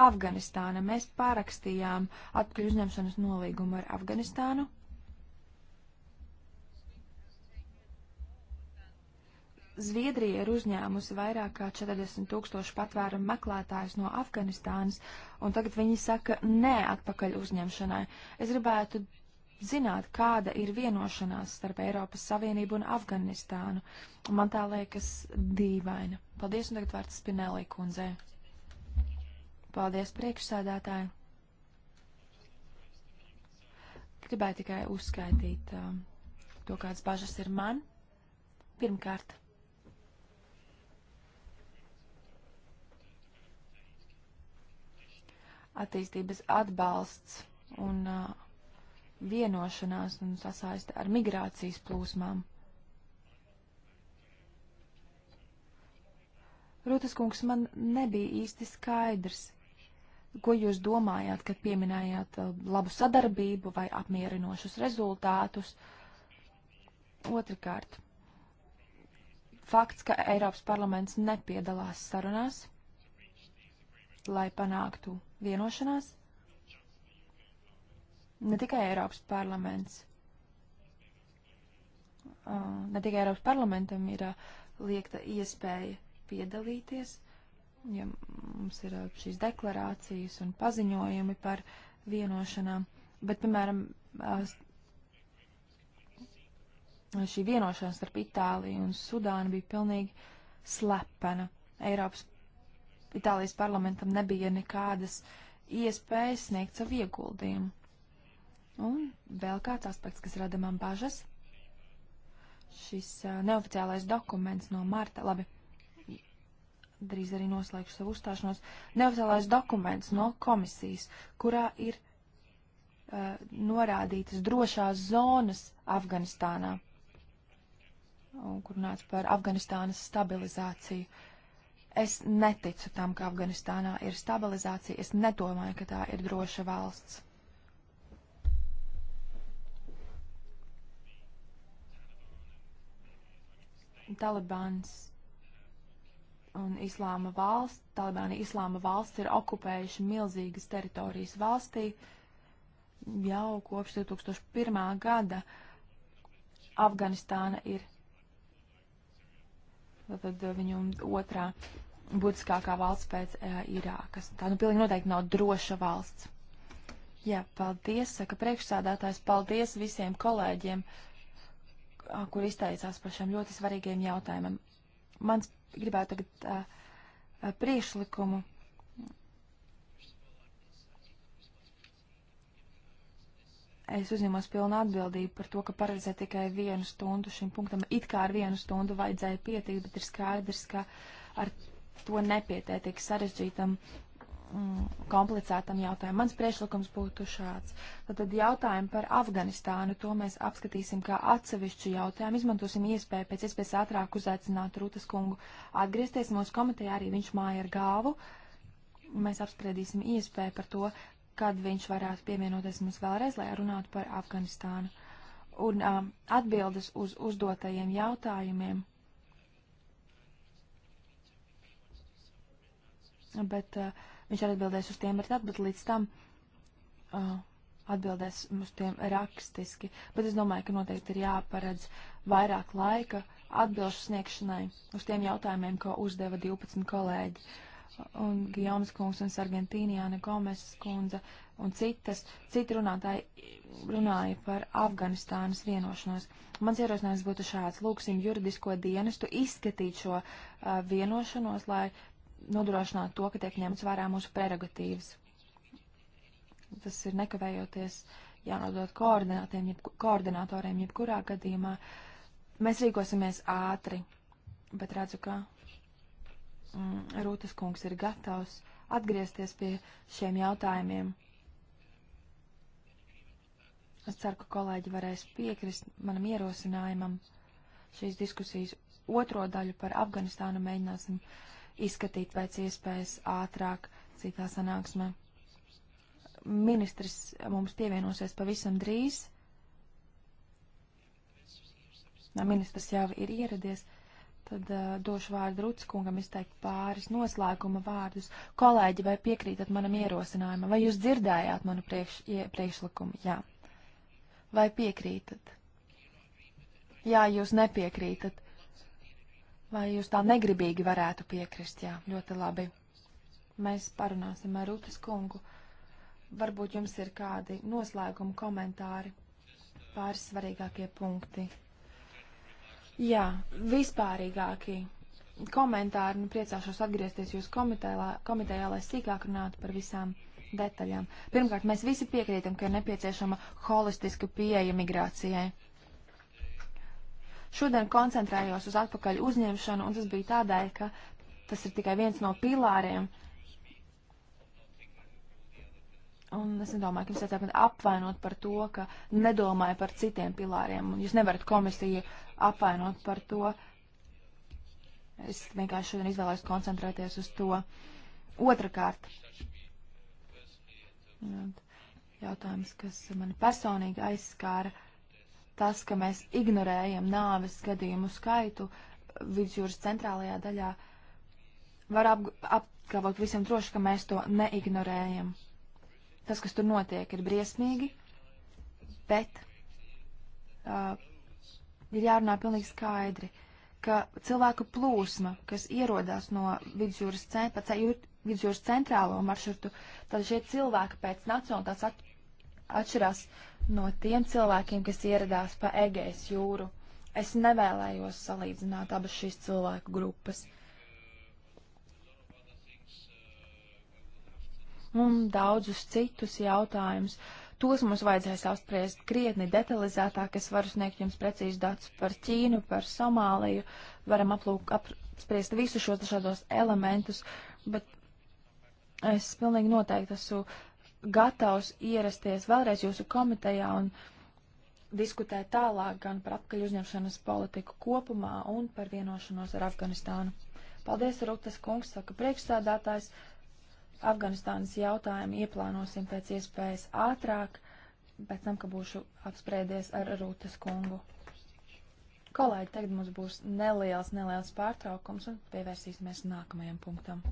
Afganistāna. Mēs pārakstījām atpakaļ uzņemšanas nolīgumu ar Afganistānu. Zviedrija ir uzņēmusi vairāk kā 40 tūkstošu patvērumu meklētājus no Afganistānas, un tagad viņi saka nē atpakaļ uzņemšanai. Es gribētu zināt, kāda ir vienošanās starp Eiropas Savienību un Afganistānu. Man tā liekas dīvaina. Paldies, un tagad vārds Spinelī kundzē. Paldies, priekšsēdētāji. Gribēju tikai uzskaitīt uh, to, kādas bažas ir man. Pirmkārt, attīstības atbalsts un uh, vienošanās un sasaiste ar migrācijas plūsmām. Rūtas kungs, man nebija īsti skaidrs, ko jūs domājāt, kad pieminējāt uh, labu sadarbību vai apmierinošus rezultātus. Otrakārt, fakts, ka Eiropas parlaments nepiedalās sarunās, lai panāktu vienošanās. Ne tikai Eiropas parlaments. Uh, ne tikai Eiropas parlamentam ir uh, liekta iespēja piedalīties, ja mums ir uh, šīs deklarācijas un paziņojumi par vienošanām, bet, piemēram, uh, šī vienošanās starp Itāliju un Sudānu bija pilnīgi slepena. Eiropas Itālijas parlamentam nebija nekādas iespējas sniegt savu ieguldījumu. Un vēl kāds aspekts, kas rada man bažas, šis uh, neoficiālais dokuments no Marta, labi, drīz arī noslēgšu savu uzstāšanos, neoficiālais dokuments no komisijas, kurā ir uh, norādītas drošās zonas Afganistānā, un kur nāc par Afganistānas stabilizāciju. Uh, Es neticu tam, ka Afganistānā ir stabilizācija. Es nedomāju, ka tā ir droša valsts. Talibans un Islāma valsts, Talibāna Islāma valsts ir okupējuši milzīgas teritorijas valstī jau kopš 2001. gada. Afganistāna ir Tad eh, viņu otrā būtiskākā valsts pēc e, Irākas. Tā nu pilnīgi noteikti nav droša valsts. Jā, paldies, saka priekšsādātājs, paldies visiem kolēģiem, kur izteicās par šiem ļoti svarīgiem jautājumiem. Mans gribētu tagad uh, priekšlikumu Es uzņemos pilnu atbildību par to, ka paredzē tikai vienu stundu šim punktam. It kā ar vienu stundu vajadzēja pietikt, bet ir skaidrs, ka ar to nepietiek tik sarežģītam, mm, komplicētam jautājumam. Mans priešlikums būtu šāds. Tad, tad jautājumu par Afganistānu, to mēs apskatīsim kā atsevišķu jautājumu. Izmantosim iespēju pēc iespējas ātrāk uzaicināt Rūtas kungu atgriezties mūsu komitejā, arī viņš māja ar galvu. Mēs apspriedīsim iespēju par to, kad viņš varētu pievienoties mums vēlreiz, lai runātu par Afganistānu. Un um, atbildes uz uzdotajiem jautājumiem. Bet uh, viņš arī atbildēs uz tiem, bet, bet līdz tam uh, atbildēs uz tiem rakstiski. Bet es domāju, ka noteikti ir jāparedz vairāk laika atbilžu sniegšanai uz tiem jautājumiem, ko uzdeva 12 kolēģi. Uh, un Gijoms kungs un Sargentīnijāna Gomes kundze un citas, citi runātāji runāja par Afganistānas vienošanos. Mans ierosinājums būtu šāds. Lūksim juridisko dienestu izskatīt šo uh, vienošanos, lai nodrošinātu to, ka tiek ņemts vērā mūsu prerogatīvas. Tas ir nekavējoties jānodot koordinātiem, jeb, koordinātoriem jebkurā gadījumā. Mēs rīkosimies ātri, bet redzu, ka Mm, Rūtas kungs ir gatavs atgriezties pie šiem jautājumiem. Es ceru, ka kolēģi varēs piekrist manam ierosinājumam šīs diskusijas otro daļu par Afganistānu mēģināsim izskatīt pēc iespējas ātrāk citā sanāksmē. Ministrs mums pievienosies pavisam drīz. Nā, ministrs jau ir ieradies. Uh, Tad uh, došu vārdu Rutskungam izteikt pāris noslēguma vārdus. Kolēģi, vai piekrītat manam ierosinājumam? Vai jūs dzirdējāt manu priekš, ie, priekšlikumu? Jā. Vai piekrītat? Jā, jūs nepiekrītat. Vai jūs tā negribīgi varētu piekrist? Jā, ļoti labi. Mēs parunāsim ar Rūtas kungu. Varbūt jums ir kādi noslēguma komentāri, pāris svarīgākie punkti. Jā, vispārīgāki komentāri, nu priecāšos atgriezties jūs komitējā, komitējā, lai sīkāk runātu par visām detaļām. Pirmkārt, mēs visi piekrītam, ka ir nepieciešama holistiska pieeja migrācijai. Šodien koncentrējos uz atpakaļ uzņemšanu, un tas bija tādēļ, ka tas ir tikai viens no pilāriem uh, Un es nedomāju, ka jums vajadzētu apvainot par to, ka nedomāju par citiem pilāriem. Un jūs nevarat komisiju apvainot par to. Es vienkārši šodien izvēlējos koncentrēties uz to. Otrakārt, jautājums, kas mani personīgi aizskāra, tas, ka mēs ignorējam nāves gadījumu skaitu vidusjūras centrālajā daļā, var apgalvot visam droši, ka mēs to neignorējam. Tas, kas tur notiek, ir briesmīgi, bet uh, ir jārunā pilnīgi skaidri, ka cilvēku plūsma, kas ierodās no vidusjūras, cent, vidusjūras centrālo maršrutu, tad šie cilvēki pēc nacionālitātes at, atšķirās no tiem cilvēkiem, kas ieradās pa Egejas jūru. Es nevēlējos salīdzināt abas šīs cilvēku grupas. Uh, un daudzus citus jautājumus. Tos mums vajadzēs apspriest krietni detalizētāk. Es varu sniegt jums precīzi datus par Ķīnu, par Somāliju. Varam aplūk, apspriest visu šos dažādos elementus, bet es pilnīgi noteikti esmu gatavs ierasties vēlreiz jūsu komitejā un diskutēt tālāk gan par atpakaļ uzņemšanas politiku kopumā un par vienošanos ar Afganistānu. Paldies, Rūtas kungs, saka priekšsādātājs. Afganistānas jautājumu ieplānosim pēc iespējas ātrāk, pēc tam, ka būšu apsprēdies ar Rūtas kungu. Kolēģi, tagad mums būs neliels, neliels pārtraukums un pievērsīsimies nākamajam punktam.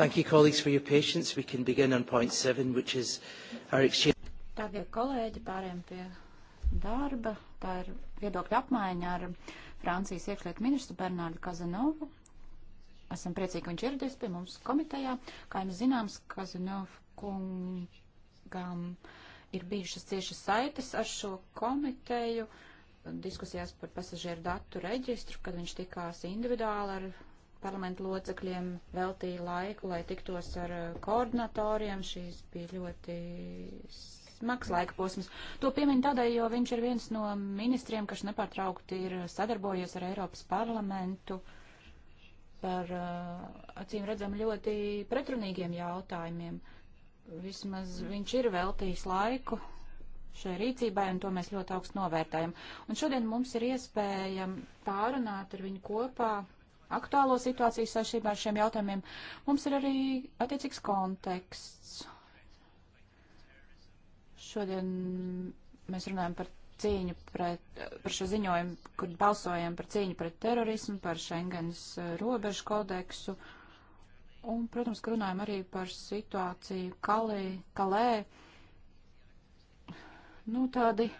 Thank you, colleagues, for your patience. We can begin on point seven, which is our exchange. Tagad kolēģi pāriem pie darba. Tā ir viedokļa apmaiņa ar Francijas iekšlietu ministru Bernārdu Kazanovu. Esam priecīgi, ka viņš ieradies pie mums komitejā. Kā jums zināms, Kazanov kungam ir bijušas ciešas saites ar šo komiteju diskusijās par pasažieru datu reģistru, kad viņš tikās individuāli ar parlamentu locekļiem veltīja laiku, lai tiktos ar uh, koordinatoriem. Šīs bija ļoti smags laika posms. To piemin tādēļ, jo viņš ir viens no ministriem, kas nepārtraukti ir uh, sadarbojies ar Eiropas parlamentu par uh, acīm redzam ļoti pretrunīgiem jautājumiem. Vismaz viņš ir veltījis laiku šai rīcībai, un to mēs ļoti augstu novērtējam. Un šodien mums ir iespēja pārunāt ar viņu kopā aktuālo situāciju saistībā ar šiem jautājumiem. Mums ir arī attiecīgs konteksts. Šodien mēs runājam par cīņu pret, par šo ziņojumu, kur balsojam par cīņu pret terorismu, par Schengens eh, robežu kodeksu. Un, protams, ka runājam arī par situāciju Kalī, Kalē. Nu, tādi uh,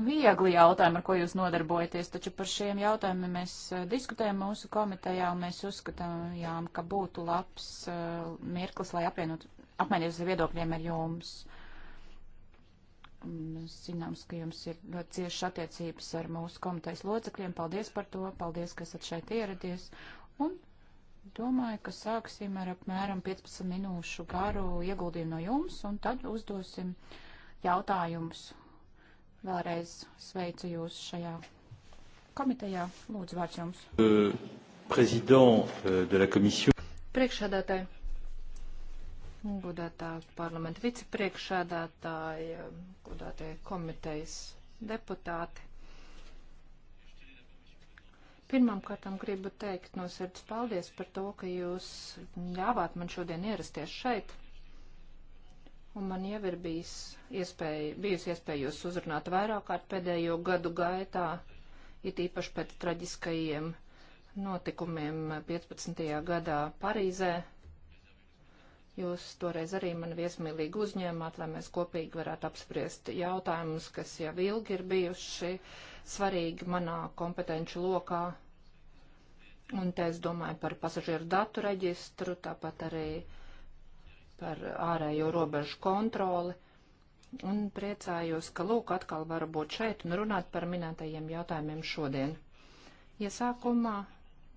viegli jautājumi, ar ko jūs nodarbojaties, taču par šiem jautājumiem mēs eh, diskutējam mūsu komitejā un mēs uzskatām, ka būtu labs uh, mirklis, lai apvienot, apmainītos ar viedokļiem ar jums. Mēs zināms, ka jums ir ļoti ciešas attiecības ar mūsu komitejas locekļiem. Paldies par to, paldies, ka esat šeit ieradies. Un Domāju, ka sāksim ar apmēram 15 minūšu garu ieguldījumu no jums, un tad uzdosim jautājumus Vēlreiz sveicu jūs šajā komitejā. Lūdzu, vārds jums. Euh, euh, Priekšādātāji, godātā parlamenta vicepriekšādātāji, godātie komitejas deputāti. Pirmkārt, gribu teikt no sirds paldies par to, ka jūs ļāvāt man šodien ierasties šeit un man jau ir bijis iespēja, bijusi iespēja jūs uzrunāt vairāk kārt pēdējo gadu gaitā, it īpaši pēc traģiskajiem notikumiem 15. gadā Parīzē. Jūs toreiz arī mani viesmīlīgi uzņēmāt, lai mēs kopīgi varētu apspriest jautājumus, kas jau ilgi ir bijuši svarīgi manā kompetenču lokā. Un te es domāju par pasažieru datu reģistru, tāpat arī uh, par ārējo robežu kontroli. Un priecājos, ka lūk atkal varu būt šeit un runāt par minētajiem jautājumiem šodien. Iesākumā ja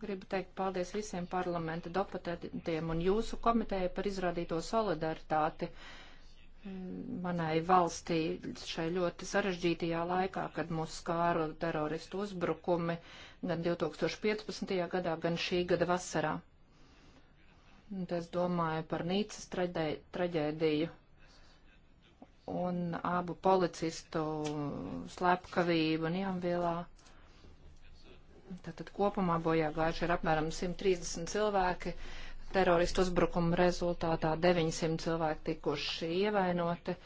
gribu teikt paldies visiem parlamenta deputātiem un jūsu komiteju par izrādīto solidaritāti mm, manai valstī šai ļoti sarežģītajā laikā, kad mūs skāra teroristu uzbrukumi gan 2015. gadā, gan šī gada vasarā. Es domāju par Nīcas traģēdiju un abu policistu slepkavību Niemvielā. Tātad kopumā bojā gājuši ir apmēram 130 cilvēki. Teroristu uzbrukuma rezultātā 900 cilvēki tikuši ievainoti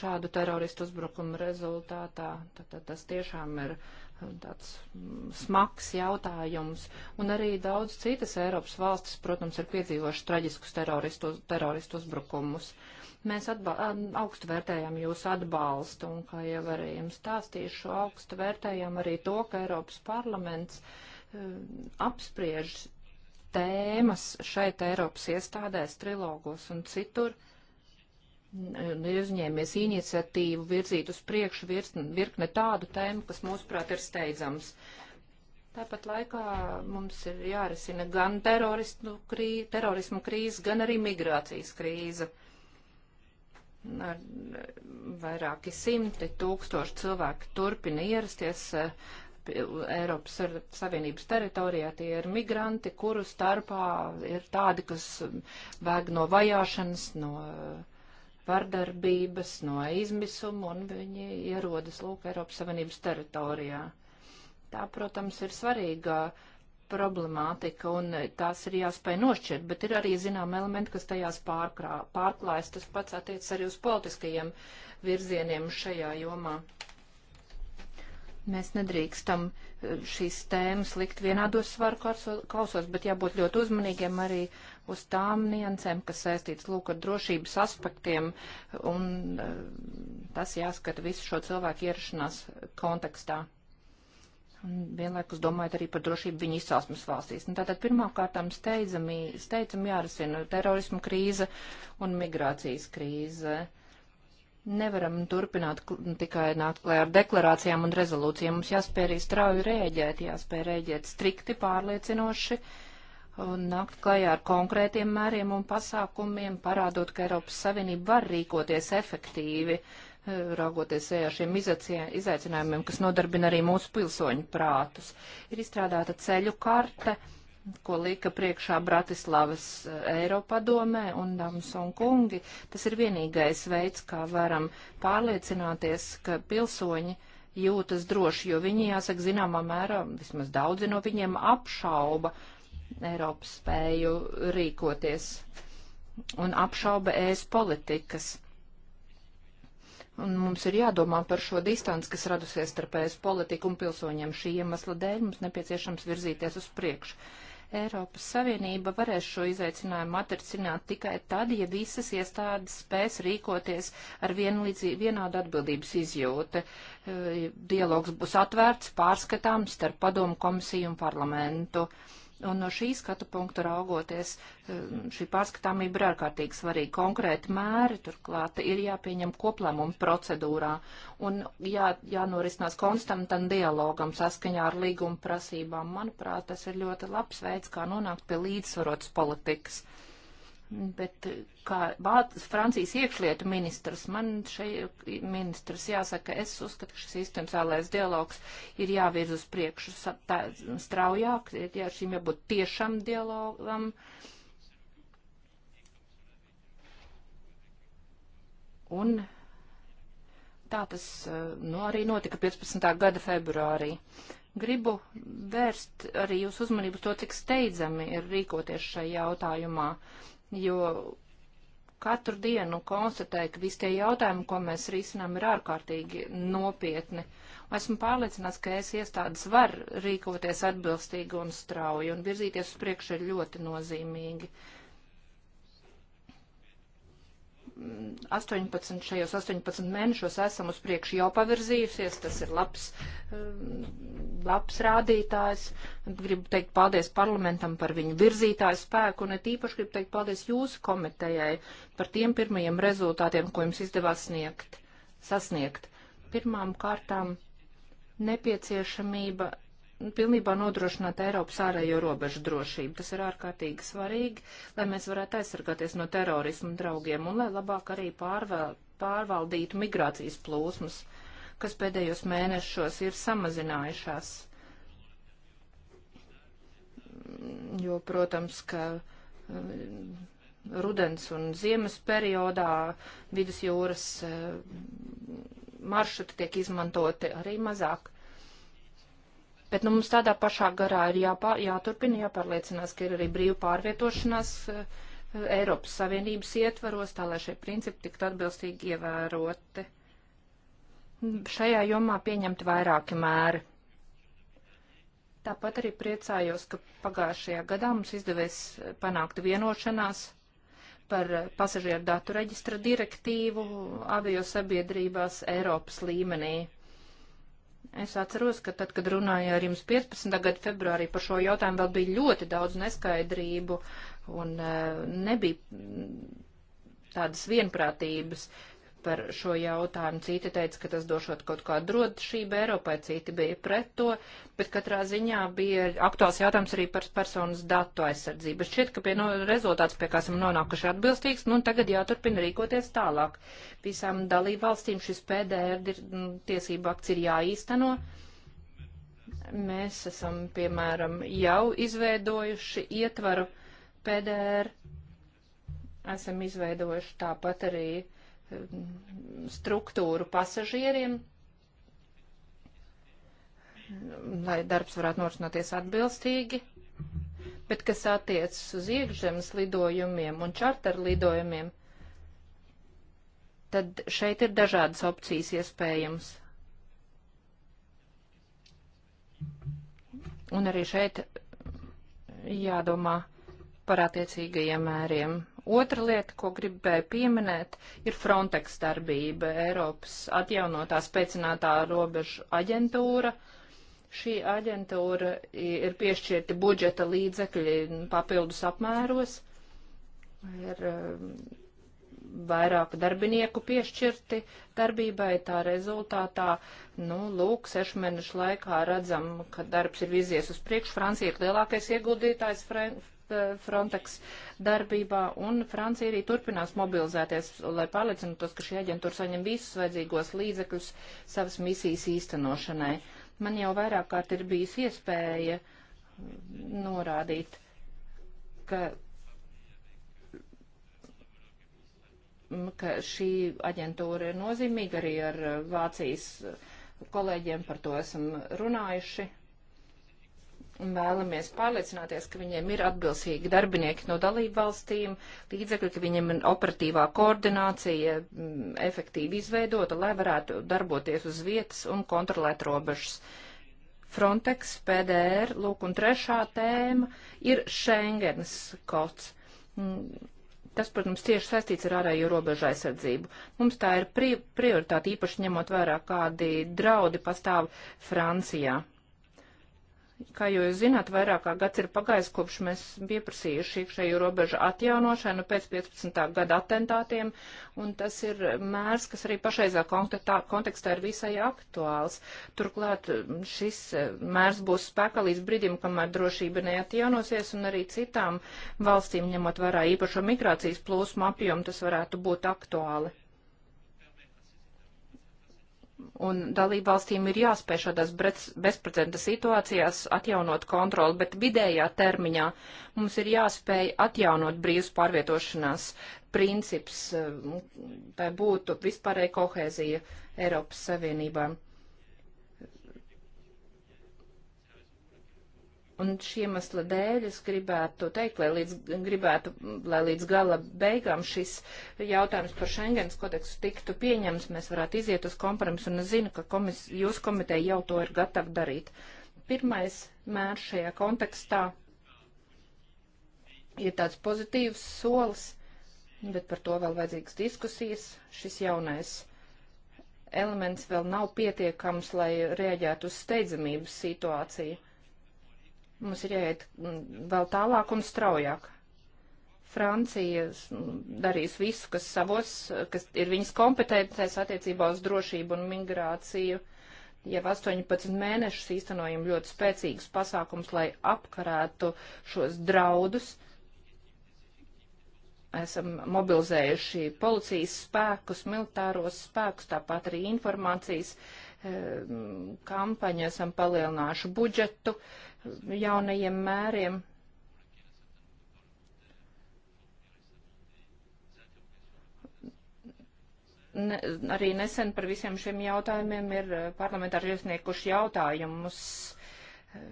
šādu teroristu uzbrukumu rezultātā. Tātad tas tiešām ir uh, tāds mm, smags jautājums. Un arī daudz citas Eiropas valstis, protams, ir piedzīvojuši traģiskus teroristu, teroristu uzbrukumus. Mēs augstu vērtējam jūsu atbalstu, un, kā jau arī jums stāstīšu, augstu vērtējam arī to, ka Eiropas parlaments uh, apspriež tēmas šeit Eiropas iestādēs, trilogos un citur ir uzņēmies iniciatīvu virzīt uz priekšu virkne tādu tēmu, kas mūsuprāt ir steidzams. Tāpat laikā mums ir jārisina gan krī, terorismu krīze, gan arī migrācijas krīze. Ar eh, vairāki simti tūkstoši cilvēki turpina ierasties eh, Eiropas Savienības teritorijā tie ir migranti, kuru starpā ir tādi, kas vēg eh, no vajāšanas, no uh, vardarbības, no izmisuma, un viņi ierodas lūk Eiropas Savienības teritorijā. Tā, protams, ir svarīgā problemātika, un tās ir jāspēj nošķirt, bet ir arī, zinām, elementi, kas tajās pārkrā, pārklājas. Tas pats attiec arī uz politiskajiem virzieniem šajā jomā. Mēs nedrīkstam eh, šīs tēmas likt vienādos svaru klausos, bet jābūt ļoti uzmanīgiem arī uz tām niansēm, kas saistīts lūk ar drošības aspektiem, un eh, tas jāskata visu šo cilvēku ierašanās kontekstā. Un vienlaikus domājot arī par drošību viņu izcelsmes valstīs. Un tātad pirmkārtām steidzami, steidzami jārisina terorismu krīze un migrācijas krīze. Nevaram turpināt tikai nākt klē ar deklarācijām un rezolūcijām. Mums jāspēj arī strauji rēģēt, jāspēj rēģēt strikti, pārliecinoši. Uh, nākt klajā ar konkrētiem mēriem un pasākumiem, parādot, ka Eiropas Savienība var rīkoties efektīvi, eh, raugoties ar šiem izaicinājumiem, kas nodarbina arī mūsu pilsoņu prātus. Ir izstrādāta ceļu karte, ko lika priekšā Bratislavas eh, Eiropadomē un dāmas un kungi. Tas ir vienīgais veids, kā varam pārliecināties, ka pilsoņi jūtas droši, jo viņi, jāsaka, zināmā mērā, vismaz daudzi no viņiem apšauba uh, Eiropas spēju rīkoties un apšauba ēs politikas. Un mums ir jādomā par šo distanci, kas radusies starp ēs politiku un pilsoņiem. Šī iemesla dēļ mums nepieciešams virzīties uz priekšu. Eiropas Savienība varēs šo izaicinājumu atrisināt tikai tad, ja visas iestādes spēs rīkoties ar vienādu atbildības izjūti. Eh, dialogs būs atvērts, pārskatāms starp padomu komisiju un parlamentu. Uh, Un no šī skatu punktu raugoties, um, šī pārskatāmība ir ārkārtīgi svarīga. Konkrēti mēri turklāt ir jāpieņem koplēmuma procedūrā un jā, jānorisinās konstantam dialogam saskaņā ar līguma prasībām. Manuprāt, tas ir ļoti labs veids, kā nonākt pie līdzsvarotas politikas. Uh, Bet kā Vācijas, Francijas iekšlietu ministrs, man šeit ministrs jāsaka, es uzskatu, ka šis institucionālais dialogs ir jāvirz uz priekšu tā, straujāk, ir jā, šim jābūt tiešam dialogam. Un tā tas eh, nu, arī notika 15. gada februārī gribu vērst arī jūsu uzmanību to, cik steidzami ir rīkoties šajā jautājumā jo katru dienu konstatēju, ka visi tie jautājumi, ko mēs risinām, ir ārkārtīgi nopietni. Esmu pārliecināts, ka es iestādes var rīkoties atbilstīgi un strauji, un virzīties uz priekšu ir ļoti nozīmīgi. Uh, 18, šajos 18 mēnešos esam uz priekšu jau pavirzījusies, tas ir labs, eh, labs rādītājs. Gribu teikt paldies parlamentam par viņu virzītāju spēku, un it īpaši gribu teikt paldies jūsu komitejai par tiem pirmajiem rezultātiem, ko jums izdevās sniegt, sasniegt. Pirmām kārtām nepieciešamība pilnībā nodrošināt Eiropas ārējo robežu drošību. Tas ir ārkārtīgi svarīgi, lai mēs varētu aizsargāties no terorismu draugiem un lai labāk arī pārvēl, pārvaldītu migrācijas plūsmas, kas pēdējos mēnešos ir samazinājušās. Jo, protams, ka um, rudens un ziemas periodā vidusjūras uh, maršruti tiek izmantoti arī mazāk. Bet nu, mums tādā pašā garā ir jāpā, jāturpina, jāpārliecinās, ka ir arī brīva pārvietošanās eh, eh, Eiropas Savienības ietvaros, tā lai šie principi tiktu atbilstīgi ievēroti. Šajā jomā pieņemti vairāki mēri. Tāpat arī priecājos, ka pagājušajā gadā mums izdevies panākt vienošanās par eh, pasažieru datu reģistra direktīvu avio sabiedrībās Eiropas līmenī. Es atceros, ka tad, kad runāju ar jums 15. gada februārī par šo jautājumu, vēl bija ļoti daudz neskaidrību un eh, nebija tādas vienprātības par šo jautājumu. Citi teica, ka tas došot kaut kādu drošību Eiropai, citi bija pret to, bet katrā ziņā bija aktuāls jautājums arī par personas datu aizsardzību. Šķiet, ka pie no, rezultāts, pie kā esam nonākuši atbilstīgs, nu tagad jāturpina rīkoties tālāk. Visām dalību valstīm šis PDR nu, tiesību akts ir jāīsteno. Mēs esam, piemēram, jau izveidojuši ietvaru PDR esam izveidojuši tāpat arī struktūru pasažieriem, lai darbs varētu norisināties atbilstīgi. Bet kas attiecas uz iekšzemes lidojumiem un čarter lidojumiem, tad šeit ir dažādas opcijas iespējams. Un arī šeit jādomā par attiecīgajiem mēriem Otra lieta, ko gribēju pieminēt, ir Frontex darbība, Eiropas atjaunotā spēcinātā robežu aģentūra. Šī aģentūra ir piešķirti budžeta līdzekļi papildus apmēros. Ir um, vairāk darbinieku piešķirti darbībai, tā rezultātā, nu, lūk, sešu mēnešu laikā redzam, ka darbs ir vizies uz priekšu. Francija ir lielākais ieguldītājs, Eh, Frontex darbībā, un Francija arī turpinās mobilizēties, lai pārliecinātos, ka šī aģentūra saņem visus vajadzīgos līdzekļus savas misijas īstenošanai. Man jau vairāk kārt ir bijis iespēja mm, norādīt, ka mm, ka šī aģentūra ir nozīmīga arī ar eh, Vācijas kolēģiem par to esam runājuši un vēlamies pārliecināties, ka viņiem ir atbilstīgi darbinieki no dalību valstīm, līdzekļi, ka viņiem ir operatīvā koordinācija m, mm, efektīvi izveidota, lai varētu darboties uz vietas un kontrolēt robežas. Frontex, PDR, lūk, un trešā tēma ir Schengens kods. Mm, tas, protams, tieši saistīts ar ārējo robežu aizsardzību. Mums tā ir pri prioritāte, īpaši ņemot vērā, kādi draudi pastāv Francijā Kā jūs zināt, vairāk kā gads ir pagājis, kopš mēs pieprasījuši iekšējo robežu atjaunošanu pēc 15. gada atentātiem, un tas ir mērs, kas arī pašreizā kontekstā ir visai aktuāls. Turklāt mm, šis e, mērs būs spēkā līdz bridim, kamēr drošība neatjaunosies, un arī citām valstīm, ņemot vērā īpašo migrācijas plūsmu apjomu, tas varētu būt aktuāli. Un dalībvalstīm ir jāspēj šādās bezprecedenta situācijās atjaunot kontroli, bet vidējā termiņā mums ir jāspēj atjaunot brīvas pārvietošanās princips, lai eh, būtu vispārēja kohēzija Eiropas Savienībām. Un šī iemesla dēļ es gribētu to teikt, lai līdz, gribētu, lai līdz gala beigām šis jautājums par Schengens kodeksu tiktu pieņems, mēs varētu iziet uz kompromisu, un es zinu, ka komis, jūs komiteja jau to ir gatava darīt. Pirmais mērs šajā kontekstā ir tāds pozitīvs solis, bet par to vēl vajadzīgas diskusijas. Šis jaunais elements vēl nav pietiekams, lai reaģētu uz steidzamības situāciju Mums ir jāiet mm, vēl tālāk un straujāk. Francija mm, darīs visu, kas savos, kas ir viņas kompetencēs attiecībā uz drošību un migrāciju. Jau 18 mēnešus īstenojam ļoti spēcīgus pasākums, lai apkarētu šos draudus. Esam mobilizējuši policijas spēkus, militāros spēkus, tāpat arī informācijas uh, kampaņu, esam palielinājuši budžetu jaunajiem mēriem. ne, arī nesen par visiem šiem jautājumiem ir eh, parlamentāri iesnieguši jautājumus eh,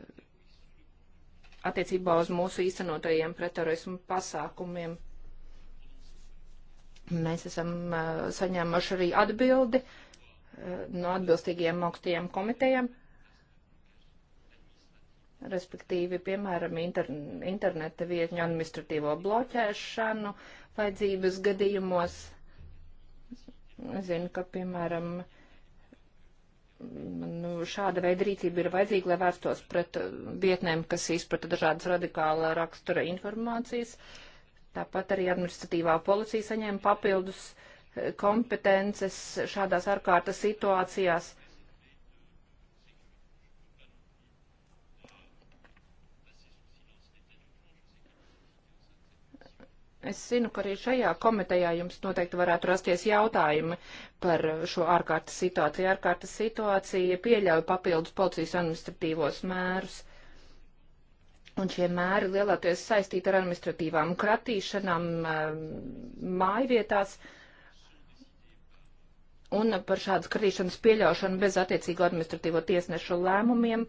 attiecībā uz mūsu īstenotajiem pretterorismu pasākumiem. Mēs esam eh, saņēmuši arī atbildi Eh, no atbilstīgiem augstajiem komitejiem. Respektīvi, piemēram, inter, interneta vietņu administratīvo bloķēšanu vajadzības gadījumos. Zinu, ka, piemēram, nu, šāda veida rīcība ir vajadzīga, lai vērstos pret eh, vietnēm, kas izprata dažādas radikāla rakstura informācijas. Tāpat arī administratīvā policija saņēma papildus kompetences šādās ārkārtas situācijās. Es zinu, ka arī šajā komitejā jums noteikti varētu rasties jautājumi par šo ārkārtas situāciju. Ārkārtas situācija pieļauj papildus policijas administratīvos mērus. Un šie mēri lielāties saistīti ar administratīvām kratīšanām ehm, mājvietās. vietās un par šādu skatīšanas pieļaušanu bez attiecīgo administratīvo tiesnešu lēmumiem.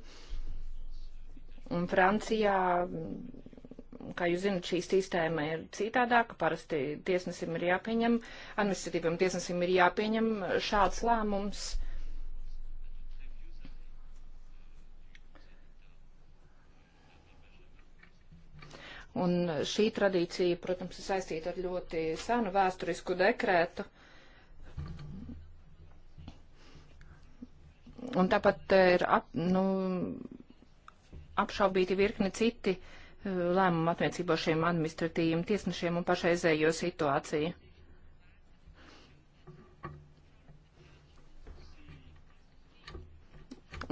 Un Francijā, kā jūs zinat, šī sistēma ir citādāka. Parasti tiesnesim ir jāpieņem, administratīvam tiesnesim ir jāpieņem šāds lēmums. Un šī tradīcija, protams, ir saistīta ar ļoti senu vēsturisku dekrētu, un tāpat ir ap, nu, apšaubīti virkni citi eh, lēmumu attiecībā šiem administratīviem tiesnešiem un pašreizējo situāciju.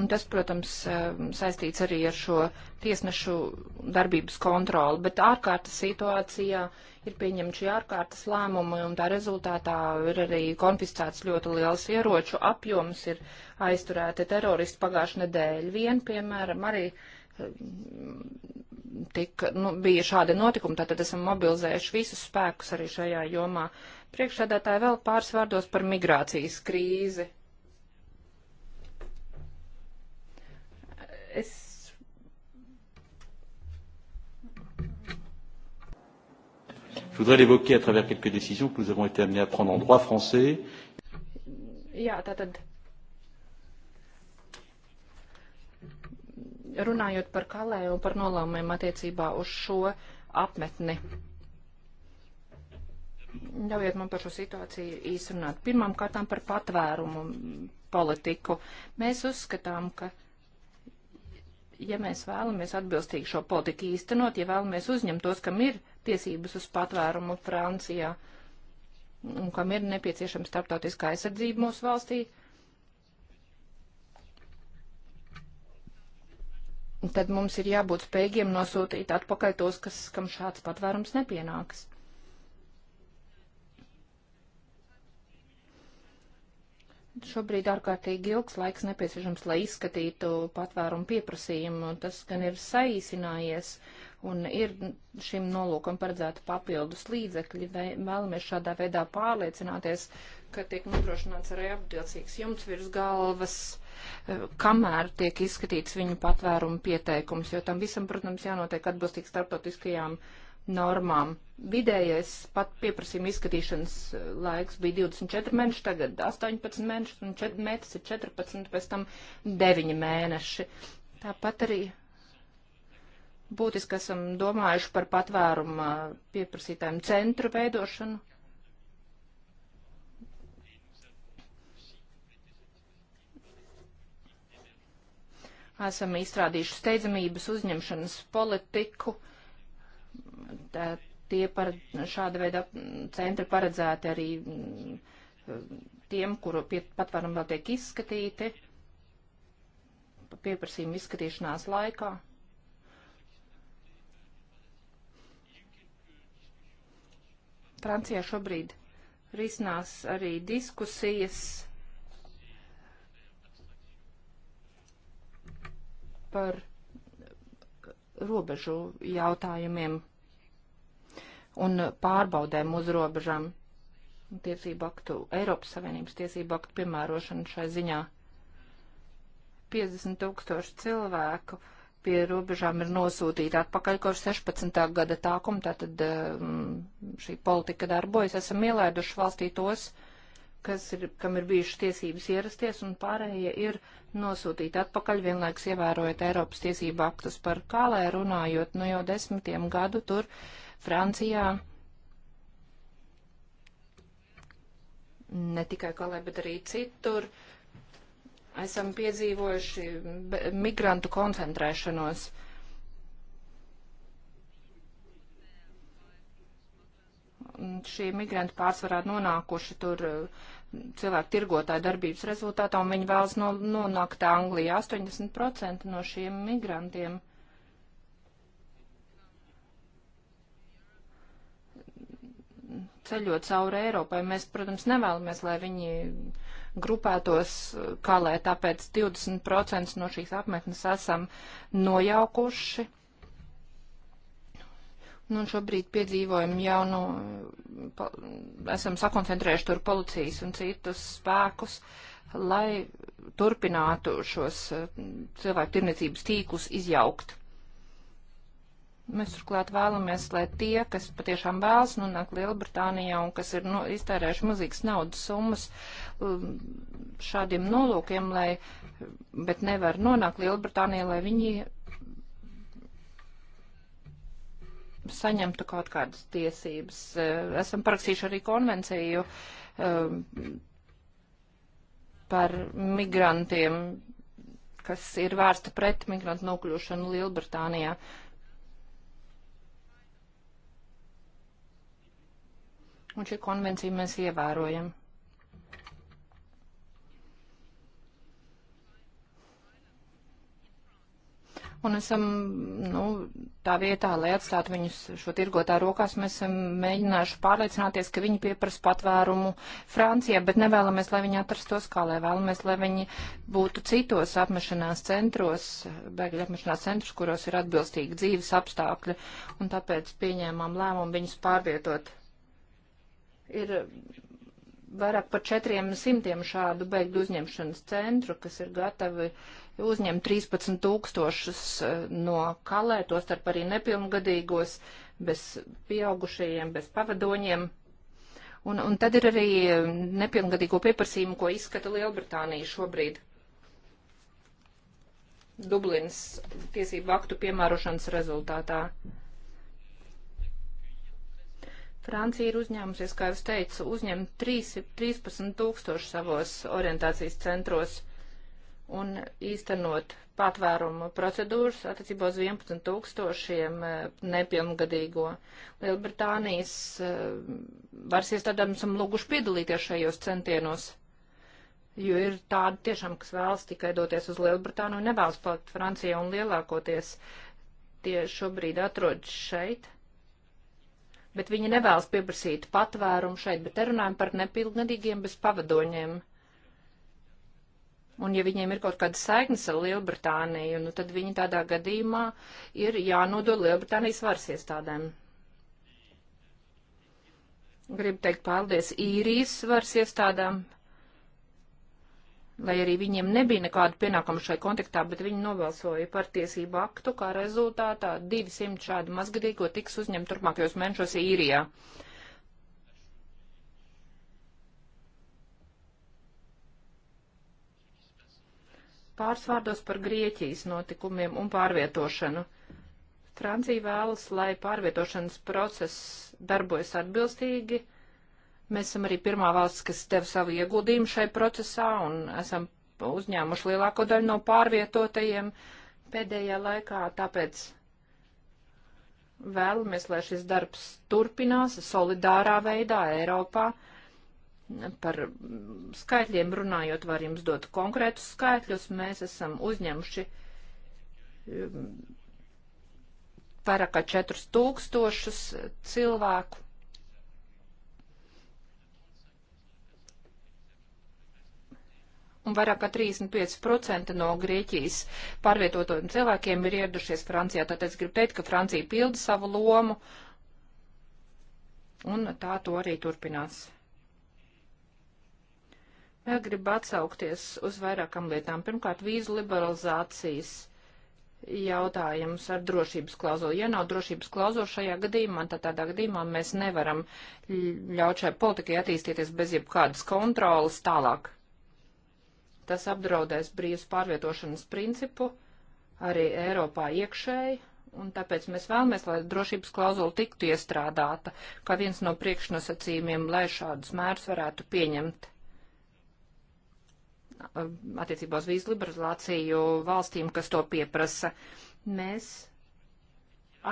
Un tas, protams, eh, saistīts arī ar šo tiesnešu darbības kontroli, bet ārkārtas situācijā uh, ir pieņemti šie ārkārtas lēmumi, un tā rezultātā ir arī konfiscēts ļoti liels ieroču apjoms, ir aizturēti teroristi pagājušajā nedēļā. Vien, piemēram, arī um, tika, nu, bija šādi notikumi, tātad esam mobilizējuši visus spēkus arī šajā jomā. Priekšsēdētāji vēl pāris vārdos par migrācijas krīzi. Es Je voudrais l'évoquer à travers quelques décisions que nous avons été amenés à prendre en droit français. Jā, tātad runājot par kalē un par nolēmumiem attiecībā uz šo apmetni. Ļaujiet man par šo situāciju īsrunāt. Pirmām kārtām par patvērumu politiku. Mēs uzskatām, ka ja mēs vēlamies atbilstīgi šo politiku īstenot, ja vēlamies uzņemt tos, kam ir tiesības uz patvērumu Francijā un kam ir nepieciešama starptautiskā aizsardzība mūsu valstī, tad mums ir jābūt spējīgiem nosūtīt atpakaļ tos, kas, kam šāds patvērums nepienāks. šobrīd ārkārtīgi ilgs laiks nepieciešams, lai izskatītu patvērumu pieprasījumu. Tas gan ir saīsinājies un ir šim nolūkam paredzēta papildus līdzekļi. Vēlamies šādā veidā pārliecināties, ka tiek nodrošināts arī apdilcīgs jumts virs galvas eh, kamēr tiek izskatīts viņu patvērumu pieteikums, jo tam visam, protams, jānotiek atbilstīgi starptautiskajām uh, normām. Vidējais pat pieprasījuma izskatīšanas eh, laiks bija 24 mēneši, tagad 18 mēneši, un čet, mērķis ir 14, pēc tam 9 mēneši. Tāpat arī būtiski esam domājuši par patvēruma pieprasītājiem centru veidošanu. Esam izstrādījuši steidzamības uzņemšanas politiku. Uh, tā, tie par šāda veida centri paredzēti arī mm, tiem, kuru patvērumi vēl tiek izskatīti pieprasījuma izskatīšanās laikā. Francijā šobrīd risinās arī diskusijas par robežu jautājumiem un pārbaudēm uz robežām tiesību aktu, Eiropas Savienības tiesību aktu piemērošanu šai ziņā. 50 tūkstoši cilvēku pie robežām ir nosūtīti atpakaļ kopš 16. gada tākuma, tātad um, šī politika darbojas. Esam ielaiduši valstī tos, kas ir, kam ir bijušas tiesības ierasties, un pārējie ir nosūtīti atpakaļ, vienlaiks ievērojot Eiropas tiesību aktus par kālē runājot, nu jau desmitiem gadu tur uh, Francijā. Ne tikai Kalē, bet arī citur. Esam piedzīvojuši migrantu koncentrēšanos. Šie migranti pārsvarā nonākuši tur eh, cilvēku tirgotāju darbības rezultātā, un viņi vēlas no, nonākt Anglijā. 80% no šiem migrantiem ceļo cauri Eiropai. Mēs, protams, nevēlamies, lai viņi grupētos kalē, tāpēc 20% no šīs apmetnes esam nojaukuši. Nu, šobrīd piedzīvojam jau, nu, pa, esam sakoncentrējuši tur policijas un citus spēkus, lai turpinātu šos eh, cilvēku tirniecības tīklus izjaukt. Mēs turklāt vēlamies, lai tie, kas patiešām vēlas nonākt Lielbritānijā un kas ir no, nu, iztērējuši mazīgas naudas summas um, šādiem nolūkiem, lai, bet nevar nonākt Lielbritānijā, lai viņi saņemtu kaut kādas tiesības. Uh, esam parakstījuši arī konvenciju um, par migrantiem, kas ir vērsta pret migrantu nokļūšanu Lielbritānijā. Uh, Un šī konvencija mēs ievērojam. un esam, nu, tā vietā, lai atstātu viņus šo tirgotā rokās, mēs esam mēģinājuši pārliecināties, ka viņi pieprasa patvērumu Francijā, bet nevēlamies, lai viņi atrastos kā, lai vēlamies, lai viņi būtu citos apmešanās centros, bēgļu apmešanās centros, kuros ir atbilstīgi dzīves apstākļi, un tāpēc pieņēmām lēmumu viņus pārvietot ir vairāk par 400 šādu bēgļu uzņemšanas centru, kas ir gatavi uzņemt 13 tūkstošus eh, no kalē, tostarp arī nepilngadīgos, bez pieaugušajiem, bez pavadoņiem. Un, un tad ir arī nepilngadīgo pieprasījumu, ko izskata Lielbritānija šobrīd. Dublinas tiesību aktu piemērošanas rezultātā. Francija ir uzņēmusies, kā jūs teicu, uzņemt 3, 13 tūkstoši savos orientācijas centros un īstenot patvērumu procedūras attiecībā uz 11 tūkstošiem eh, nepilngadīgo. Lielbritānijas eh, varas iestādēm esam lūguši piedalīties šajos centienos, jo ir tādi tiešām, kas vēlas tikai doties uz Lielbritānu un nevēlas palikt Francijā un lielākoties tie šobrīd atrodas šeit bet viņi nevēlas pieprasīt patvērumu šeit, bet te runājam par nepilngadīgiem bez pavadoņiem. Un ja viņiem ir kaut kāda saiknes ar Lielbritāniju, nu tad viņi tādā gadījumā ir jānodod Lielbritānijas varas iestādēm. Gribu teikt paldies īrijas varas iestādām, lai arī viņiem nebija nekāda pienākuma šai kontaktā, bet viņi nobalsoja par tiesību aktu, kā rezultātā 200 šādu mazgadīgo tiks uzņemt turpmākajos mēnešos īrijā. Pāris vārdos par Grieķijas notikumiem un pārvietošanu. Francija vēlas, lai pārvietošanas process darbojas atbilstīgi Mēs esam arī pirmā valsts, kas deva savu ieguldījumu šai procesā un esam uzņēmuši lielāko daļu no pārvietotajiem pēdējā laikā, tāpēc vēlamies, lai šis darbs turpinās solidārā veidā Eiropā. Par skaitļiem runājot, var jums dot konkrētus skaitļus. Mēs esam uzņemši um, vairāk kā 4000 cilvēku un vairāk kā 35% no Grieķijas pārvietotojiem cilvēkiem ir ieradušies Francijā. Tātad es gribu teikt, ka Francija pilda savu lomu, un tā to arī turpinās. Vēl gribu atsaukties uz vairākam lietām. Pirmkārt, vīzu liberalizācijas jautājums ar drošības klauzulu. Ja nav drošības klauzula šajā gadījumā, tad tādā gadījumā mēs nevaram ļaut šai politikai attīstīties bez jebkādas kontrolas tālāk. Tas apdraudēs brīvas pārvietošanas principu arī Eiropā iekšēji, un tāpēc mēs vēlamies, lai drošības klauzula tiktu iestrādāta, kā viens no priekšnosacījumiem, lai šādus mērus varētu pieņemt attiecībā uz vīzu liberalizāciju valstīm, kas to pieprasa. Mēs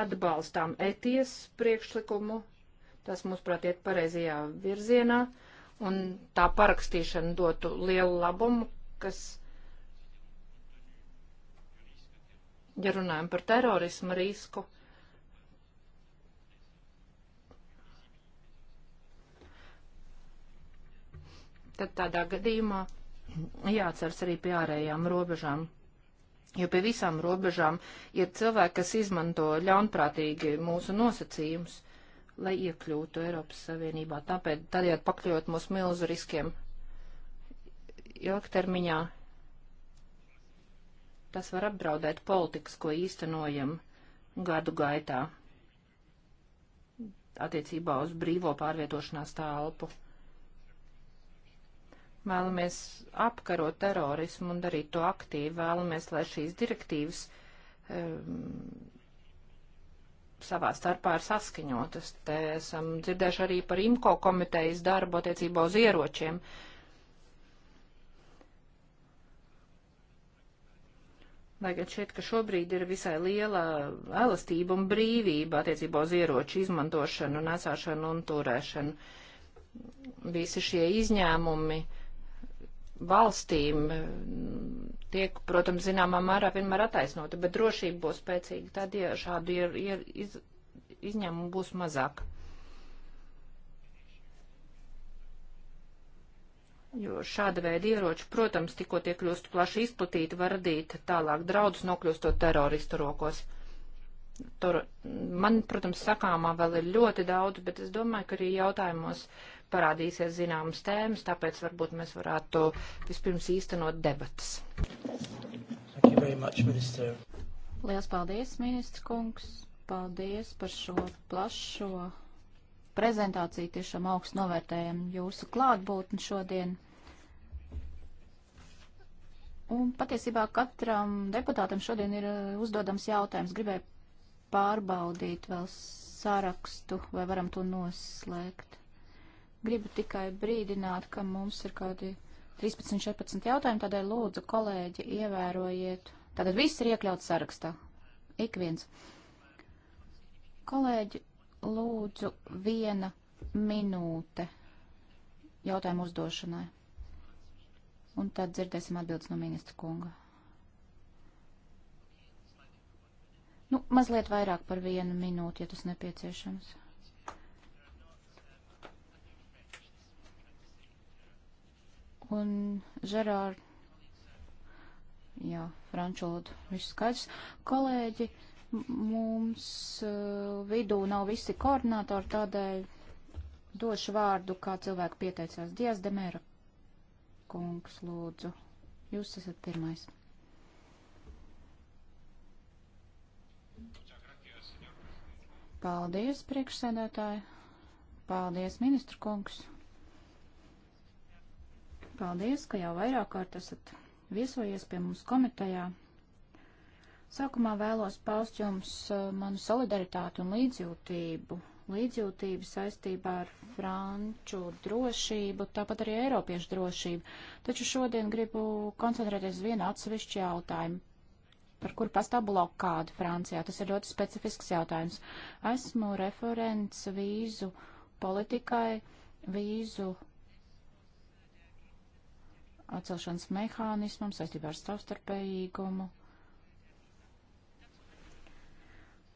atbalstām ETIES priekšlikumu, tas, mūsuprāt, iet pareizajā virzienā, un tā parakstīšana dotu lielu labumu sekas. Ja runājam par terorismu risku, tad tādā gadījumā jāatceras arī pie ārējām robežām. Jo pie visām robežām ir cilvēki, kas izmanto ļaunprātīgi mūsu nosacījumus, lai iekļūtu Eiropas Savienībā. Tāpēc tādējādi pakļaut mūs milzu riskiem ilgtermiņā tas var apdraudēt politikas, ko īstenojam gadu gaitā attiecībā uz brīvo pārvietošanās telpu. Vēlamies apkarot terorismu un darīt to aktīvi. Vēlamies, lai šīs direktīvas um, savā starpā ir saskaņotas. Te esam dzirdējuši arī par IMCO komitejas darbu attiecībā uz ieročiem. Uh, Lai gan šeit, ka šobrīd ir visai liela elastība un brīvība attiecībā uz ieroču izmantošanu, nesāšanu un turēšanu. Visi šie izņēmumi valstīm tiek, protams, zināmā mērā vienmēr attaisnota, bet drošība būs spēcīga tad, ja šādu ir, ir iz, izņēmumu būs mazāk. Jo šāda veida ieroči, protams, tikko tie kļūst plaši izplatīti, var radīt tālāk draudus nokļūstot teroristu rokos. Tur man, protams, sakāmā vēl ir ļoti daudz, bet es domāju, ka arī jautājumos parādīsies zināmas tēmas, tāpēc varbūt mēs varētu vispirms īstenot debatas. Much, minister. Liels paldies, ministrs kungs! Paldies par šo plašo prezentāciju. Tiešām augstu novērtējam jūsu klātbūtni šodien. Un patiesībā katram deputātam šodien ir eh, uzdodams jautājums. Gribēju pārbaudīt vēl sarakstu, vai varam to noslēgt. Gribu tikai brīdināt, ka mums ir kādi 13, 14 jautājumi, tādēļ lūdzu kolēģi ievērojiet. Tātad viss ir iekļauts sarakstā. Ik viens. Kolēģi, lūdzu viena minūte jautājumu uzdošanai. Un tad dzirdēsim atbildes no ministra kunga. Nu, mazliet vairāk par vienu minūti, ja tas nepieciešams. Un Žerār, jā, Frančodu, viss skaidrs. Kolēģi, uh, Mums eh, vidū nav visi koordinātori, tādēļ došu vārdu, kā cilvēku pieteicās Dievs Demēra kungs, lūdzu. Jūs esat pirmais. Paldies, priekšsēdētāji. Paldies, ministru kungs. Paldies, ka jau vairāk kārt esat viesojies pie mums komitejā. Sākumā vēlos paust jums uh, manu solidaritāti un līdzjūtību. Līdzjūtība saistībā ar franču drošību, tāpat arī eiropiešu drošību. Taču šodien gribu koncentrēties uz vienu atsevišķu jautājumu, par kuru pastāv blokāda Francijā. Tas ir ļoti specifisks jautājums. Esmu referents vīzu politikai, vīzu atcelšanas mehānismam saistībā ar savstarpējīgumu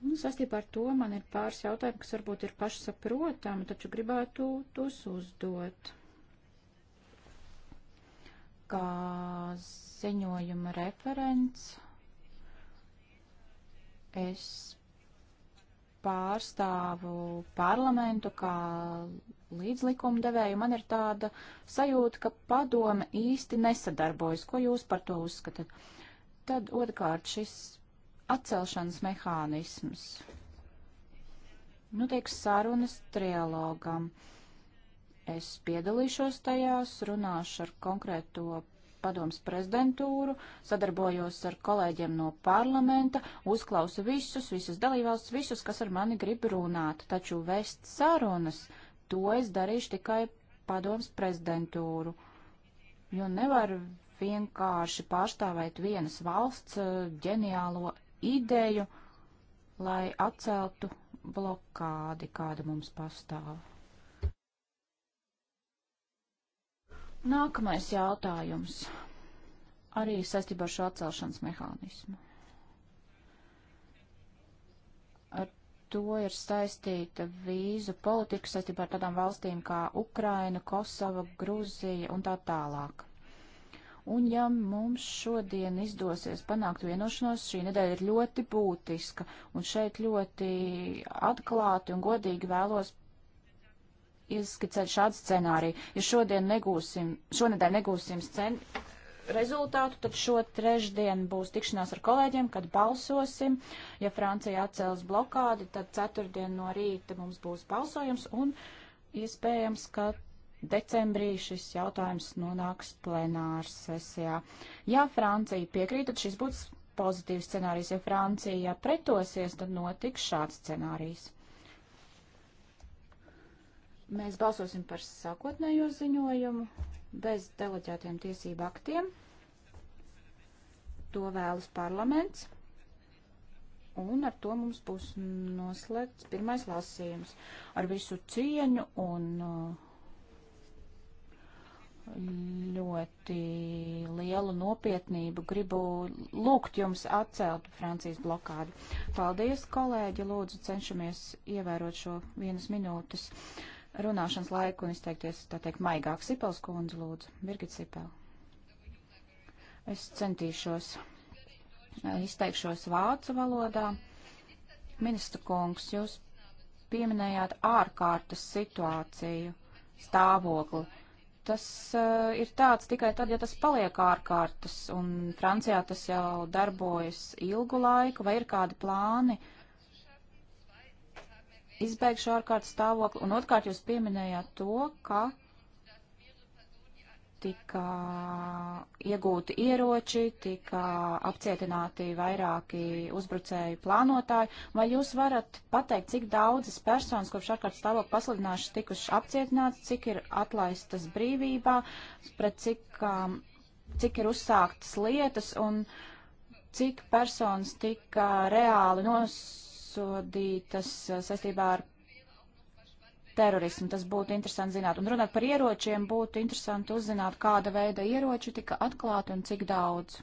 Un nu, sastībā ar to man ir pāris jautājumi, kas varbūt ir pašsaprotami, taču gribētu tos uzdot. Kā ziņojuma referents, es pārstāvu parlamentu kā līdzlikumdevēju, man ir tāda sajūta, ka padome īsti nesadarbojas. Ko jūs par to uzskatāt? Tad otrkārt šis atcelšanas mehānisms. Nu, tiek sarunas trialogam. Es piedalīšos tajās, runāšu ar konkrēto padomas prezidentūru, sadarbojos ar kolēģiem no parlamenta, uzklausu visus, visas dalībvalsts, visus, kas ar mani grib runāt, taču vest sarunas, to es darīšu tikai padomas prezidentūru, jo nevar vienkārši pārstāvēt vienas valsts eh, ģeniālo ideju, lai atceltu blokādi, kāda mums pastāv. Nākamais jautājums arī saistībā ar šo atcelšanas mehānismu. Ar to ir saistīta vīzu politika saistībā ar tādām valstīm kā Ukraina, Kosova, Gruzija un tā tālāk. Un ja mums šodien izdosies panākt vienošanos, šī nedēļa ir ļoti būtiska. Un šeit ļoti atklāti un godīgi vēlos ieskicēt šādu scenāriju. Ja šodien negūsim, šonedēļ negūsim scen rezultātu, tad šo trešdienu būs tikšanās ar kolēģiem, kad balsosim. Ja Francija atcels blokādi, tad ceturtdien no rīta mums būs balsojums un iespējams, ka decembrī šis jautājums nonāks plenārs sesijā. Ja Francija piekrīt, tad šis būs pozitīvs scenārijs. Ja Francija pretosies, tad notiks šāds scenārijs. Mēs balsosim par sākotnējo ziņojumu bez deleģētiem tiesību aktiem. To vēlas parlaments. Un ar to mums būs noslēgts pirmais lasījums. Ar visu cieņu un uh, ļoti lielu nopietnību gribu lūgt jums atcelt Francijas blokādu. Paldies, kolēģi, lūdzu cenšamies ievērot šo vienas minūtes runāšanas laiku un izteikties, tā teikt, maigāk. Sipels kundze, lūdzu, Birgit Sipel. Es centīšos, eh, izteikšos vācu valodā. Ministra kungs, jūs pieminējāt ārkārtas situāciju, stāvokli tas uh, ir tāds tikai tad, ja tas paliek ārkārtas, un Francijā tas jau darbojas ilgu laiku, vai ir kādi plāni izbeigšu ārkārtas stāvokli, un otrkārt jūs pieminējāt to, ka tika iegūti ieroči, tika apcietināti vairāki uzbrucēju plānotāji. Vai jūs varat pateikt, cik daudzas personas kopš ārkārtas stāvokļa pasludināšanas tikušas apcietināts, cik ir atlaistas brīvībā, pret cik, um, cik ir uzsāktas lietas un cik personas tika reāli nosodītas uh, saistībā ar terorismu. Tas būtu interesanti zināt. Un runāt par ieročiem, būtu interesanti uzzināt, kāda veida ieroči tika atklāti un cik daudz.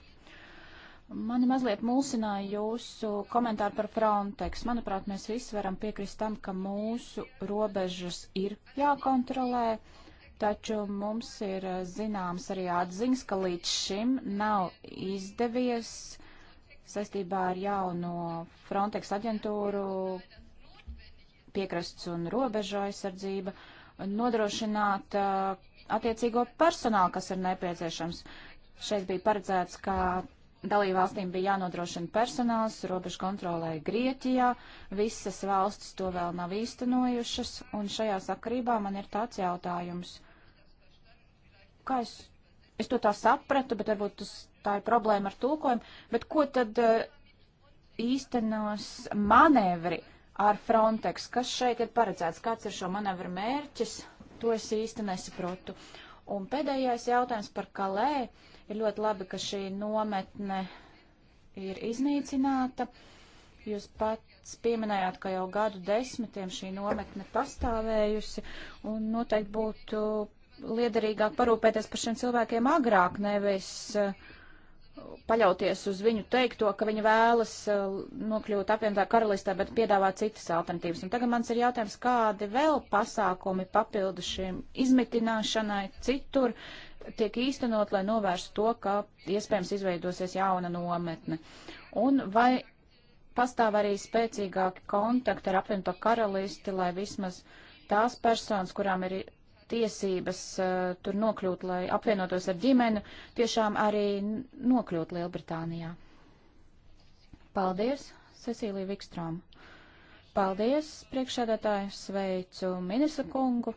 Mani mazliet mulsināja jūsu komentāri par Frontex. Manuprāt, mēs visi varam piekrist tam, ka mūsu robežas ir jākontrolē, taču mums ir eh, zināms arī atziņas, ka līdz šim nav izdevies saistībā ar jauno Frontex aģentūru piekrasts un robeža aizsardzība, nodrošināt uh, attiecīgo personālu, kas ir nepieciešams. Šeit bija paredzēts, ka dalībvalstīm bija jānodrošina personāls robežu kontrolē Grieķijā. Visas valstis to vēl nav īstenojušas, un šajā sakarībā man ir tāds jautājums. Kā es, es to tā sapratu, bet varbūt tas, tā ir problēma ar tulkojumu, bet ko tad uh, īstenos manevri ar Frontex. Kas šeit ir paredzēts? Kāds ir šo manevru mērķis? To es īsti nesaprotu. Un pēdējais jautājums par Kalē. Ir ļoti labi, ka šī nometne ir iznīcināta. Jūs pats pieminējāt, ka jau gadu desmitiem šī nometne pastāvējusi un noteikti būtu liederīgāk parūpēties par šiem cilvēkiem agrāk, nevis uh, paļauties uz viņu teikto, ka viņi vēlas eh, nokļūt apvienotā karalistē, bet piedāvā citas alternatīvas. Un tagad mans ir jautājums, kādi vēl pasākumi papildu šīm izmitināšanai citur tiek īstenot, lai novērstu to, ka iespējams izveidosies jauna nometne. Un vai pastāv arī spēcīgāki kontakti ar apvienoto karalisti, lai vismaz tās personas, kurām ir tiesības uh, tur nokļūt, lai apvienotos ar ģimeni, tiešām arī nokļūt Lielbritānijā. Paldies, Cecīlija Vikstrom. Paldies, priekšsēdētāji, sveicu ministra kungu.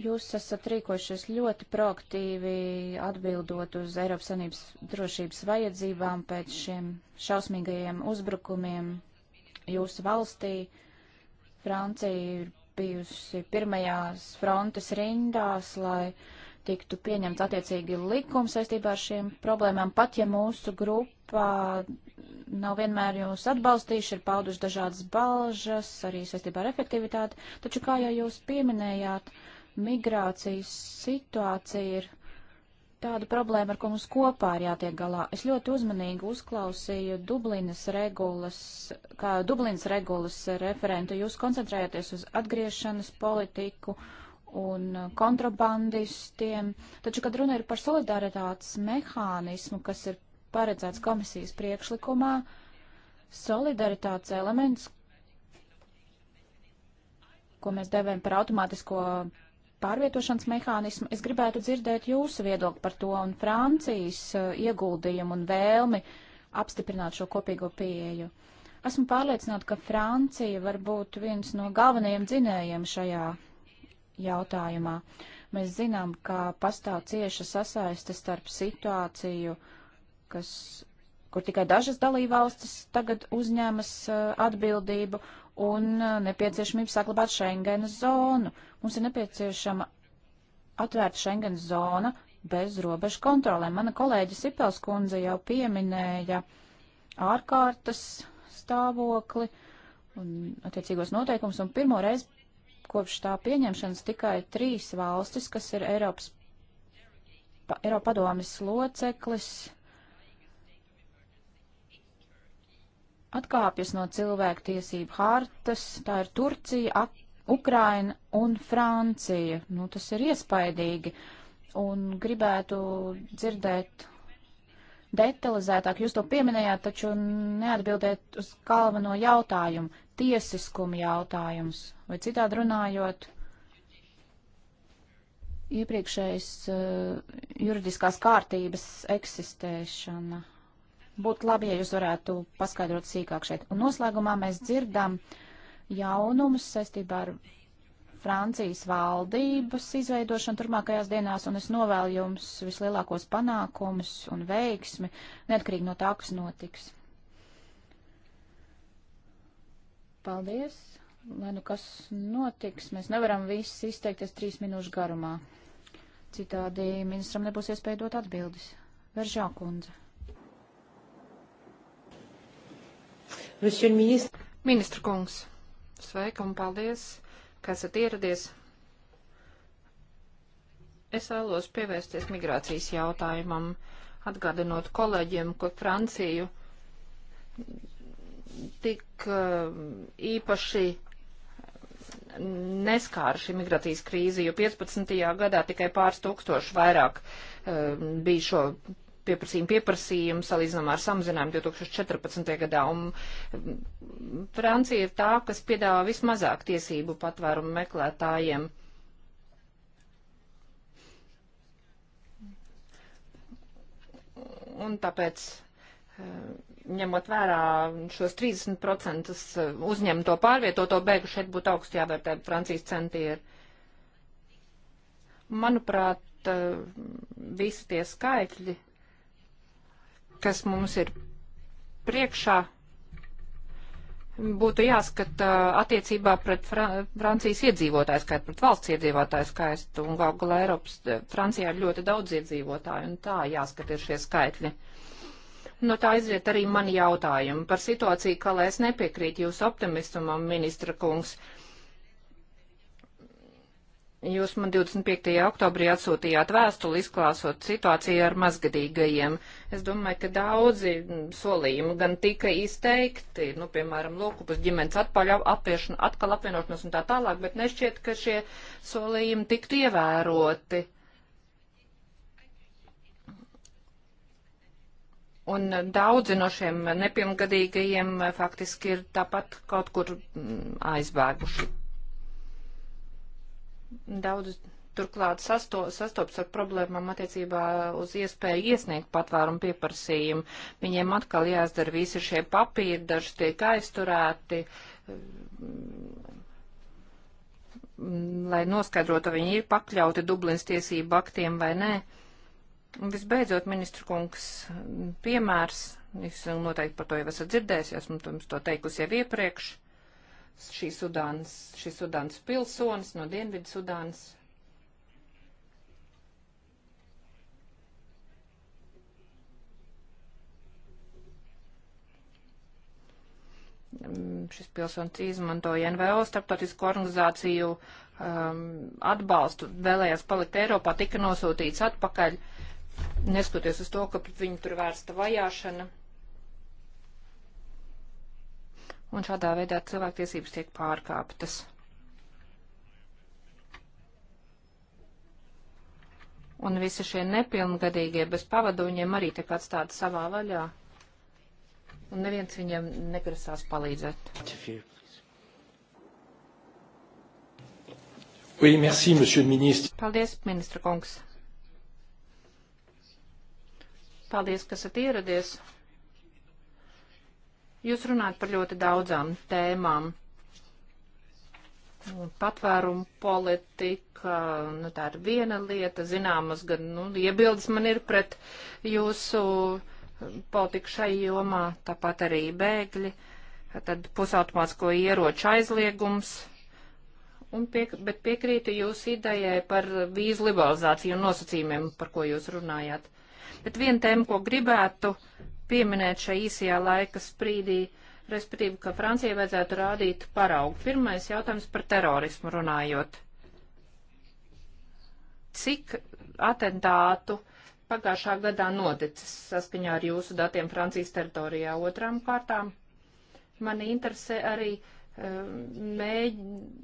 Jūs esat rīkojušies ļoti proaktīvi atbildot uz Eiropas Sanības drošības vajadzībām pēc šiem šausmīgajiem uzbrukumiem jūsu valstī. Francija ir bijusi pirmajās frontes rindās, lai tiktu pieņemts attiecīgi likums saistībā ar šiem problēmām, pat ja mūsu grupā nav vienmēr jūs atbalstījuši, ir pauduši dažādas balžas, arī saistībā ar efektivitāti, taču, kā jau jūs pieminējāt, migrācijas situācija ir tāda problēma, ar ko mums kopā ir jātiek galā. Es ļoti uzmanīgi uzklausīju Dublinas regulas, kā Dublinas regulas referentu. Jūs koncentrējaties uz atgriešanas politiku un kontrabandistiem, taču, kad runa ir par solidaritātes mehānismu, kas ir paredzēts komisijas priekšlikumā, solidaritātes elements, ko mēs devam par automātisko pārvietošanas mehānismu. Es gribētu dzirdēt jūsu viedokli par to un Francijas eh, ieguldījumu un vēlmi apstiprināt šo kopīgo pieeju. Esmu pārliecināta, ka Francija var būt viens no galvenajiem dzinējiem šajā jautājumā. Mēs zinām, ka pastāv cieša sasaiste starp situāciju, kas, kur tikai dažas dalībvalstis tagad uzņemas eh, atbildību, un uh, nepieciešamību saglabāt Schengenas zonu. Mums ir nepieciešama atvērta Schengenas zona bez robežu kontrolēm. Mana kolēģa Sipels kundze jau pieminēja ārkārtas stāvokli un attiecīgos noteikumus, un pirmo reizi kopš tā pieņemšanas tikai trīs valstis, kas ir Eiropas, pa, Eiropa padomis loceklis, atkāpjas no cilvēku tiesību hartas, tā ir Turcija, Ukraina un Francija. Nu, tas ir iespaidīgi. Un gribētu dzirdēt detalizētāk. Jūs to pieminējāt, taču neatbildēt uz galveno jautājumu - tiesiskumu jautājums. Vai citādi runājot, iepriekšējas uh, eh, juridiskās kārtības eksistēšana. Būtu labi, ja jūs varētu paskaidrot sīkāk šeit. Un noslēgumā mēs dzirdam jaunumus saistībā ar Francijas valdības izveidošanu turpmākajās dienās, un es novēlu jums vislielākos panākumus un veiksmi, neatkarīgi no tā, kas notiks. Paldies! Lai nu kas notiks, mēs nevaram viss izteikties trīs minūšu garumā. Citādi ministram nebūs iespēja dot atbildes. Veržā kundze. Ministra kungs, sveika un paldies, ka esat ieradies. Es vēlos pievērsties migrācijas jautājumam, atgādinot kolēģiem, ko Franciju tik eh, īpaši neskāra šī migrācijas krīze, jo 15. gadā tikai pāris tūkstoši vairāk uh, bija šo pieprasījumu pieprasījumu salīdzinām ar samazinājumu 2014. gadā. Un mm, Francija ir tā, kas piedāvā vismazāk tiesību patvērumu meklētājiem. Un tāpēc eh, ņemot vērā šos 30% eh, uzņemto pārvietoto bēgu, šeit būtu augstu jāvērtē Francijas centieri. Manuprāt, eh, visi tie skaitļi kas mums ir priekšā, būtu jāskata attiecībā pret Fran Francijas iedzīvotāju skaitu, pret valsts iedzīvotāju skaitu, un galu galā Eiropas eh, Francijā ir ļoti daudz iedzīvotāju, un tā jāskata ir šie skaitļi. No tā izriet arī mani jautājumi par situāciju, ka lai es nepiekrītu jūsu optimistumam, ministra kungs. Uh, Jūs man 25. oktobrī atsūtījāt vēstuli, izklāsot situāciju ar mazgadīgajiem. Es domāju, ka daudzi mm, solījumi gan tika izteikti, nu, piemēram, lūkupas ģimenes atpaļ, apiešana, atkal apvienošanos un tā tālāk, bet nešķiet, ka šie solījumi tiktu ievēroti. Un daudzi no šiem nepilngadīgajiem faktiski ir tāpat kaut kur mm, aizbēguši daudz turklāt sasto, sastops ar problēmām attiecībā uz iespēju iesniegt patvērumu pieprasījumu. Viņiem atkal jāizdara visi šie papīri, daži tiek aizturēti, mm, lai noskaidrotu, viņi ir pakļauti Dublins tiesību aktiem vai nē. Visbeidzot, ministru kungs, piemērs, jūs noteikti par to jau esat dzirdējis, esmu jums to teikusi jau iepriekš. Uh, šī Sudānas, šī Sudānas pilsonis no Dienvidu Sudānas. Mm, šis pilsonis izmantoja NVO starptautisko organizāciju um, atbalstu, vēlējās palikt Eiropā, tika nosūtīts atpakaļ, neskatoties uz to, ka pret viņu tur vērsta vajāšana. un šādā veidā cilvēktiesības tiek pārkāptas. Un visi šie nepilngadīgie bez pavadoņiem arī tiek atstāti savā vaļā. Un neviens viņiem negrasās palīdzēt. Oui, merci, monsieur le ministre. Paldies, ministra kungs. Paldies, ka esat ieradies. Jūs runājat par ļoti daudzām tēmām. Nu, patvērumu politika, nu tā ir viena lieta, zināmas, gan, nu, iebildes man ir pret jūsu politiku šai jomā, tāpat arī bēgļi, tad pusautomātsko ieroču aizliegums, un pie, bet piekrītu jūsu idejai par vīzu liberalizāciju un nosacījumiem, par ko jūs runājāt. Bet viena tēma, ko gribētu pieminēt šajā īsajā laika sprīdī, respektīvi, ka Francija vajadzētu rādīt paraugu. Pirmais jautājums par terorismu runājot. Cik atentātu pagājušā gadā noticis saskaņā ar jūsu datiem Francijas teritorijā otrām kārtām? Mani interesē arī um, mēģināt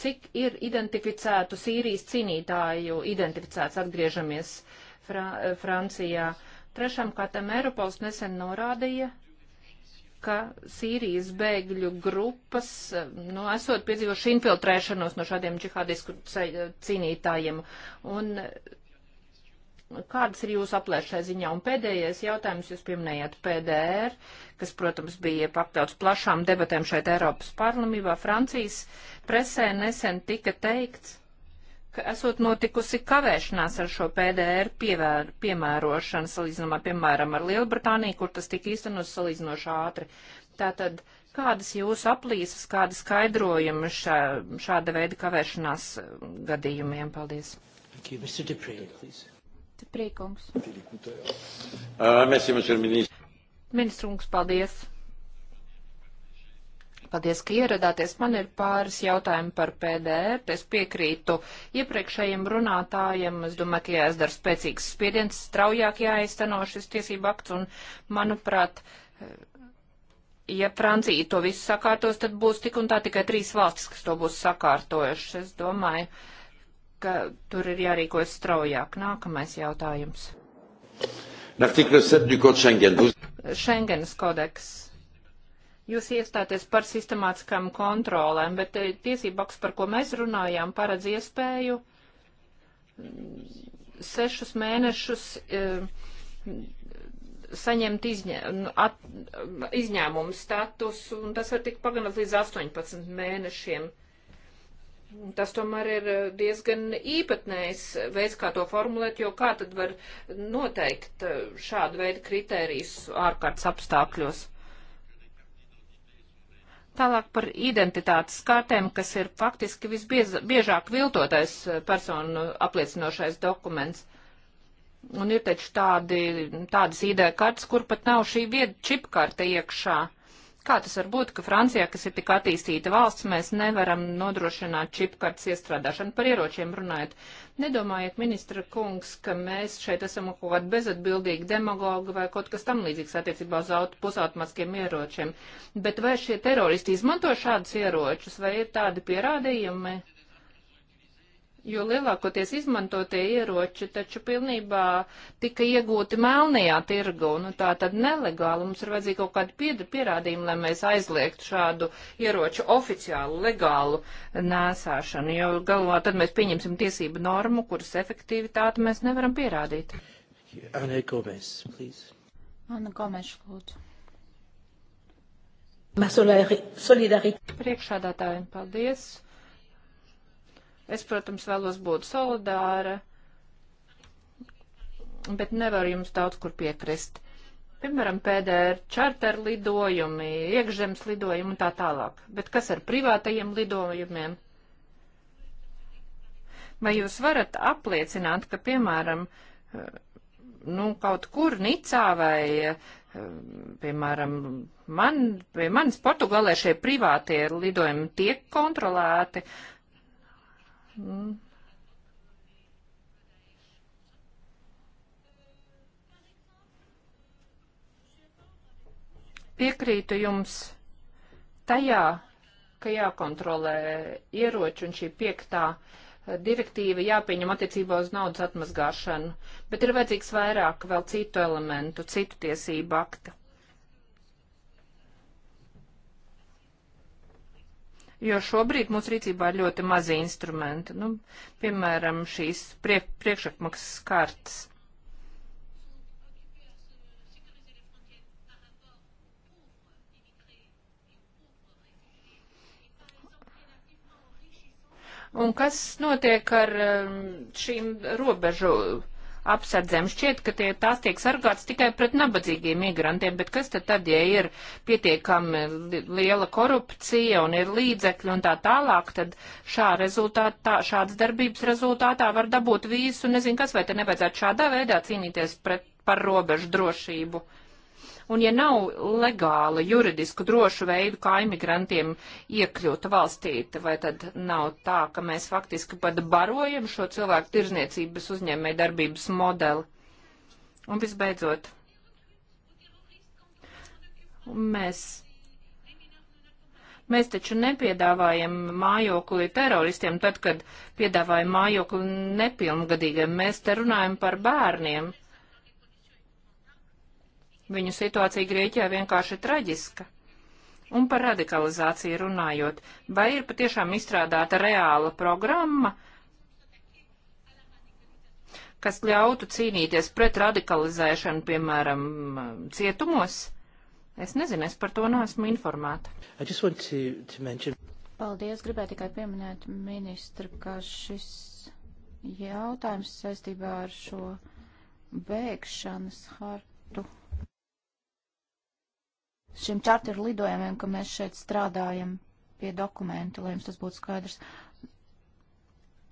cik ir identificētu Sīrijas cīnītāju, identificēts atgriežamies Fra Francijā. Uh, Trešām kārtām Eiropols nesen norādīja, ka Sīrijas bēgļu grupas, nu, esot piedzīvojuši infiltrēšanos no šādiem džihādisku cīnītājiem. Un kādas ir jūsu aplēšai ziņā? Un pēdējais jautājums, jūs pieminējāt PDR, kas, protams, bija pakļauts plašām debatēm šeit Eiropas parlamentā. Francijas presē nesen tika teikts, ka esot notikusi kavēšanās ar šo PDR pievēr, piemērošanu, salīdzinām, piemēram, ar Lielbritāniju, kur tas tika īstenos salīdzinoši ātri. Tātad, kādas jūsu aplīses, kāda skaidrojuma šā, šāda veida kavēšanās um, gadījumiem? Paldies. Thank you, Mr. Dupree, please. Dupree, kungs. Uh, merci, monsieur le ministre. Ministrungs, paldies. Paldies, ka ieradāties. Man ir pāris jautājumi par PDR. Es piekrītu iepriekšējiem runātājiem. Es domāju, ka jāizdara spēcīgs spiediens, straujāk jāizteno šis tiesību akts. Un, manuprāt, ja Francija to visu sakārtos, tad būs tik un tā tikai trīs valstis, kas to būs sakārtojušas. Es domāju, ka tur ir jārīkojas straujāk. Nākamais jautājums. L'article 7 du Code Schengen. Vous... Schengens kodeks. Jūs iestāties par sistemātiskām kontrolēm, bet eh, tiesībaks, par ko mēs runājām, paredz iespēju mm, sešus mēnešus eh, saņemt izņē, nu, at, izņēmumu statusu, un tas var tikt pagarināt līdz 18 mēnešiem. Tas tomēr ir eh, diezgan īpatnējs veids, kā to formulēt, jo kā tad var noteikt šādu veidu kritērijus ārkārtas apstākļos? Tālāk par identitātes kartēm, kas ir faktiski visbiežāk viltotais eh, personu apliecinošais dokuments. Un ir taču tādi, tādas ID kartes, kur pat nav šī vieda čipkarte iekšā. Uh, Kā tas var būt, ka Francijā, kas ir tik attīstīta valsts, mēs nevaram nodrošināt čipkartes iestrādāšanu par ieročiem runājot? Nedomājiet, ministra kungs, ka mēs šeit esam kaut kādi bezatbildīgi demagogi vai kaut kas tam līdzīgs attiecībā uz aut pusautomatiskiem ieročiem. Bet vai šie teroristi izmanto šādus ieročus vai ir tādi pierādījumi? jo lielākoties izmantotie ieroči taču pilnībā tika iegūti melnajā tirgu, nu tā tad nelegāli. Mums ir vajadzīgi kaut kādi pierādījumi, lai mēs aizliegtu šādu ieroču oficiālu, legālu nēsāšanu, jo galvā tad mēs pieņemsim tiesību normu, kuras efektivitāti mēs nevaram pierādīt. Anna Gomes, please. Anna Gomes, lūdzu. Priekšādātājiem paldies. Es, protams, vēlos būt solidāra, bet nevaru jums daudz kur piekrist. Piemēram, PDR čarter lidojumi, iekšzemes lidojumi un tā tālāk. Bet kas ar privātajiem lidojumiem? Vai jūs varat apliecināt, ka, piemēram, nu, kaut kur Nicā vai, piemēram, man, pie manis Portugālē šie privātie lidojumi tiek kontrolēti, uh, Mm. Piekrītu jums tajā, ka jākontrolē ieroči un šī piektā direktīva jāpieņem attiecībā uz naudas atmazgāšanu, bet ir vajadzīgs vairāk vēl citu elementu, citu tiesību aktu. jo šobrīd mūsu rīcībā ir ļoti mazi instrumenti, nu, piemēram, šīs priek priekšakmaksas kartas. Un kas notiek ar um, šīm robežu apsardzēm. Šķiet, ka tie, tās tiek sargāts tikai pret nabadzīgiem migrantiem, bet kas tad tad, ja ir pietiekami liela korupcija un ir līdzekļi un tā tālāk, tad šā rezultātā, šādas darbības rezultātā var dabūt vīzu un nezinu kas, vai te nevajadzētu šādā veidā cīnīties pret, par robežu drošību. Uh, Un ja nav legāla, juridisku drošu veidu, kā imigrantiem iekļūt valstī, vai tad nav tā, ka mēs faktiski pat barojam šo cilvēku tirzniecības uzņēmē darbības modeli? Un visbeidzot, mēs Mēs taču nepiedāvājam mājokli teroristiem, tad, kad piedāvājam mājokli nepilngadīgiem. Mēs te runājam par bērniem. Viņu situācija Grieķijā vienkārši traģiska. Un par radikalizāciju runājot, vai ir patiešām izstrādāta reāla programma, kas ļautu cīnīties pret radikalizēšanu, piemēram, cietumos? Es nezinu, es par to neesmu informēta. To, to mention... Paldies, gribēju tikai pieminēt ministru, ka šis jautājums saistībā ar šo bēgšanas hartu šiem čārteru lidojumiem, ka mēs šeit strādājam pie dokumentu, lai jums tas būtu skaidrs.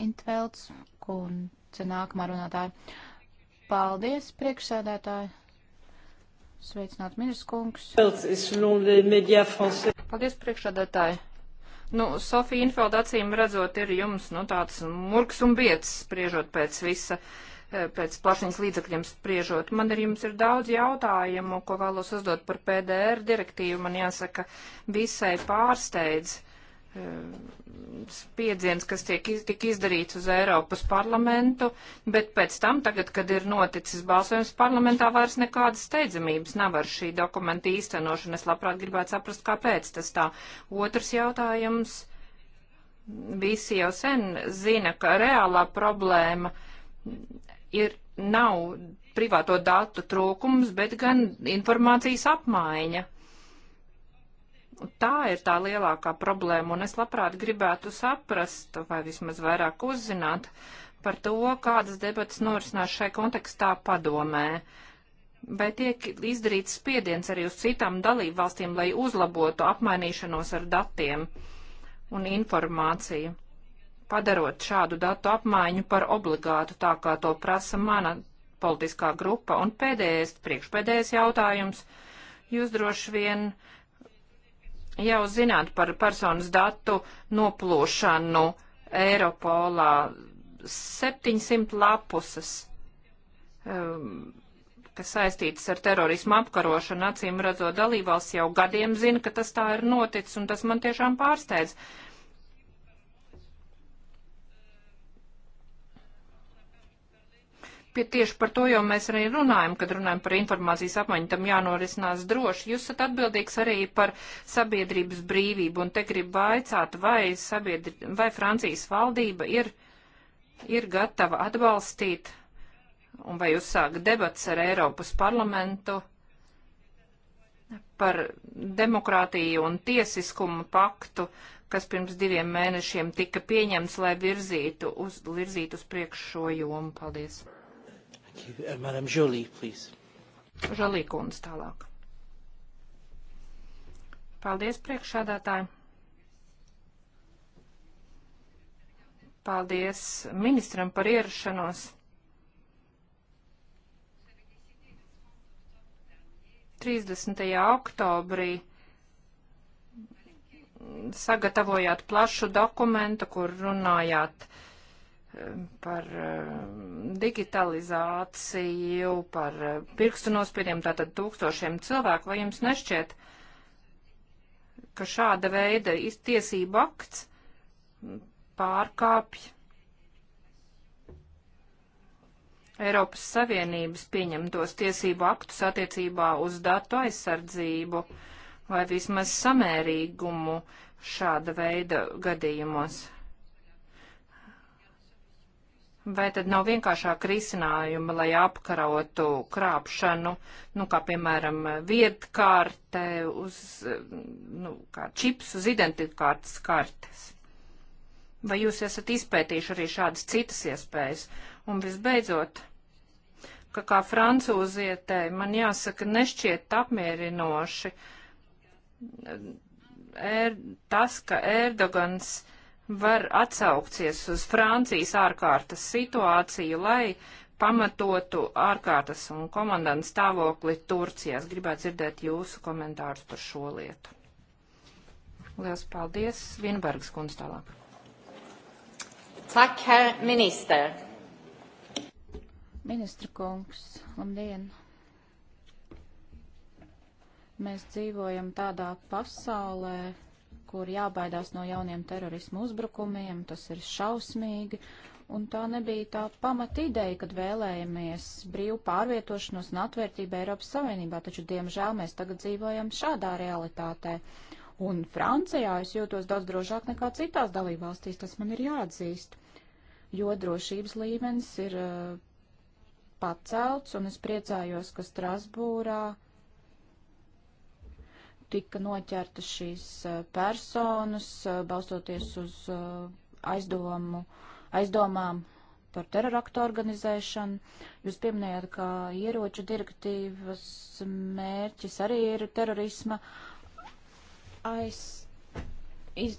Intvelds, kundze nākamā runātāja. Paldies, priekšsēdētāji. Sveicināt, ministrs kungs. Paldies, priekšsēdētāji. Nu, Sofija Infelda acīm redzot ir jums, nu, tāds murgs un biets, spriežot pēc visa. Uh, Eh, pēc plašiņas līdzakļiem spriežot. Man ir jums ir daudz jautājumu, ko vēlos uzdot par PDR direktīvu. Man jāsaka, visai pārsteidz eh, spiedziens, kas tiek iz, tik izdarīts uz Eiropas parlamentu, bet pēc tam, tagad, kad ir noticis balsojums parlamentā, vairs nekādas steidzamības nav ar šī dokumenta īstenošanu. Es labprāt gribētu saprast, kāpēc tas tā. Otrs jautājums. Visi jau sen zina, ka reālā problēma ir nav privāto datu trūkums, bet gan informācijas apmaiņa. Tā ir tā lielākā problēma, un es labprāt gribētu saprast, vai vismaz vairāk uzzināt par to, kādas debatas norisinās šai kontekstā padomē. Vai tiek izdarīts spiediens arī uz citām dalību valstīm, lai uzlabotu apmainīšanos ar datiem un informāciju? padarot šādu datu apmaiņu par obligātu, tā kā to prasa mana politiskā grupa. Un pēdējais, priekšpēdējais jautājums. Jūs droši vien jau zināt par personas datu noplūšanu Eiropolā 700 lapuses, um, kas saistītas ar terorismu apkarošanu, acīm redzot dalībvalsts jau gadiem zina, ka tas tā ir noticis, un tas man tiešām pārsteidz. Uh, Pie tieši par to jau mēs arī runājam, kad runājam par informācijas apmaiņu, tam jānorisinās droši. Jūs esat atbildīgs arī par sabiedrības brīvību, un te gribu aicāt, vai, sabiedri, vai Francijas valdība ir, ir gatava atbalstīt, un vai uzsāk debats ar Eiropas parlamentu par demokrātiju un tiesiskumu paktu, kas pirms diviem mēnešiem tika pieņemts, lai virzītu uz, virzītu uz priekšu šo jomu. Paldies! Thank you. Uh, Madam Jolie, please. Žalī kundze tālāk. Paldies priekšādātāji. Paldies ministram par ierašanos. 30. oktobrī sagatavojāt plašu dokumentu, kur runājāt uh, par eh, digitalizāciju, par eh, pirkstu nospiediem, tātad tūkstošiem cilvēku, vai jums nešķiet, ka šāda veida tiesība akts pārkāpj Eiropas Savienības pieņemtos tiesību aktus attiecībā uz datu aizsardzību vai vismaz samērīgumu šāda veida gadījumos? Vai tad nav vienkāršāk risinājuma, lai apkarotu krāpšanu, nu, kā piemēram vietkārte uz, nu, kā čips uz identitātes kartes? Vai jūs esat izpētījuši arī šādas citas iespējas? Un visbeidzot, ka kā francūzietei man jāsaka nešķiet apmierinoši er, tas, ka Erdogans. Uh, var atsaukties uz Francijas ārkārtas situāciju, lai pamatotu ārkārtas un komandantu stāvokli Turcijā. Es gribētu dzirdēt jūsu komentārus par šo lietu. Lielas paldies. Vienbergs kundze tālāk. Tak, herr minister. Ministra kungs, labdien. Mēs dzīvojam tādā pasaulē, kur jābaidās no jauniem terorismu uzbrukumiem, tas ir šausmīgi. Un tā nebija tā pamata ideja, kad vēlējamies brīvu pārvietošanos un atvērtību Eiropas Savienībā, taču, diemžēl, mēs tagad dzīvojam šādā realitātē. Un Francijā es jūtos daudz drošāk nekā citās dalībvalstīs, tas man ir jāatzīst, jo drošības līmenis ir uh, pacelts, un es priecājos, ka Strasbūrā uh, tika noķertas šīs personas, balstoties uz aizdomu, aizdomām par teroraktu organizēšanu. Jūs pieminējāt, ka ieroču direktīvas mērķis arī ir terorisma aiz, iz,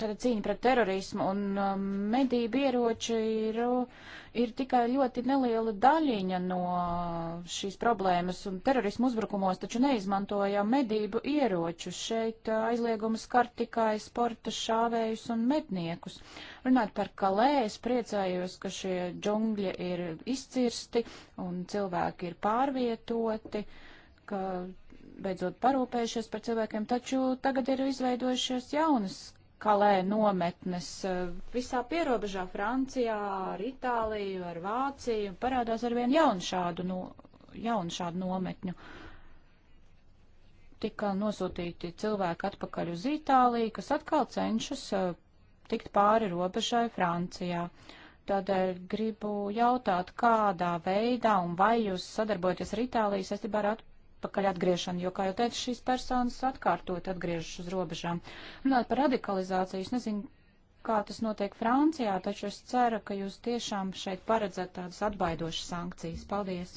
tāda cīņa pret terorismu un um, medību ieroči ir, ir tikai ļoti neliela daļiņa no šīs problēmas. Un terorismu uzbrukumos taču neizmantojām medību ieročus. Šeit uh, aizliegumu skar tikai sporta šāvējus un medniekus. Runāt par kalē, es priecājos, ka šie džungļi ir izcirsti un cilvēki ir pārvietoti ka beidzot parūpējušies par cilvēkiem, taču tagad ir izveidojušies jaunas kalē nometnes eh, visā pierobežā Francijā, ar Itāliju, ar Vāciju, parādās arvien jaunu šādu, no, jaunu šādu nometņu. Tika nosūtīti cilvēki atpakaļ uz Itāliju, kas atkal cenšas eh, tikt pāri robežai Francijā. Tādēļ gribu jautāt, kādā veidā un vai jūs sadarbojaties ar Itāliju saistībā ar atpakaļ atpakaļ atgriešanu, jo, kā jau teicu, šīs personas atkārtot atgriežas uz robežām. Runāt par radikalizāciju, es nezinu, kā tas notiek Francijā, taču es ceru, ka jūs tiešām šeit paredzat tādas atbaidošas sankcijas. Paldies!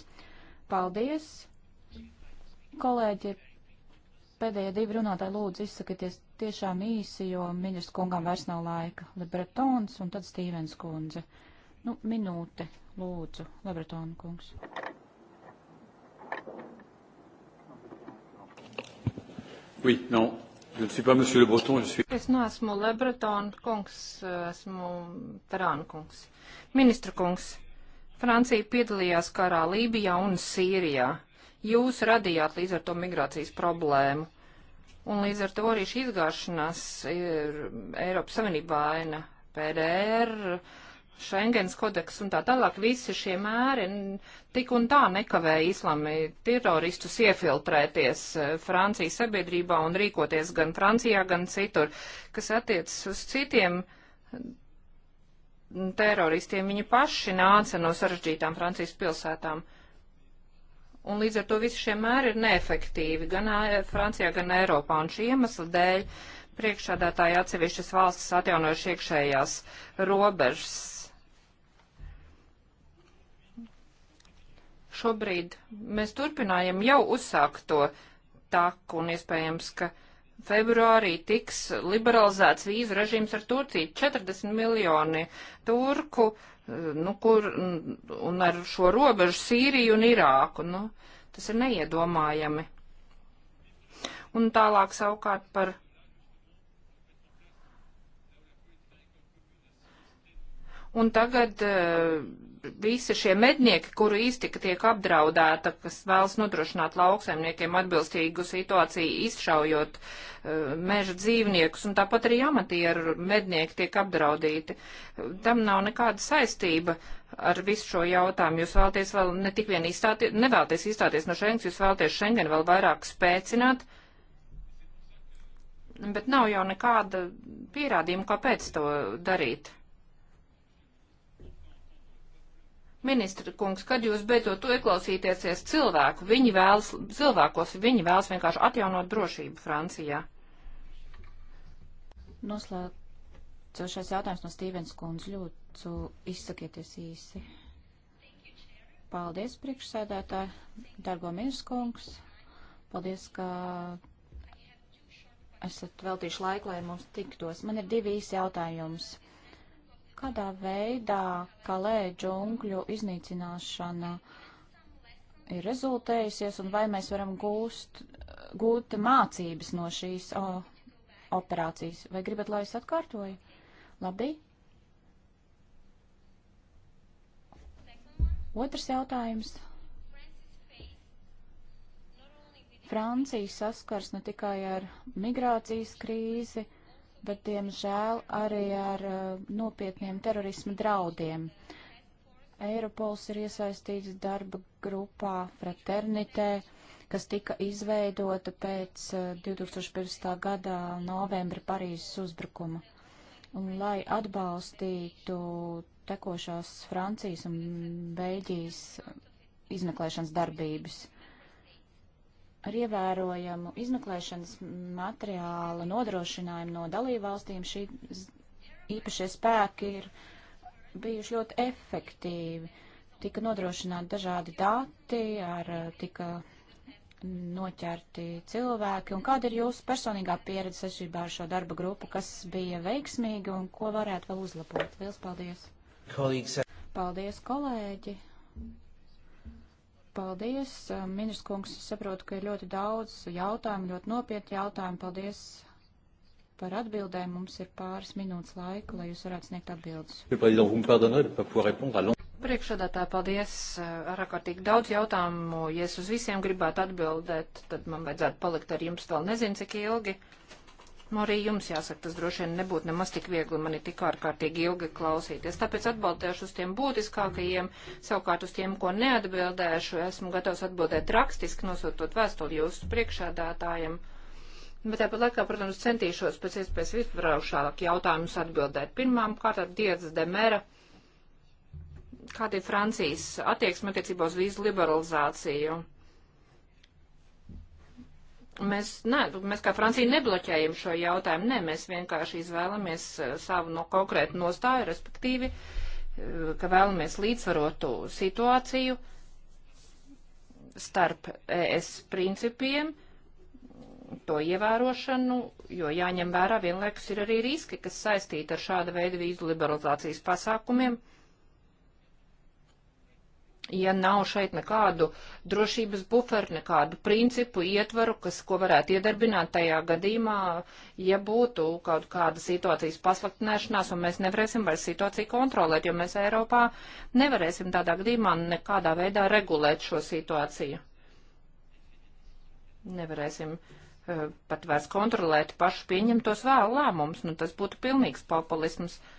Paldies! Kolēģi, pēdējie divi runātāji lūdzu izsakieties tiešām īsi, jo ministrs kungam vairs nav laika. Lebretons un tad Stīvens kundze. Nu, minūte, lūdzu, Lebretona kungs. Oui, non. Je ne suis pas monsieur Le Breton, je suis. Es neesmu Le Breton kungs, esmu Tarāna kungs. Ministra kungs, Francija piedalījās karā Lībijā un Sīrijā. Jūs radījāt līdz ar to migrācijas problēmu. Un līdz ar to arī šī izgāšanās ir Eiropas Savienībā aina PDR Schengens kodeks un tā tālāk, visi šie mēri tik un tā nekavēja islami teroristus iefiltrēties e, Francijas sabiedrībā un rīkoties gan Francijā, gan citur, kas attiecas uz citiem teroristiem. Viņi paši nāca no sarežģītām Francijas pilsētām. Un līdz ar to visi šie mēri ir neefektīvi gan Francijā, gan Eiropā. Un šī iemesla dēļ priekšādātāji atsevišķas valstis atjaunojuši iekšējās robežas Šobrīd mēs turpinājam jau uzsākt to taku un iespējams, ka februārī tiks liberalizēts vīzu režīms ar Turciju. 40 miljoni turku, eh, nu, kur, un ar šo robežu Sīriju un Irāku, nu, tas ir neiedomājami. Un tālāk savukārt par un tagad uh, visi šie mednieki, kuru īstika tiek apdraudēta, kas vēlas nodrošināt lauksaimniekiem atbilstīgu situāciju, izšaujot uh, meža dzīvniekus, un tāpat arī amatieru mednieki tiek apdraudīti. Tam nav nekāda saistība ar visu šo jautājumu. Jūs vēlaties vēl ne tik vien izstāties, nevēlaties izstāties no Schengens, jūs vēlaties Schengen vēl vairāk spēcināt bet nav jau nekāda pierādījuma, kāpēc to darīt. Ministra kungs, kad jūs beidzot to ieklausīties cilvēku, viņi vēlas, cilvēkos, viņi vēlas vienkārši atjaunot drošību Francijā? Noslēdzošais jautājums no Stīvens kundz, ļoti izsakieties īsi. Paldies, priekšsēdētāji, dargo ministrs kungs. Paldies, ka esat veltījuši laiku, lai mums tiktos. Man ir divi īsi jautājums. Kādā veidā kalē džungļu iznīcināšana ir rezultējusies un vai mēs varam gūst, gūt mācības no šīs o, operācijas? Vai gribat, lai es atkārtoju? Labi. Otrs jautājums. Francija saskars ne tikai ar migrācijas krīzi, bet, diemžēl, arī ar eh, nopietniem terorisma draudiem. Eiropols ir iesaistīts darba grupā Fraternitē, kas tika izveidota pēc 2015. Eh, gadā novembra Parīzes uzbrukuma. Un, lai atbalstītu tekošās Francijas un Beļģijas eh, izmeklēšanas darbības ar ievērojamu izmeklēšanas materiāla nodrošinājumu no dalībvalstīm šī īpašie spēki ir bijuši ļoti efektīvi. Tika nodrošināti dažādi dati, ar, tika noķerti cilvēki. Un kāda ir jūsu personīgā pieredze saistībā ar šo darba grupu, kas bija veiksmīga un ko varētu vēl uzlabot? Lielas paldies! Kolīgs. Paldies, kolēģi! Paldies, eh, ministrs kungs, es saprotu, ka ir ļoti daudz jautājumu, ļoti nopietni jautājumi. Paldies par atbildēm. Mums ir pāris minūtes laika, lai jūs varētu sniegt atbildes. Priekšsādātāji, paldies eh, ar ārkārtīgi daudz jautājumu. Ja es uz visiem gribētu atbildēt, tad man vajadzētu palikt ar jums vēl nezinu, cik ilgi. Uh, Nu, arī jums jāsaka, tas droši vien nebūtu nemaz tik viegli mani tik ārkārtīgi ilgi klausīties. Tāpēc atbildēšu uz tiem būtiskākajiem, savukārt uz tiem, ko neatbildēšu, esmu gatavs atbildēt rakstiski, nosūtot vēstuli jūsu priekšādātājiem. Bet tāpat laikā, protams, centīšos pēc iespējas visvaraušāk jautājumus atbildēt. Pirmām kārtām Dievs Demera kāda ir Francijas attieksme attiecībā uz vīzu liberalizāciju? Mēs, ne, mēs kā Francija nebloķējam šo jautājumu, ne, mēs vienkārši izvēlamies eh, savu no konkrētu nostāju, respektīvi, eh, ka vēlamies līdzsvarotu situāciju starp ES principiem, to ievērošanu, jo jāņem vērā vienlaikus ir arī riski, kas saistīti ar šāda veida vīzu liberalizācijas pasākumiem. Uh, ja nav šeit nekādu drošības buferu, nekādu principu ietvaru, kas, ko varētu iedarbināt tajā gadījumā, ja būtu kaut kāda situācijas pasliktināšanās, un mēs nevarēsim vairs situāciju kontrolēt, jo mēs Eiropā nevarēsim tādā gadījumā nekādā veidā regulēt šo situāciju. Nevarēsim eh, pat vairs kontrolēt pašu pieņemtos vēl lēmumus, nu tas būtu pilnīgs populisms. Uh,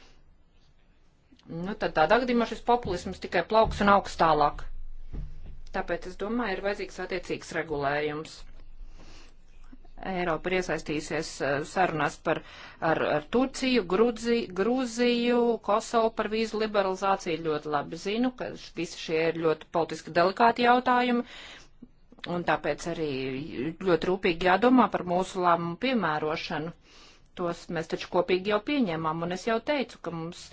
nu tad tādā gadījumā šis populisms tikai plauks un augs tālāk. Tāpēc, es domāju, ir vajadzīgs attiecīgs regulējums. Eiropa ir iesaistījusies eh, sarunās par, ar, ar Turciju, Grudzi, Grūziju, Kosovu par vīzu liberalizāciju. Ļoti labi zinu, ka visi šie ir ļoti politiski delikāti jautājumi, un tāpēc arī ļoti rūpīgi jādomā par mūsu lēmumu piemērošanu. Tos mēs taču kopīgi jau pieņēmām, un es jau teicu, ka mums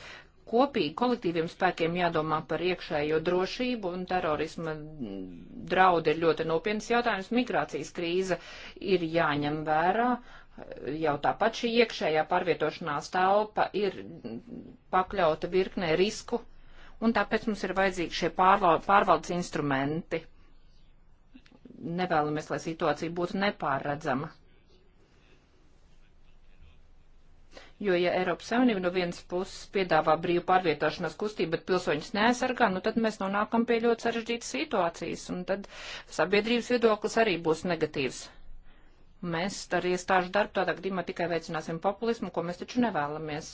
kopīgi kolektīviem spēkiem jādomā par iekšējo drošību un terorisma draudi ir ļoti nopietnas jautājums. Migrācijas krīze ir jāņem vērā. Jau tāpat šī iekšējā pārvietošanās telpa ir pakļauta virknē risku, un tāpēc mums ir vajadzīgi šie pārvaldes instrumenti. Nevēlamies, lai situācija būtu nepārredzama Jo, ja Eiropas Savienība no vienas puses piedāvā brīvu pārvietošanās kustību, bet pilsoņus neaizsargā, nu tad mēs nonākam pie ļoti sarežģītas situācijas, un tad sabiedrības viedoklis arī būs negatīvs. Mēs ar iestāžu darbu tādā gadījumā tikai veicināsim populismu, ko mēs taču nevēlamies.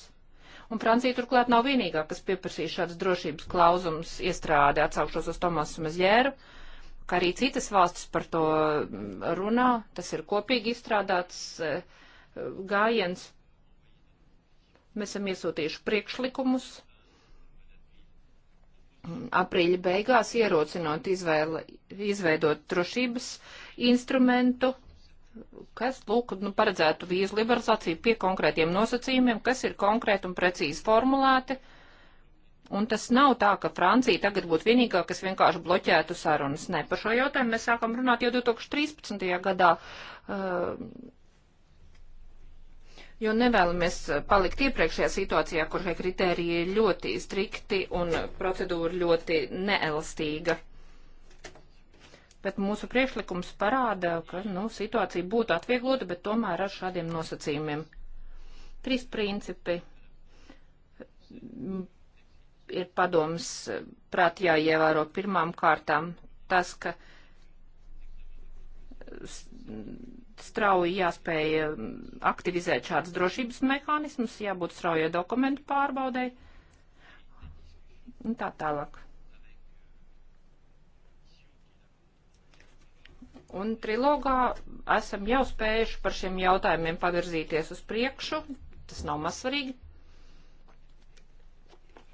Un Francija turklāt nav vienīgā, kas pieprasīja šādas drošības klauzumas iestrādi, atsaukšos uz Tomasu Mazjēru, kā arī citas valstis par to runā, tas ir kopīgi izstrādāts eh, gājiens Mēs esam iesūtījuši priekšlikumus. Aprīļa beigās ierocinot izvēle, izveidot drošības instrumentu, kas, lūk, nu, paredzētu vīzu liberalizāciju pie konkrētiem nosacījumiem, kas ir konkrēti un precīzi formulēti. Un tas nav tā, ka Francija tagad būtu vienīgā, kas vienkārši bloķētu sarunas. Nē, par šo jautājumu mēs sākam runāt jau 2013. gadā. Uh, jo nevēlamies eh, palikt iepriekšējā situācijā, kur šie kriteriji ir ļoti strikti un procedūra ļoti neelastīga. Bet mūsu priekšlikums parāda, ka nu, situācija būtu atvieglota, bet tomēr ar šādiem nosacījumiem. Trīs principi ir padoms eh, prāt jāievēro pirmām kārtām tas, ka strauji jāspēj mm, aktivizēt šādas drošības mehānismus, jābūt straujai dokumentu pārbaudai un tā tālāk. Un trilogā esam jau spējuši par šiem jautājumiem pavirzīties uz priekšu. Tas nav mazsvarīgi.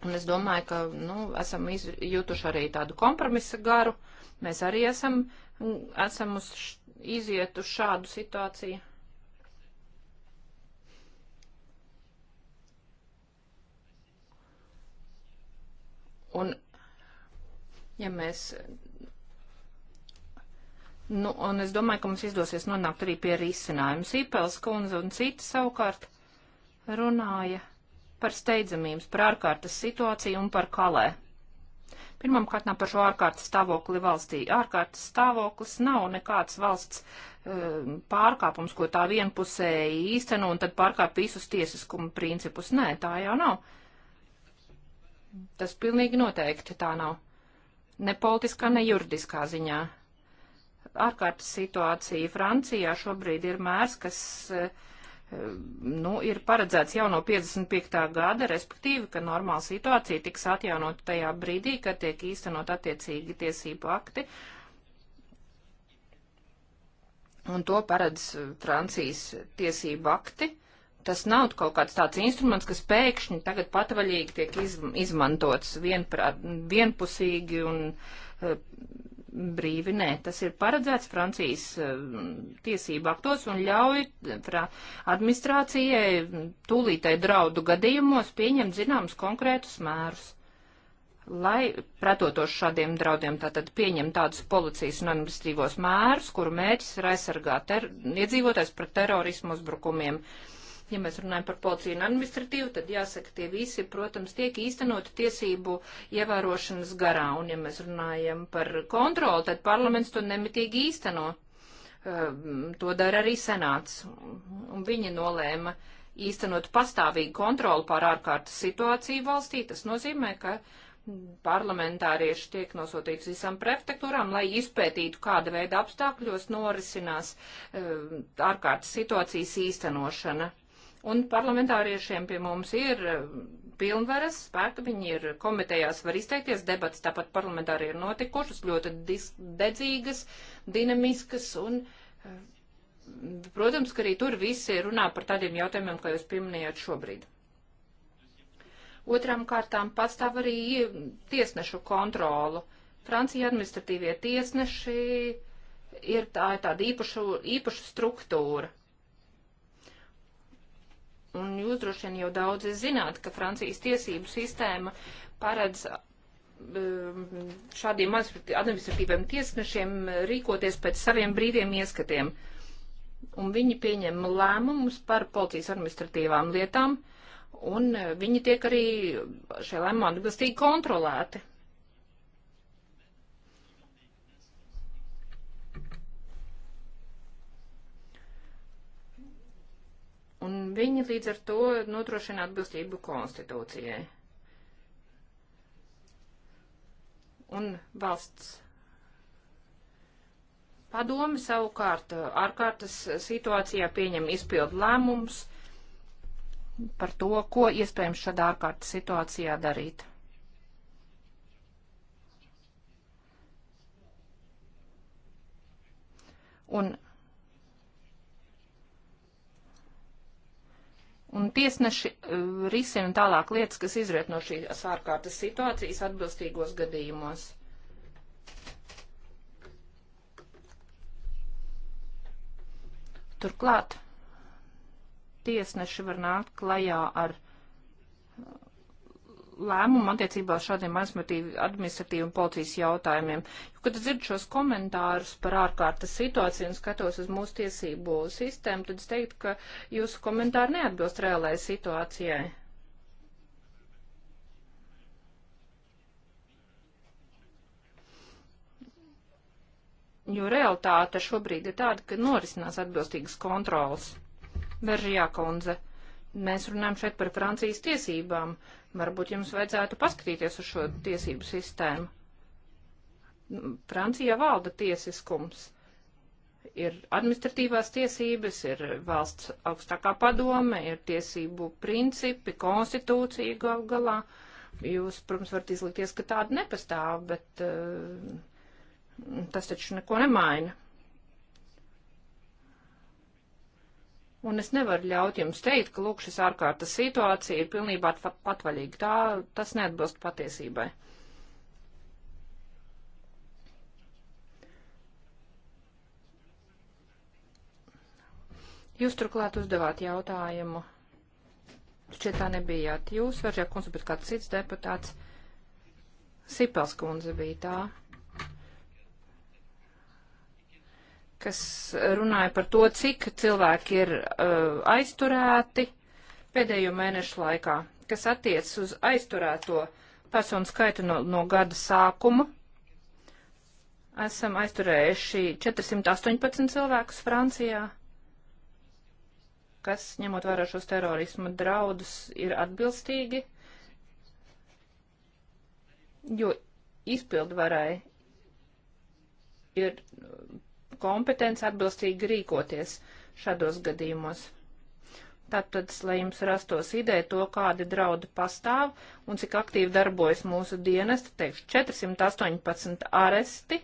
Un es domāju, ka nu, esam izjutuši arī tādu kompromisa garu. Mēs arī esam, esam uz iziet uz šādu situāciju? Un, ja mēs, nu, un es domāju, ka mums izdosies nonākt arī pie risinājums. Īpels kundze un citi savukārt runāja par steidzamības, par ārkārtas situāciju un par kalē. Pirmam kārtām par šo ārkārtas stāvokli valstī. Ārkārtas stāvoklis nav nekāds valsts um, pārkāpums, ko tā vienpusēji īsteno un tad pārkāp visus tiesiskuma principus. Nē, tā jau nav. Tas pilnīgi noteikti tā nav. Ne politiskā, ne juridiskā ziņā. Ārkārtas situācija Francijā šobrīd ir mērs, kas uh, nu, ir paredzēts jau no 55. gada, respektīvi, ka normāla situācija tiks atjaunot tajā brīdī, kad tiek īstenot attiecīgi tiesību akti. Un to paredz Francijas tiesību akti. Tas nav kaut kāds tāds instruments, kas pēkšņi tagad patvaļīgi tiek iz, izmantots vienprāt, vienpusīgi un eh, brīvi nē. Tas ir paredzēts Francijas eh, tiesību aktos un ļauj administrācijai tūlītai draudu gadījumos pieņemt zināmus konkrētus mērus. Lai pretotos šādiem draudiem, tātad pieņem tādus policijas un administrīvos mērus, kuru mērķis ir aizsargāt iedzīvotājs pret terorismu uzbrukumiem. Uh, Ja mēs runājam par policiju un administratīvu, tad jāsaka, tie visi, protams, tiek īstenoti tiesību ievērošanas garā. Un ja mēs runājam par kontroli, tad parlaments to nemitīgi īsteno. Ehm, to dara arī senāts. Un viņi nolēma īstenot pastāvīgu kontroli pār ārkārtas situāciju valstī. Tas nozīmē, ka parlamentārieši tiek nosūtīti visām prefektūrām, lai izpētītu, kāda veida apstākļos norisinās uh, ārkārtas situācijas īstenošana. Un parlamentāriešiem pie mums ir eh, pilnvaras spēka, viņi ir komitejās var izteikties, debats tāpat parlamentāri ir notikušas, ļoti dedzīgas, dinamiskas un, eh, protams, ka arī tur visi runā par tādiem jautājumiem, kā jūs pieminējāt šobrīd. Otrām kārtām pastāv arī tiesnešu kontrolu. Francija administratīvie tiesneši ir tā, tāda īpaša, īpaša struktūra Un jūs droši vien jau daudz zināt, ka Francijas tiesību sistēma paredz um, šādiem administratīviem tiesnešiem rīkoties pēc saviem brīviem ieskatiem. Un viņi pieņem lēmumus par policijas administratīvām lietām, un viņi tiek arī šajā lēmumā atbilstīgi kontrolēti. un viņi līdz ar to nodrošina atbilstību konstitūcijai. Un valsts padome savukārt eh, ārkārtas situācijā pieņem izpildu lēmumus par to, ko iespējams šādā ārkārtas situācijā darīt. Un Un tiesneši eh, risina tālāk lietas, kas izriet no šīs ārkārtas situācijas atbilstīgos gadījumos. Turklāt tiesneši var nākt klajā ar lēmumu attiecībā uz šādiem administratīviem policijas jautājumiem. Jo, kad dzirdu šos komentārus par ārkārtas situāciju un skatos uz mūsu tiesību sistēmu, tad es teiktu, ka jūsu komentāri neatbilst reālajai situācijai. jo realitāte šobrīd ir tāda, ka norisinās atbilstīgas kontrolas. Veržijā kundze, mēs runājam šeit par Francijas tiesībām, Varbūt jums vajadzētu paskatīties uz šo tiesību sistēmu. Francijā valda tiesiskums. Ir administratīvās tiesības, ir valsts augstākā padome, ir tiesību principi, konstitūcija gal galā. Jūs, protams, varat izlikties, ka tāda nepastāv, bet uh, tas taču neko nemaina. Un es nevaru ļaut jums teikt, ka lūk, šis ārkārtas situācija ir pilnībā patvaļīga. Tā, tas neatbilst patiesībai. Jūs turklāt uzdevāt jautājumu. Šķiet, tā nebijāt jūs, Veržē kundze, bet kāds cits deputāts. Sipels kundze bija tā. kas runāja par to, cik cilvēki ir uh, aizturēti pēdējo mēnešu laikā, kas attiec uz aizturēto personu skaitu no, no gada sākuma. Esam aizturējuši 418 cilvēkus Francijā, kas, ņemot vērā šos terorismu draudus, ir atbilstīgi, jo izpildvarai ir kompetence atbilstīgi rīkoties šādos gadījumos. Tātad, lai jums rastos ideja to, kādi draudi pastāv un cik aktīvi darbojas mūsu dienesti, teikšu, 418 aresti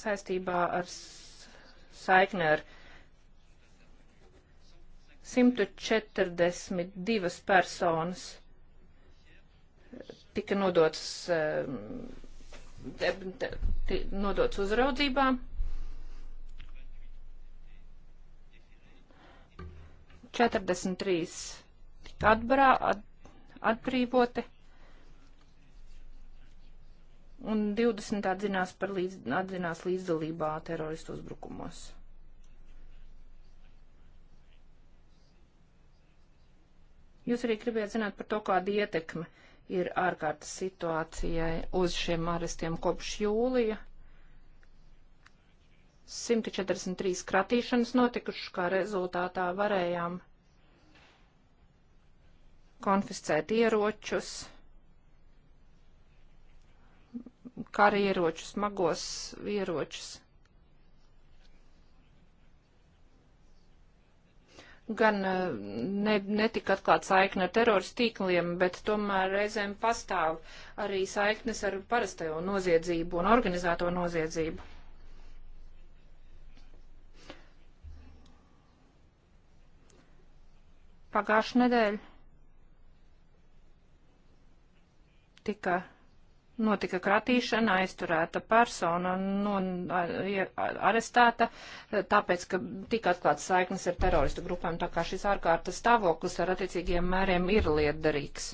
saistībā ar saikni ar 142 personas tika nodotas ehm, nodots uzraudzībā. Četrdesmit trīs tika atbrā, at, atbrīvoti, un 20 atzinās, par līdz, atzinās līdzdalībā teroristu uzbrukumos. Jūs arī gribējāt zināt par to, kāda ietekme ir ārkārtas situācijai uz šiem arestiem kopš jūlija. 143 kratīšanas notikušas, kā rezultātā varējām konfiscēt ieročus, karieročus, smagos ieročus. gan eh, ne, netika atklāta saikne ar teroristu tīkliem, bet tomēr reizēm pastāv arī saiknes ar parastajo noziedzību un organizēto noziedzību. Pagājušajā nedēļā tika notika kratīšana, aizturēta persona nu, arestēta, tāpēc, ka tika atklāts saiknes ar teroristu grupām, tā kā šis ārkārtas stāvoklis ar attiecīgiem mēriem ir lietderīgs.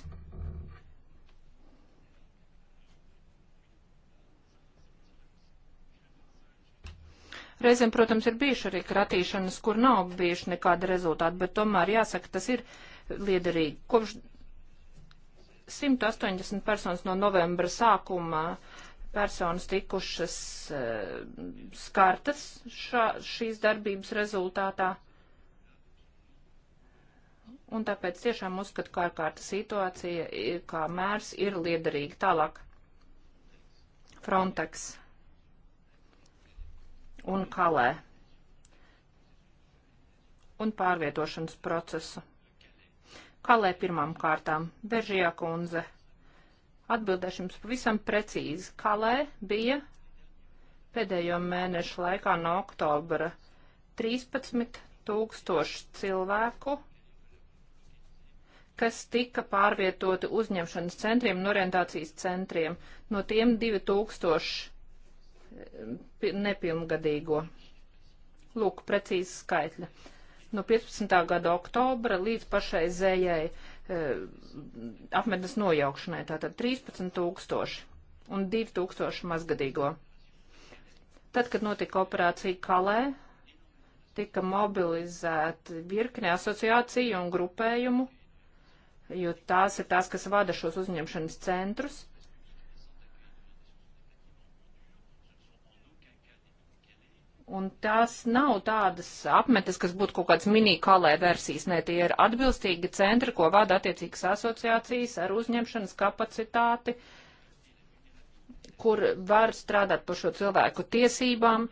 Reizēm, protams, ir bijuši arī kratīšanas, kur nav bijuši nekāda rezultāta, bet tomēr jāsaka, tas ir liederīgi. Kopš 180 personas no novembra sākuma personas tikušas e, skartas šā, šīs darbības rezultātā. Un tāpēc tiešām uzskatu, kā ārkārta situācija, kā mērs ir liederīga. Tālāk Frontex un Kalē un pārvietošanas procesu. Kā lai pirmām kārtām, Beržijā kundze, atbildēšu jums pavisam precīzi, kā lai bija pēdējo mēnešu laikā no oktobra 13 tūkstoši cilvēku, kas tika pārvietoti uzņemšanas centriem un orientācijas centriem, no tiem 2000 eh, nepilngadīgo. Lūk, precīzi skaitļa no 15. gada oktobra līdz pašreizējai e, apmetnes nojaukšanai, tātad 13 tūkstoši un 2 tūkstoši mazgadīgo. Tad, kad notika operācija Kalē, tika mobilizēta virkne asociāciju un grupējumu, jo tās ir tās, kas vada šos uzņemšanas centrus Un tās nav tādas apmetas, kas būtu kaut kāds mini-kalē versijas, nē, tie ir atbilstīgi centri, ko vada attiecīgas asociācijas ar uzņemšanas kapacitāti, kur var strādāt par šo cilvēku tiesībām,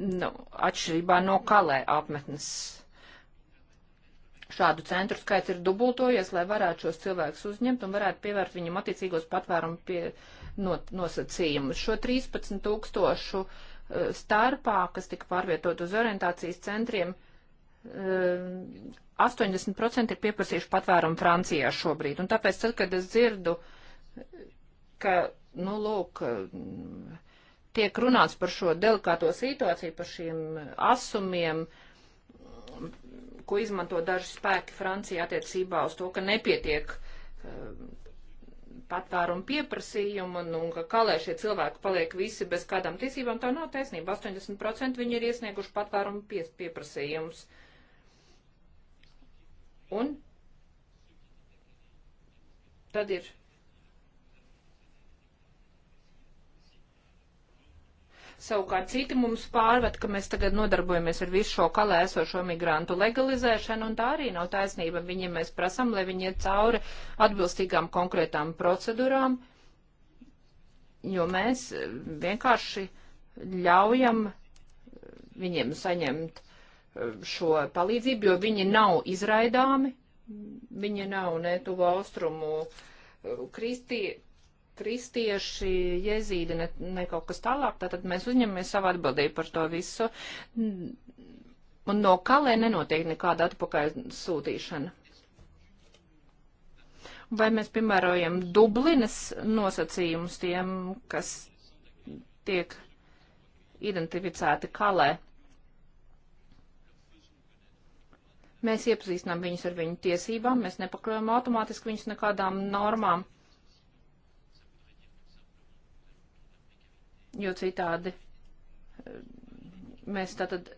nu, atšķirībā no kalē apmetnes. Šādu centru skaits ir dubultojies, lai varētu šos cilvēkus uzņemt un varētu pievērt viņam attiecīgos patvērumu pie not, nosacījumus. Šo 13 tūkstošu 000 starpā, kas tika pārvietot uz orientācijas centriem, 80% eh, ir pieprasījuši patvērumu Francijā šobrīd. Un tāpēc, tad, kad es dzirdu, ka, nu, lūk, tiek runāts par šo delikāto situāciju, par šiem asumiem, ko izmanto daži spēki Francijā attiecībā uz to, ka nepietiek eh, patvērumu pieprasījumu un, nu, un ka kalē šie cilvēki paliek visi bez kādām tiesībām, tā nav taisnība. 80% viņi ir iesnieguši patvērumu pie, pieprasījumus. Un tad ir Savukārt citi mums pārvet, ka mēs tagad nodarbojamies ar visu šo kalē esošo migrantu legalizēšanu, un tā arī nav taisnība. Viņiem mēs prasam, lai viņi iet cauri atbilstīgām konkrētām procedūrām, jo mēs eh, vienkārši ļaujam eh, viņiem saņemt eh, šo palīdzību, jo viņi nav izraidāmi, viņi nav ne tuvu austrumu kristī, kristieši, jezīdi, ne, ne kaut kas tālāk, tātad mēs uzņemamies savu atbildību par to visu. Un no kalē nenotiek nekāda atpakaļ sūtīšana. Vai mēs piemērojam Dublinas nosacījumus tiem, kas tiek identificēti kalē? Mēs iepazīstinām viņus ar viņu tiesībām, mēs nepakļaujam automātiski viņus nekādām normām. jo citādi mēs tātad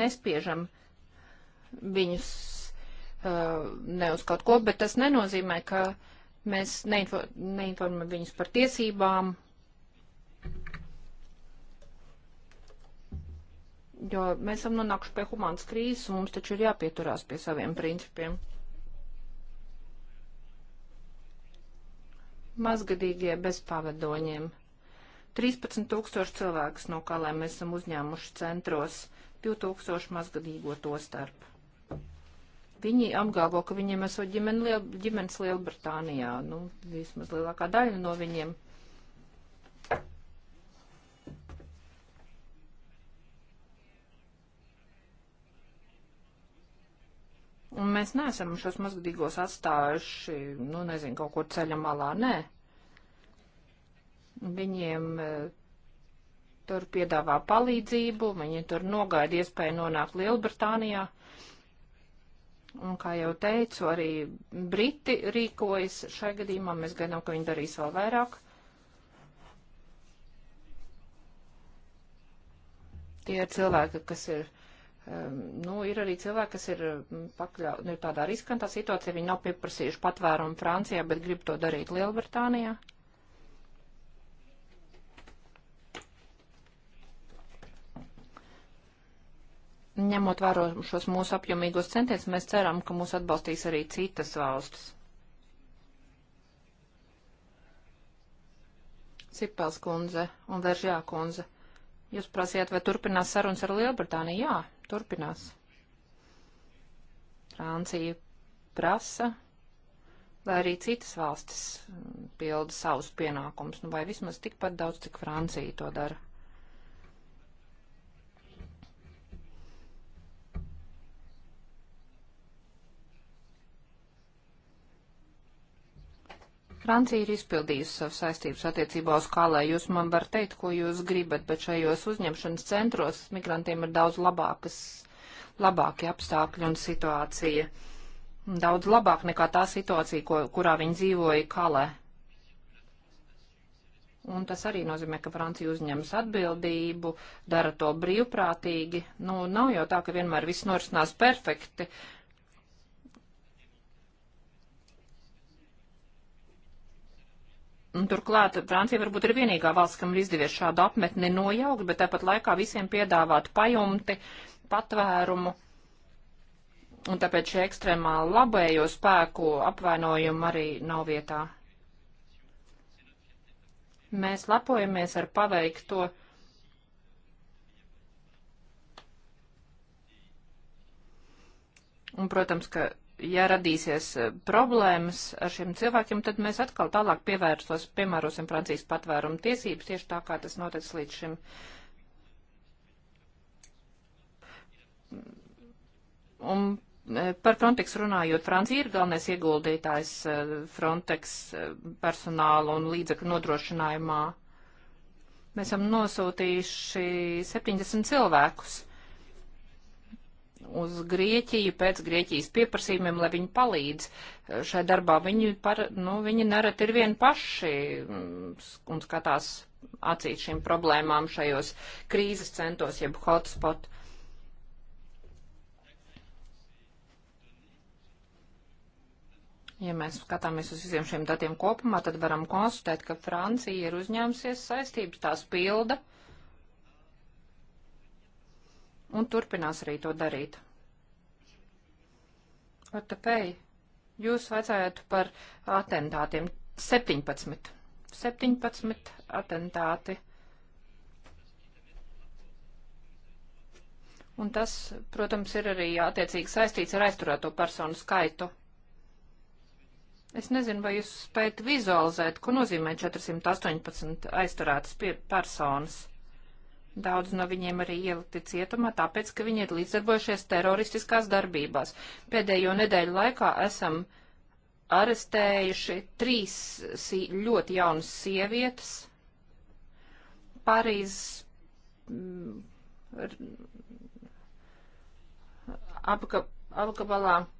nespiežam viņus uh, ne uz kaut ko, bet tas nenozīmē, ka mēs neinfo neinformējam viņus par tiesībām, jo mēs esam nonākuši pie humānas krīzes, un mums taču ir jāpieturās pie saviem principiem. mazgadīgie bez pavadoņiem. 13 tūkstoši cilvēkus no kalēm mēs esam uzņēmuši centros, 2000 mazgadīgo to starp. Viņi apgalvo, ka viņiem esot ģimeni liel, ģimenes Lielbritānijā, nu, vismaz lielākā daļa no viņiem. Un mēs neesam šos mazgadīgos atstājuši, nu, nezinu, kaut kur ceļa malā, nē. Viņiem e, tur piedāvā palīdzību, viņi tur nogaida iespēju nonākt Lielbritānijā. Un, kā jau teicu, arī Briti rīkojas šai gadījumā, mēs gaidām, ka viņi darīs vēl vairāk. Tie ir cilvēki, kas ir Ehm, nu, ir arī cilvēki, kas ir mm, pakļauti nu, tādā riskantā situācijā. Viņi nav pieprasījuši patvērumu Francijā, bet grib to darīt Lielbritānijā. Ņemot vērā šos mūsu apjomīgos centienus, mēs ceram, ka mūs atbalstīs arī citas valstis. Sipels kundze un Veržjā kundze. Jūs prasījāt, vai turpinās sarunas ar Lielbritāniju? Jā, turpinās. Francija prasa, lai arī citas valstis pilda savus pienākumus, nu vai vismaz tikpat daudz, cik Francija to dara. Francija ir izpildījusi savu saistības attiecībā uz kalē. Jūs man var teikt, ko jūs gribat, bet šajos uzņemšanas centros migrantiem ir daudz labākas, labāki apstākļi un situācija. Daudz labāk nekā tā situācija, ko, kurā viņi dzīvoja kalē. Un tas arī nozīmē, ka Francija uzņemas atbildību, dara to brīvprātīgi. Nu, nav jau tā, ka vienmēr viss norisinās perfekti. Uh, Un turklāt Francija varbūt ir vienīgā valsts, kam ir izdevies šādu apmetni nojaukt, bet tāpat laikā visiem piedāvāt pajumti, patvērumu. Un tāpēc šie ekstrēmā labējo spēku apvainojumi arī nav vietā. Mēs lepojamies ar paveikto. Un, protams, ka ja radīsies eh, problēmas ar šiem cilvēkiem, tad mēs atkal tālāk pievērsos, piemērosim Francijas patvērumu tiesības, tieši tā kā tas noticis līdz šim. Un eh, par Frontex runājot, Francija ir galvenais ieguldītājs eh, Frontex personāla un līdzekļu nodrošinājumā. Mēs esam nosūtījuši 70 cilvēkus uz Grieķiju pēc Grieķijas pieprasījumiem, lai viņi palīdz eh, šai darbā. Viņi, par, nu, viņi nereti ir vien paši mm, un skatās acīt šīm problēmām šajos krīzes centos, jeb hotspot. Ja mēs skatāmies uz visiem šiem datiem kopumā, tad varam konstatēt, ka Francija ir uzņēmusies saistības, tās pilda un turpinās arī to darīt. Otapēji, jūs vajadzētu par atentātiem 17. 17 atentāti. Un tas, protams, ir arī attiecīgi saistīts ar aizturēto personu skaitu. Es nezinu, vai jūs spējat vizualizēt, ko nozīmē 418 aizturētas personas. Daudz no viņiem arī ielikti cietumā, tāpēc, ka viņi ir līdzdarbojušies teroristiskās darbībās. Pēdējo nedēļu laikā esam arestējuši trīs si ļoti jaunas sievietes Parīzes mm, apgabalā. Apka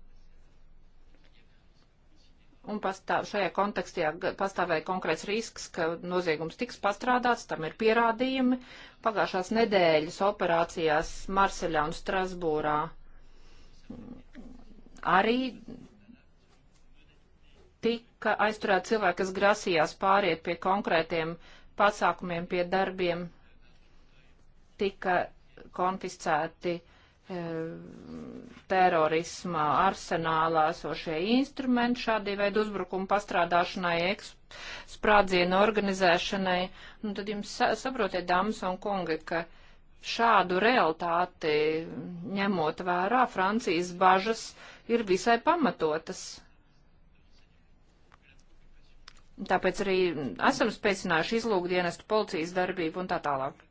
Un pastāv, šajā kontekstā pastāvēja konkrēts risks, ka noziegums tiks pastrādāts, tam ir pierādījumi. Pagājušās nedēļas operācijās Marseļā un Strasbūrā arī tika aizturēti cilvēki, kas grasījās pāriet pie konkrētiem pasākumiem, pie darbiem, tika konfiscēti Eh, terorisma arsenālā esošie instrumenti šādī veidu uzbrukumu pastrādāšanai, sprādzienu organizēšanai. Nu, tad jums saprotiet, dāmas un kungi, ka šādu realitāti ņemot vērā, Francijas bažas ir visai pamatotas. Tāpēc arī esam spēcinājuši izlūkdienestu policijas darbību un tā tālāk.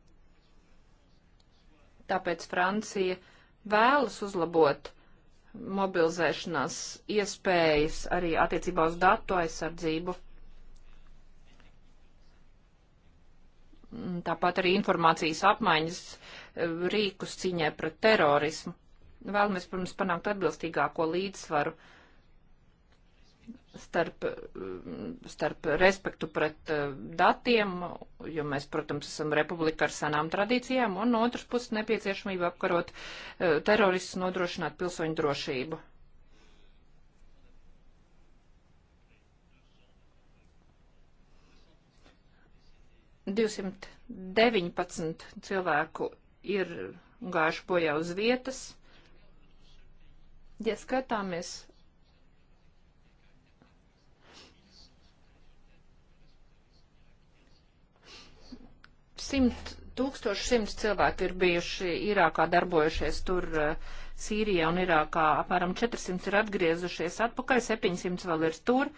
Tāpēc Francija uh, vēlas uzlabot mobilizēšanās iespējas arī attiecībā uz datu aizsardzību. Tāpat arī informācijas apmaiņas e, rīkus ciņai pret terorismu. Vēlamies, protams, panākt atbilstīgāko līdzsvaru starp, starp respektu pret eh, datiem, jo mēs, protams, esam republika ar senām tradīcijām, un no otras puses nepieciešamība apkarot eh, teroristus, nodrošināt pilsoņu drošību. Divsimt deviņpadsmit cilvēku ir gājuši bojā uz vietas. Ja skatāmies simt, 1100 cilvēki ir bijuši Irākā, darbojušies tur eh, Sīrijā un Irākā. Apmēram 400 ir atgriezušies atpakaļ, 700 vēl ir tur.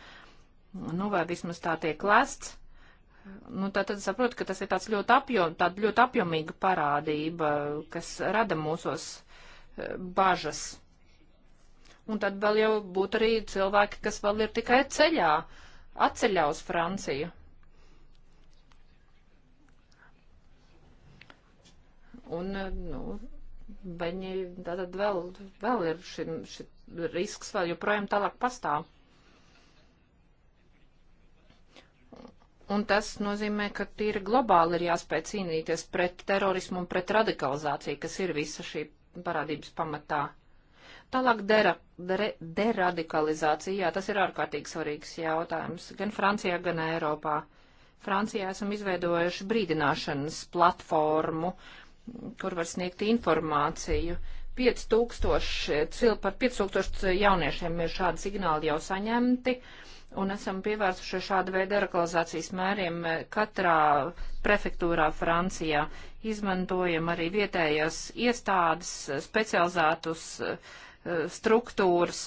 Nu, vai vismaz tā tiek lēsts. Nu, tā tad saprotu, ka tas ir tāds ļoti, apjom, tāda ļoti apjomīga parādība, kas rada mūsos eh, bažas. Un tad vēl jau būtu arī cilvēki, kas vēl ir tikai ceļā, atceļā uz Franciju. Un, eh, nu, viņi tātad vēl, vēl ir šī, šī risks vēl joprojām tālāk pastāv. Un tas nozīmē, ka tīri globāli ir jāspēj cīnīties pret terorismu un pret radikalizāciju, kas ir visa šī parādības pamatā. Tālāk dera, dere, deradikalizācija, jā, tas ir ārkārtīgi svarīgs jautājums gan Francijā, gan Eiropā. Francijā esam izveidojuši brīdināšanas platformu, uh, kur var sniegt informāciju. 5000, cil, par 5000 jauniešiem ir šādi signāli jau saņemti, un esam pievērsuši šādu veidu radikalizācijas mēriem eh, katrā prefektūrā Francijā. Izmantojam arī vietējās iestādes, eh, specializētus eh, struktūras,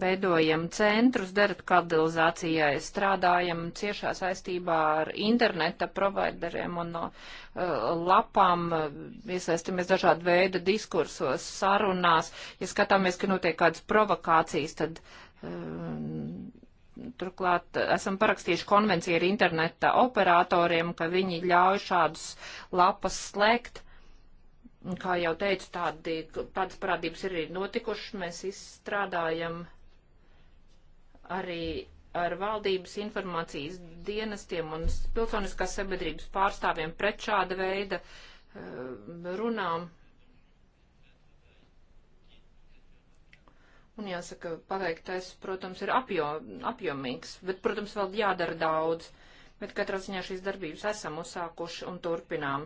veidojam centrus, deradikalizācijai strādājam ciešā saistībā ar interneta provideriem un no uh, lapām, iesaistamies dažādu veidu diskursos, sarunās. Ja skatāmies, ka notiek kādas provokācijas, tad. Uh, Turklāt esam parakstījuši konvenciju ar interneta operatoriem, ka viņi ļauj šādus lapas slēgt. Kā jau teicu, tādi, tādas parādības ir arī notikušas. Mēs izstrādājam uh, arī ar valdības informācijas dienestiem un pilsoniskās sabiedrības pārstāvjiem pret šāda veida eh, runām. Un jāsaka, paveiktais, protams, ir apjo, apjomīgs, bet, protams, vēl jādara daudz. Bet katrā ziņā šīs darbības esam uzsākuši un turpinām.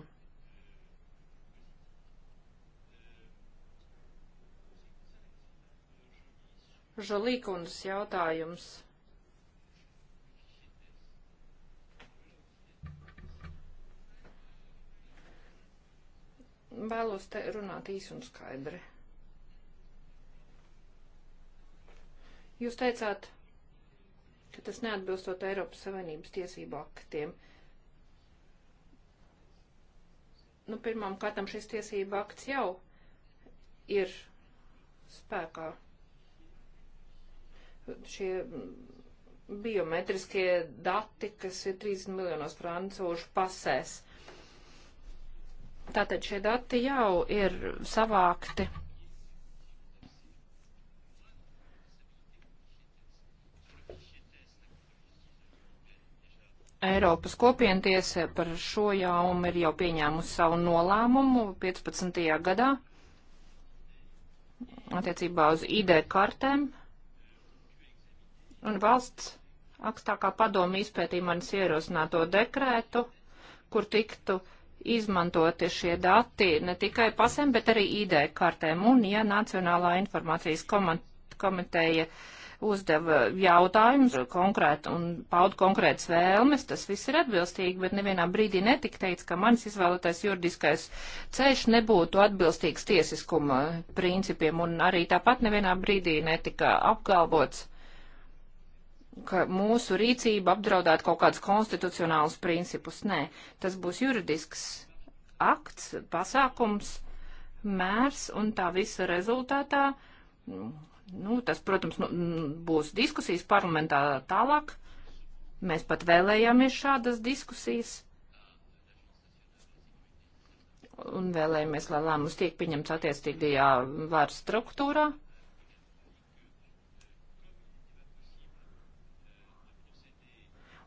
Žalīkundas jautājums. Vēlos te runāt īsi un skaidri. Jūs teicāt, ka tas neatbilstot Eiropas Savienības tiesību aktiem. Nu, pirmām kārtām šis tiesība akts jau ir spēkā šie biometriskie dati, kas ir 30 miljonos francūžu pasēs. Tātad šie dati jau ir savākti. Eiropas kopientiesa par šo jaumu ir jau pieņēmusi savu nolēmumu 15. gadā attiecībā uz ID kartēm un valsts augstākā padoma izpētīja manis ierosināto dekrētu, kur tiktu izmantoti šie dati ne tikai pasēm, bet arī ID kartēm. Un, ja Nacionālā informācijas komiteja uzdeva jautājumus konkrēti un pauda konkrētas vēlmes, tas viss ir atbilstīgi, bet nevienā brīdī netika teikts, ka mans izvēlētais juridiskais ceļš nebūtu atbilstīgs tiesiskuma principiem, un arī tāpat nevienā brīdī netika apgalvots, ka mūsu rīcība apdraudētu kaut kādus konstitucionālus principus. Nē, tas būs juridisks akts, pasākums, mērs un tā visa rezultātā. Nu, tas, protams, nu, būs diskusijas parlamentā tālāk. Mēs pat vēlējāmies šādas diskusijas. Un vēlējamies, lai lēmums tiek pieņemts attiecīgajā varas struktūrā.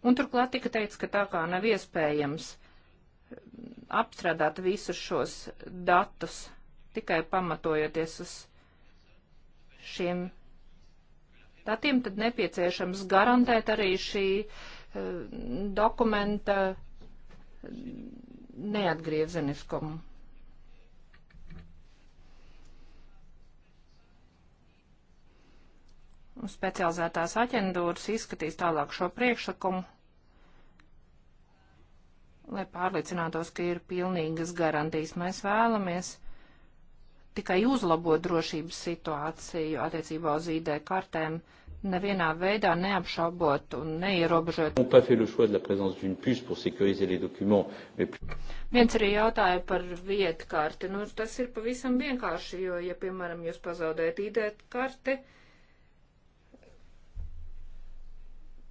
Un turklāt tika teikts, ka tā kā nav iespējams apstrādāt visus šos datus, tikai pamatojoties uz šiem datiem, tad nepieciešams garantēt arī šī uh, dokumenta neatgriezeniskumu. specializētās aģentūras izskatīs tālāk šo priekšlikumu, lai pārliecinātos, ka ir pilnīgas garantijas. Mēs vēlamies tikai uzlabot drošības situāciju attiecībā uz ID kartēm, nevienā veidā neapšaubot un neierobežot. Viens arī jautāja par vietkarti. Nu, tas ir pavisam vienkārši, jo, ja, piemēram, jūs pazaudējat ID karti,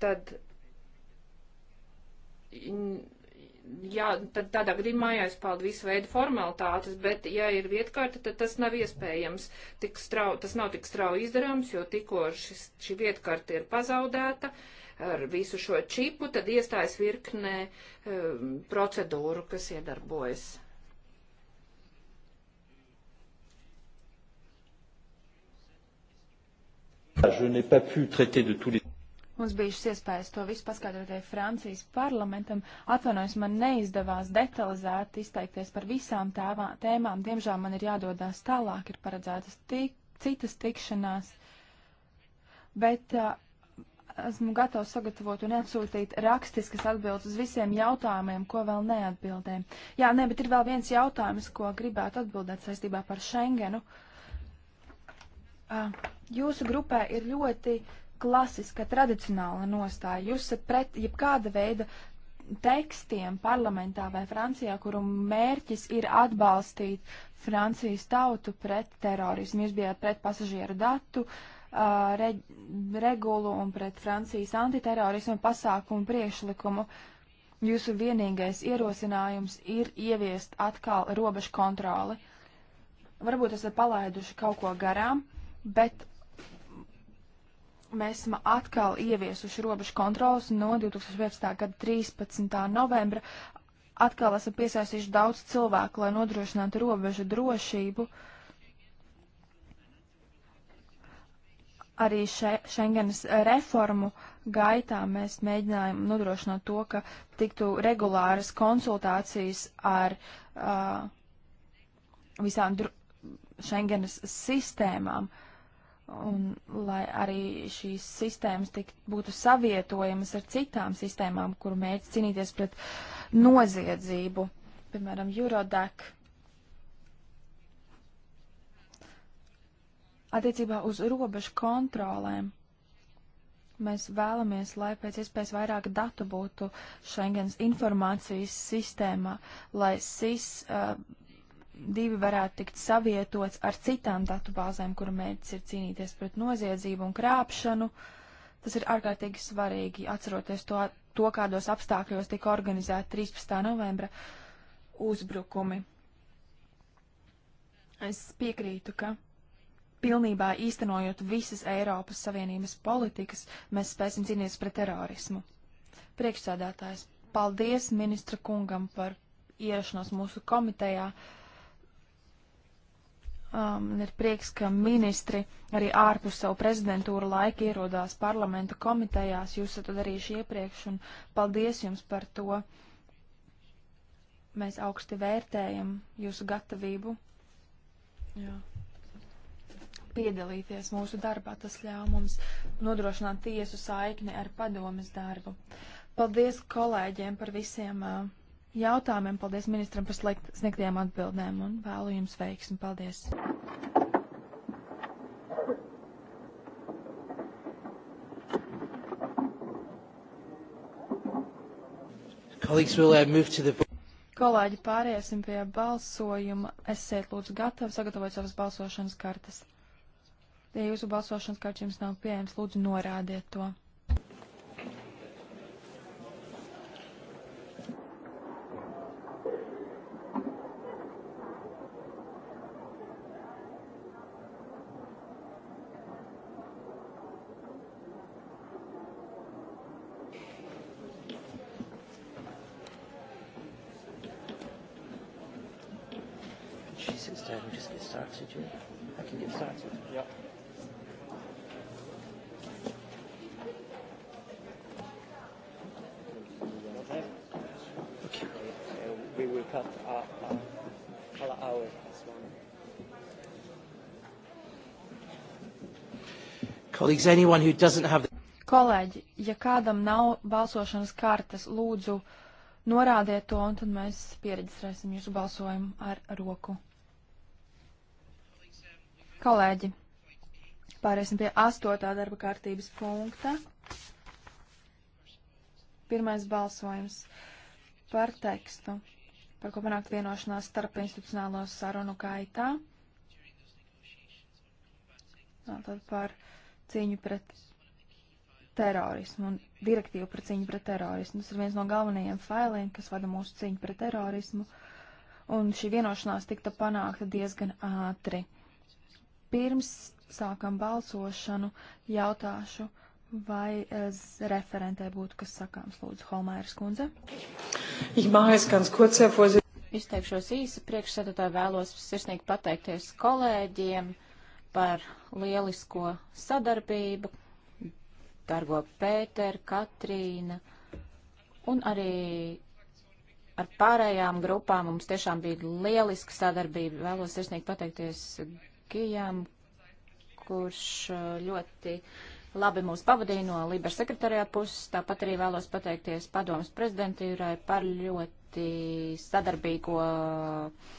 tad, jā, tad tādā gadījumā jāizpald visu veidu formalitātes, bet, ja ir vietkārta, tad tas nav iespējams, tik strau, tas nav tik strauji izdarāms, jo tikko šis, šī vietkārta ir pazaudēta ar visu šo čipu, tad iestājas virknē um, procedūru, kas iedarbojas. Je n'ai pas pu traiter de tous les. Mums bijušas iespējas to visu paskaidrot arī Francijas parlamentam. Atvainojos, man neizdevās detalizēti izteikties par visām tēvā, tēmām. Diemžēl man ir jādodas tālāk, ir paredzētas tik, citas tikšanās. Bet uh, esmu gatavs sagatavot un atsūtīt rakstiskas atbildes uz visiem jautājumiem, ko vēl neatbildēm. Jā, nē, bet ir vēl viens jautājums, ko gribētu atbildēt saistībā par Schengenu. Uh, jūsu grupē ir ļoti klasiska, tradicionāla nostāja. Jūs esat pret jebkāda veida tekstiem parlamentā vai Francijā, kuru mērķis ir atbalstīt Francijas tautu pret terorismu. Jūs bijāt pret pasažieru datu uh, re, regulu un pret Francijas antiterorismu pasākumu priekšlikumu. Jūsu vienīgais ierosinājums ir ieviest atkal robežu kontroli. Varbūt esat palaiduši kaut ko garām, bet mēs esam atkal ieviesuši robežu kontrolas no 2015. gada 13. novembra. Atkal esam piesaistījuši daudz cilvēku, lai nodrošinātu robežu drošību. Arī še, Schengenas reformu gaitā mēs mēģinājām nodrošināt to, ka tiktu regulāras konsultācijas ar uh, visām Schengenas sistēmām. Uh, un lai arī šīs sistēmas tik, būtu savietojamas ar citām sistēmām, kuru mērķis cīnīties pret noziedzību, piemēram, Eurodac. Attiecībā uz robežu kontrolēm mēs vēlamies, lai pēc iespējas vairāk datu būtu Schengens informācijas sistēmā, lai SIS uh, divi varētu tikt savietots ar citām datubāzēm, kuru mērķis ir cīnīties pret noziedzību un krāpšanu. Tas ir ārkārtīgi svarīgi, atceroties to, to kādos apstākļos tika organizēta 13. novembra uzbrukumi. Es piekrītu, ka pilnībā īstenojot visas Eiropas Savienības politikas, mēs spēsim cīnīties pret terorismu. Priekšsēdētājs, paldies ministra kungam par ierašanos mūsu komitejā. Um, ir prieks, ka ministri arī ārpus savu prezidentūru laika ierodās parlamenta komitejās. Jūs esat to darījuši iepriekš, un paldies jums par to. Mēs augsti vērtējam jūsu gatavību Jā. piedalīties mūsu darbā. Tas ļāva mums nodrošināt tiesu saikni ar padomas darbu. Paldies kolēģiem par visiem. Uh, jautājumiem. Paldies ministram par sniegtajām atbildēm un vēlu jums veiksmi. Paldies! Uh, Kolēģi, pāriesim pie balsojuma. Esiet lūdzu gatavi sagatavot savas balsošanas kartes. Ja jūsu balsošanas kartes jums nav pieejams, lūdzu norādiet to. Colleagues, anyone who doesn't have the... Kolēģi, ja kādam nav balsošanas kartes, lūdzu norādiet to, un tad mēs pieregistrēsim jūsu balsojumu ar roku. Kolēģi, pāriesim pie astotā darba kārtības punkta. Pirmais balsojums par tekstu, par ko panākt vienošanās starp institucionālo sarunu gaitā. Tātad par uh, cīņu pret terorismu un direktīvu par cīņu pret terorismu. Tas ir viens no galvenajiem failiem, kas vada mūsu cīņu pret terorismu, un šī vienošanās tikta panākta diezgan ātri. Pirms sākam balsošanu, jautāšu, vai referentē būtu kas sakāms, lūdzu, Holmēras kundze. Izteikšos īsi priekšsēdētāji vēlos sirsnīgi pateikties kolēģiem par lielisko sadarbību, dargo Pēteru, Katrīna, un arī ar pārējām grupām mums tiešām bija lieliska sadarbība. Vēlos sirsnīgi pateikties Gijam, kurš uh, ļoti labi mūs pavadīja no Libera sekretariā puses. Tāpat arī vēlos pateikties padomas prezidentūrai par ļoti sadarbīgo uh,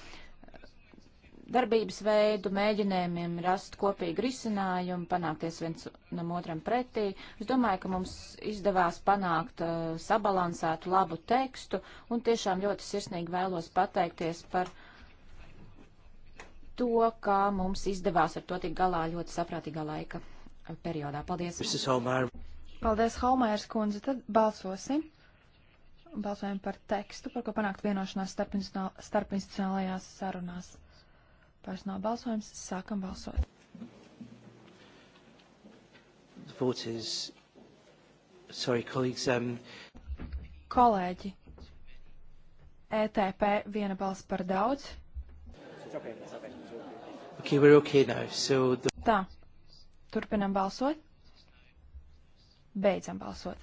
darbības veidu, mēģinējumiem rast kopīgu risinājumu, panākties viens no otram pretī. Es domāju, ka mums izdevās panākt uh, sabalansētu labu tekstu un tiešām ļoti sirsnīgi vēlos pateikties par to, kā mums izdevās ar to tik galā ļoti saprātīgā laika periodā. Paldies! Paldies, Haumērs kundze, tad balsosim balsojumu par tekstu, par ko panākt vienošanās starpinstitucionālajās sarunās. Personāla balsojums. Sākam balsot. The vote is... Sorry, colleagues. Um... Kolēģi. ETP viena balss par daudz. It's okay, it's okay. Okay, we're okay now. So the... Tā. Turpinam balsot. Beidzam balsot.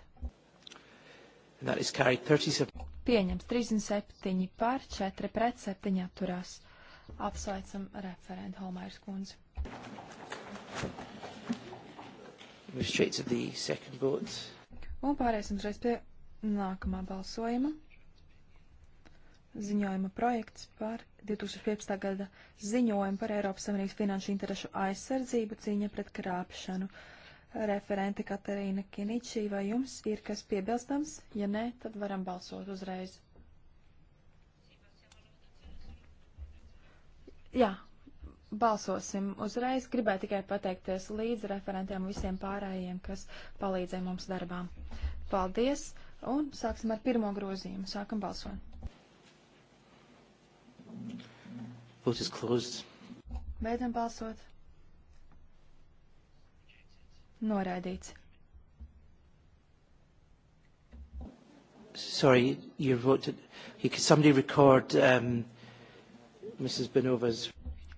And that is carried 37. Pieņems 37 par, 4 pret, 7 atturās. Apsveicam referentu Holmairs kundzi. Un pārēsim uzreiz pie nākamā balsojuma. Ziņojuma projekts par 2015. gada ziņojumu par Eiropas Savienības finanšu interešu aizsardzību cīņa pret krāpšanu. Referente Katarīna Kiničī, vai jums ir kas piebilstams? Ja nē, tad varam balsot uzreiz. Jā, balsosim uzreiz. Gribēju tikai pateikties līdz referentiem visiem pārējiem, kas palīdzēja mums darbā. Paldies! Un sāksim ar pirmo grozījumu. Sākam balsot. Vote is closed. Beidzam balsot. Noraidīts. Sorry, you voted. You, could somebody record um, Mrs. Benovas.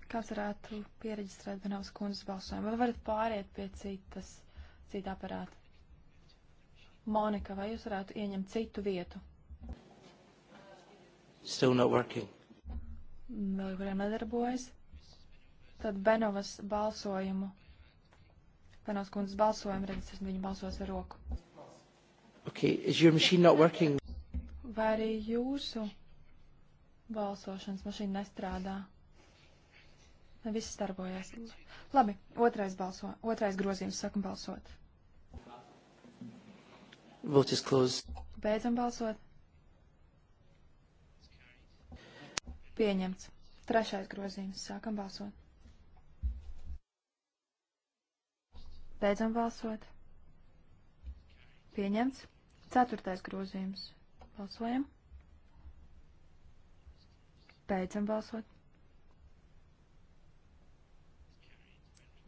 Kāds varētu pieregistrēt Benovas kundzes balsojumu? Vai varat pāriet pie citas, cita aparāta? Monika, vai jūs varētu ieņemt citu vietu? Still not working. Vēl joprojām nedarbojas. Tad Benovas balsojumu. Benovas kundzes balsojumu reģistrēs, viņa balsos ar roku. Okay, is your machine not working? Vai arī jūsu Balsošanas mašīna nestrādā. Viss darbojas. Labi, otrais, balso, otrais grozījums. Sākam balsot. Vote is closed. Beidzam balsot. Pieņemts. Trešais grozījums. Sākam balsot. Beidzam balsot. Pieņemts. Ceturtais grozījums. Balsojam. Beidzam balsot.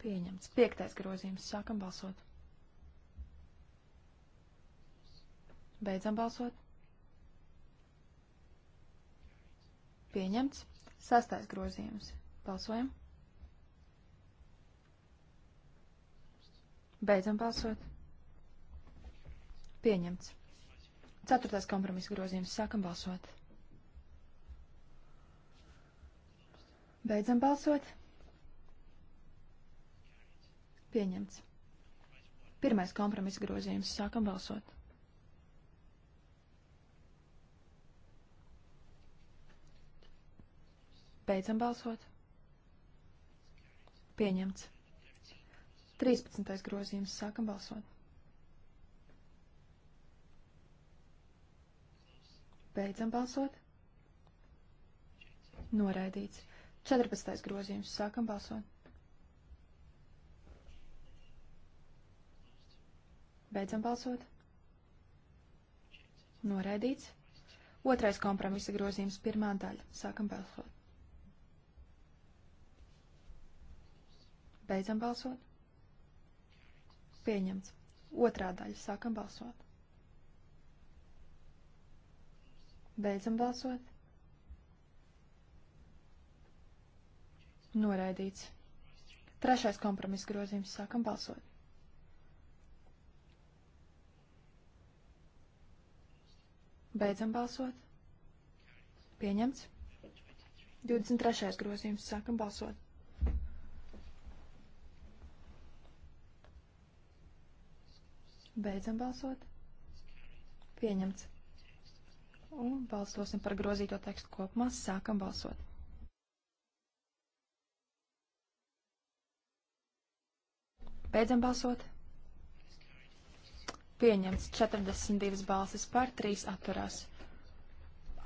Pieņemts. Piektais grozījums. Sākam balsot. Beidzam balsot. Pieņemts. Sastais grozījums. Balsojam. Beidzam balsot. Pieņemts. Ceturtais kompromisa grozījums. Sākam balsot. Beidzam balsot. Pieņemts. Pirmais kompromisa grozījums. Sākam balsot. Beidzam balsot. Pieņemts. 13. grozījums. Sākam balsot. Beidzam balsot. Noraidīts. 14. grozījums. Sākam balsot. Beidzam balsot. Noraidīts. Otrais kompromisa grozījums. Pirmā daļa. Sākam balsot. Beidzam balsot. Pieņemts. Otrā daļa. Sākam balsot. Beidzam balsot. Noraidīts. Trešais kompromiss grozījums. Sākam balsot. Beidzam balsot. Pieņemts. 23. grozījums. Sākam balsot. Beidzam balsot. Pieņemts. Un balsosim par grozīto tekstu kopumā. Sākam balsot. Beidzam balsot. Pieņemts 42 balsis par, 3 atturās.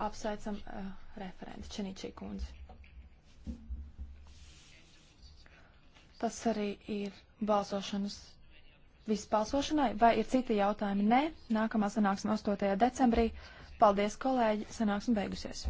Apsveicam uh, eh, referentu Čenīčī kundzi. Tas arī ir balsošanas. Viss balsošanai, vai ir citi jautājumi? Nē, nākamā sanāksme 8. decembrī. Paldies, kolēģi, sanāksme beigusies.